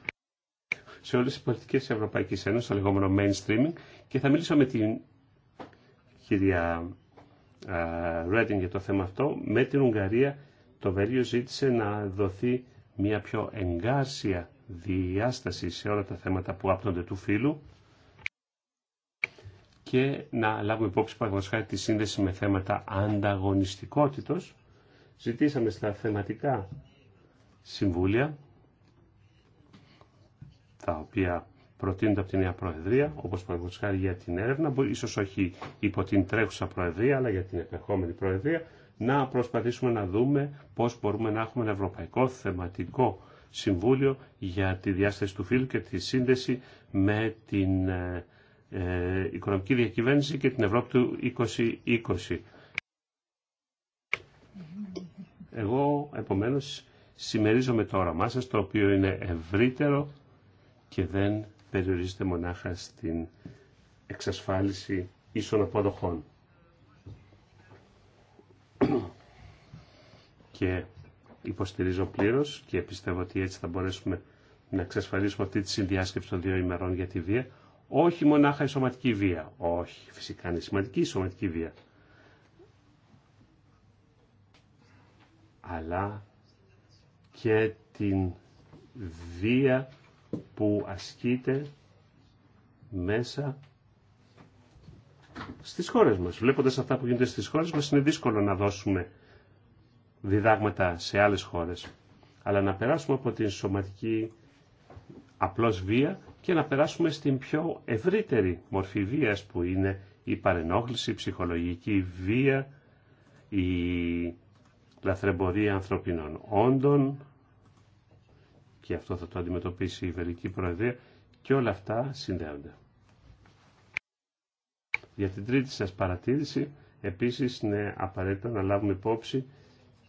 σε όλες τις πολιτικές της Ευρωπαϊκής Ένωσης, το λεγόμενο mainstreaming, και θα μιλήσω με την κυρία Ρέντινγκ για το θέμα αυτό. Με την Ουγγαρία το Βέλγιο ζήτησε να δοθεί μια πιο εγκάρσια διάσταση σε όλα τα θέματα που άπτονται του φύλου και να λάβουμε υπόψη παραγωγικά τη σύνδεση με θέματα ανταγωνιστικότητος. Ζητήσαμε στα θεματικά συμβούλια τα οποία προτείνονται από τη Νέα Προεδρία, όπω παραδείγματο χάρη για την έρευνα, ίσω όχι υπό την τρέχουσα Προεδρία, αλλά για την επερχόμενη Προεδρία, να προσπαθήσουμε να δούμε πώ μπορούμε να έχουμε ένα ευρωπαϊκό θεματικό συμβούλιο για τη διάσταση του φύλου και τη σύνδεση με την ε, ε, οικονομική διακυβέρνηση και την Ευρώπη του 2020. Εγώ, επομένως, συμμερίζομαι το όραμά σας, το οποίο είναι ευρύτερο και δεν περιορίζεται μονάχα στην εξασφάλιση ίσων αποδοχών. και υποστηρίζω πλήρως και πιστεύω ότι έτσι θα μπορέσουμε να εξασφαλίσουμε αυτή τη συνδιάσκεψη των δύο ημερών για τη βία. Όχι μονάχα η σωματική βία. Όχι, φυσικά είναι σημαντική η σωματική βία. Αλλά και την βία που ασκείται μέσα στις χώρες μας. Βλέποντας αυτά που γίνονται στις χώρες μας είναι δύσκολο να δώσουμε διδάγματα σε άλλες χώρες. Αλλά να περάσουμε από την σωματική απλώς βία και να περάσουμε στην πιο ευρύτερη μορφή βίας που είναι η παρενόχληση, η ψυχολογική βία, η λαθρεμπορία ανθρωπινών όντων, και αυτό θα το αντιμετωπίσει η Βελική Προεδρία και όλα αυτά συνδέονται. Για την τρίτη σας παρατήρηση, επίσης είναι απαραίτητο να λάβουμε υπόψη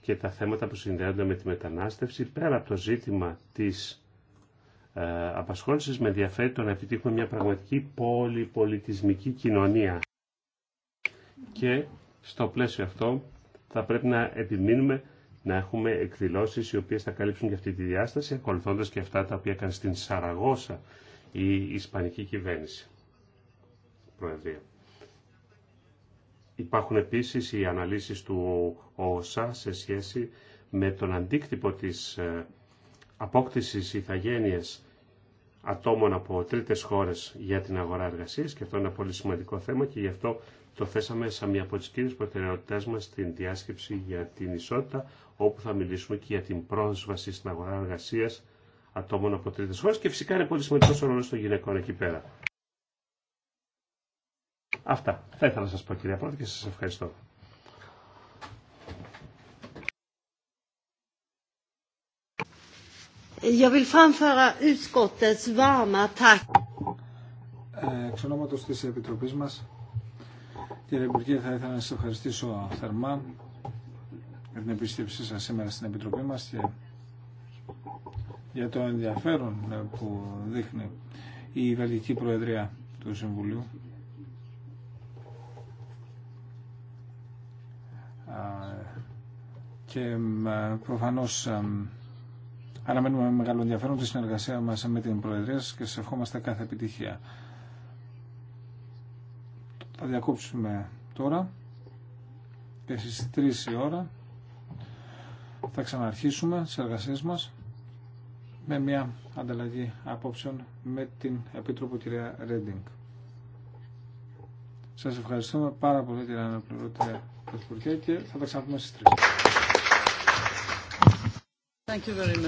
και τα θέματα που συνδέονται με τη μετανάστευση, πέρα από το ζήτημα της ε, απασχόλησης, με ενδιαφέρει το να επιτύχουμε μια πραγματική πολυπολιτισμική κοινωνία. Και στο πλαίσιο αυτό θα πρέπει να επιμείνουμε να έχουμε εκδηλώσεις οι οποίες θα καλύψουν και αυτή τη διάσταση, ακολουθώντας και αυτά τα οποία έκανε στην Σαραγώσα η Ισπανική κυβέρνηση. Προεδρία. Υπάρχουν επίσης οι αναλύσεις του ΟΣΑ σε σχέση με τον αντίκτυπο της ε, απόκτησης ηθαγένειας ατόμων από τρίτες χώρες για την αγορά εργασίας και αυτό είναι ένα πολύ σημαντικό θέμα και γι' αυτό το θέσαμε σαν μια από τις κύριες προτεραιότητές μας στην διάσκεψη για την ισότητα όπου θα μιλήσουμε και για την πρόσβαση στην αγορά εργασία ατόμων από τρίτε χώρε και φυσικά είναι πολύ σημαντικό ο ρόλο των γυναικών εκεί πέρα. Αυτά. Θα ήθελα να σα πω, κυρία Πρόεδρε, και σα ευχαριστώ. Jag vill framföra utskottets varma tack. Ε, εξ ονόματος της Επιτροπής μας, κύριε Υπουργέ, θα ήθελα να σας ευχαριστήσω θερμά για την επίσκεψή σας σήμερα στην Επιτροπή μας και για το ενδιαφέρον που δείχνει η Βελγική Προεδρία του Συμβουλίου και προφανώς αναμένουμε με μεγάλο ενδιαφέρον τη συνεργασία μας με την Προεδρία σας και σας ευχόμαστε κάθε επιτυχία. Θα διακόψουμε τώρα και στις 3 η ώρα θα ξαναρχίσουμε τις εργασίες μας με μια ανταλλαγή απόψεων με την Επίτροπο κυρία Ρέντινγκ. Σας ευχαριστούμε πάρα πολύ κυρία Αναπληρώτη Πρωθυπουργέ και θα τα ξαναπούμε στις 3.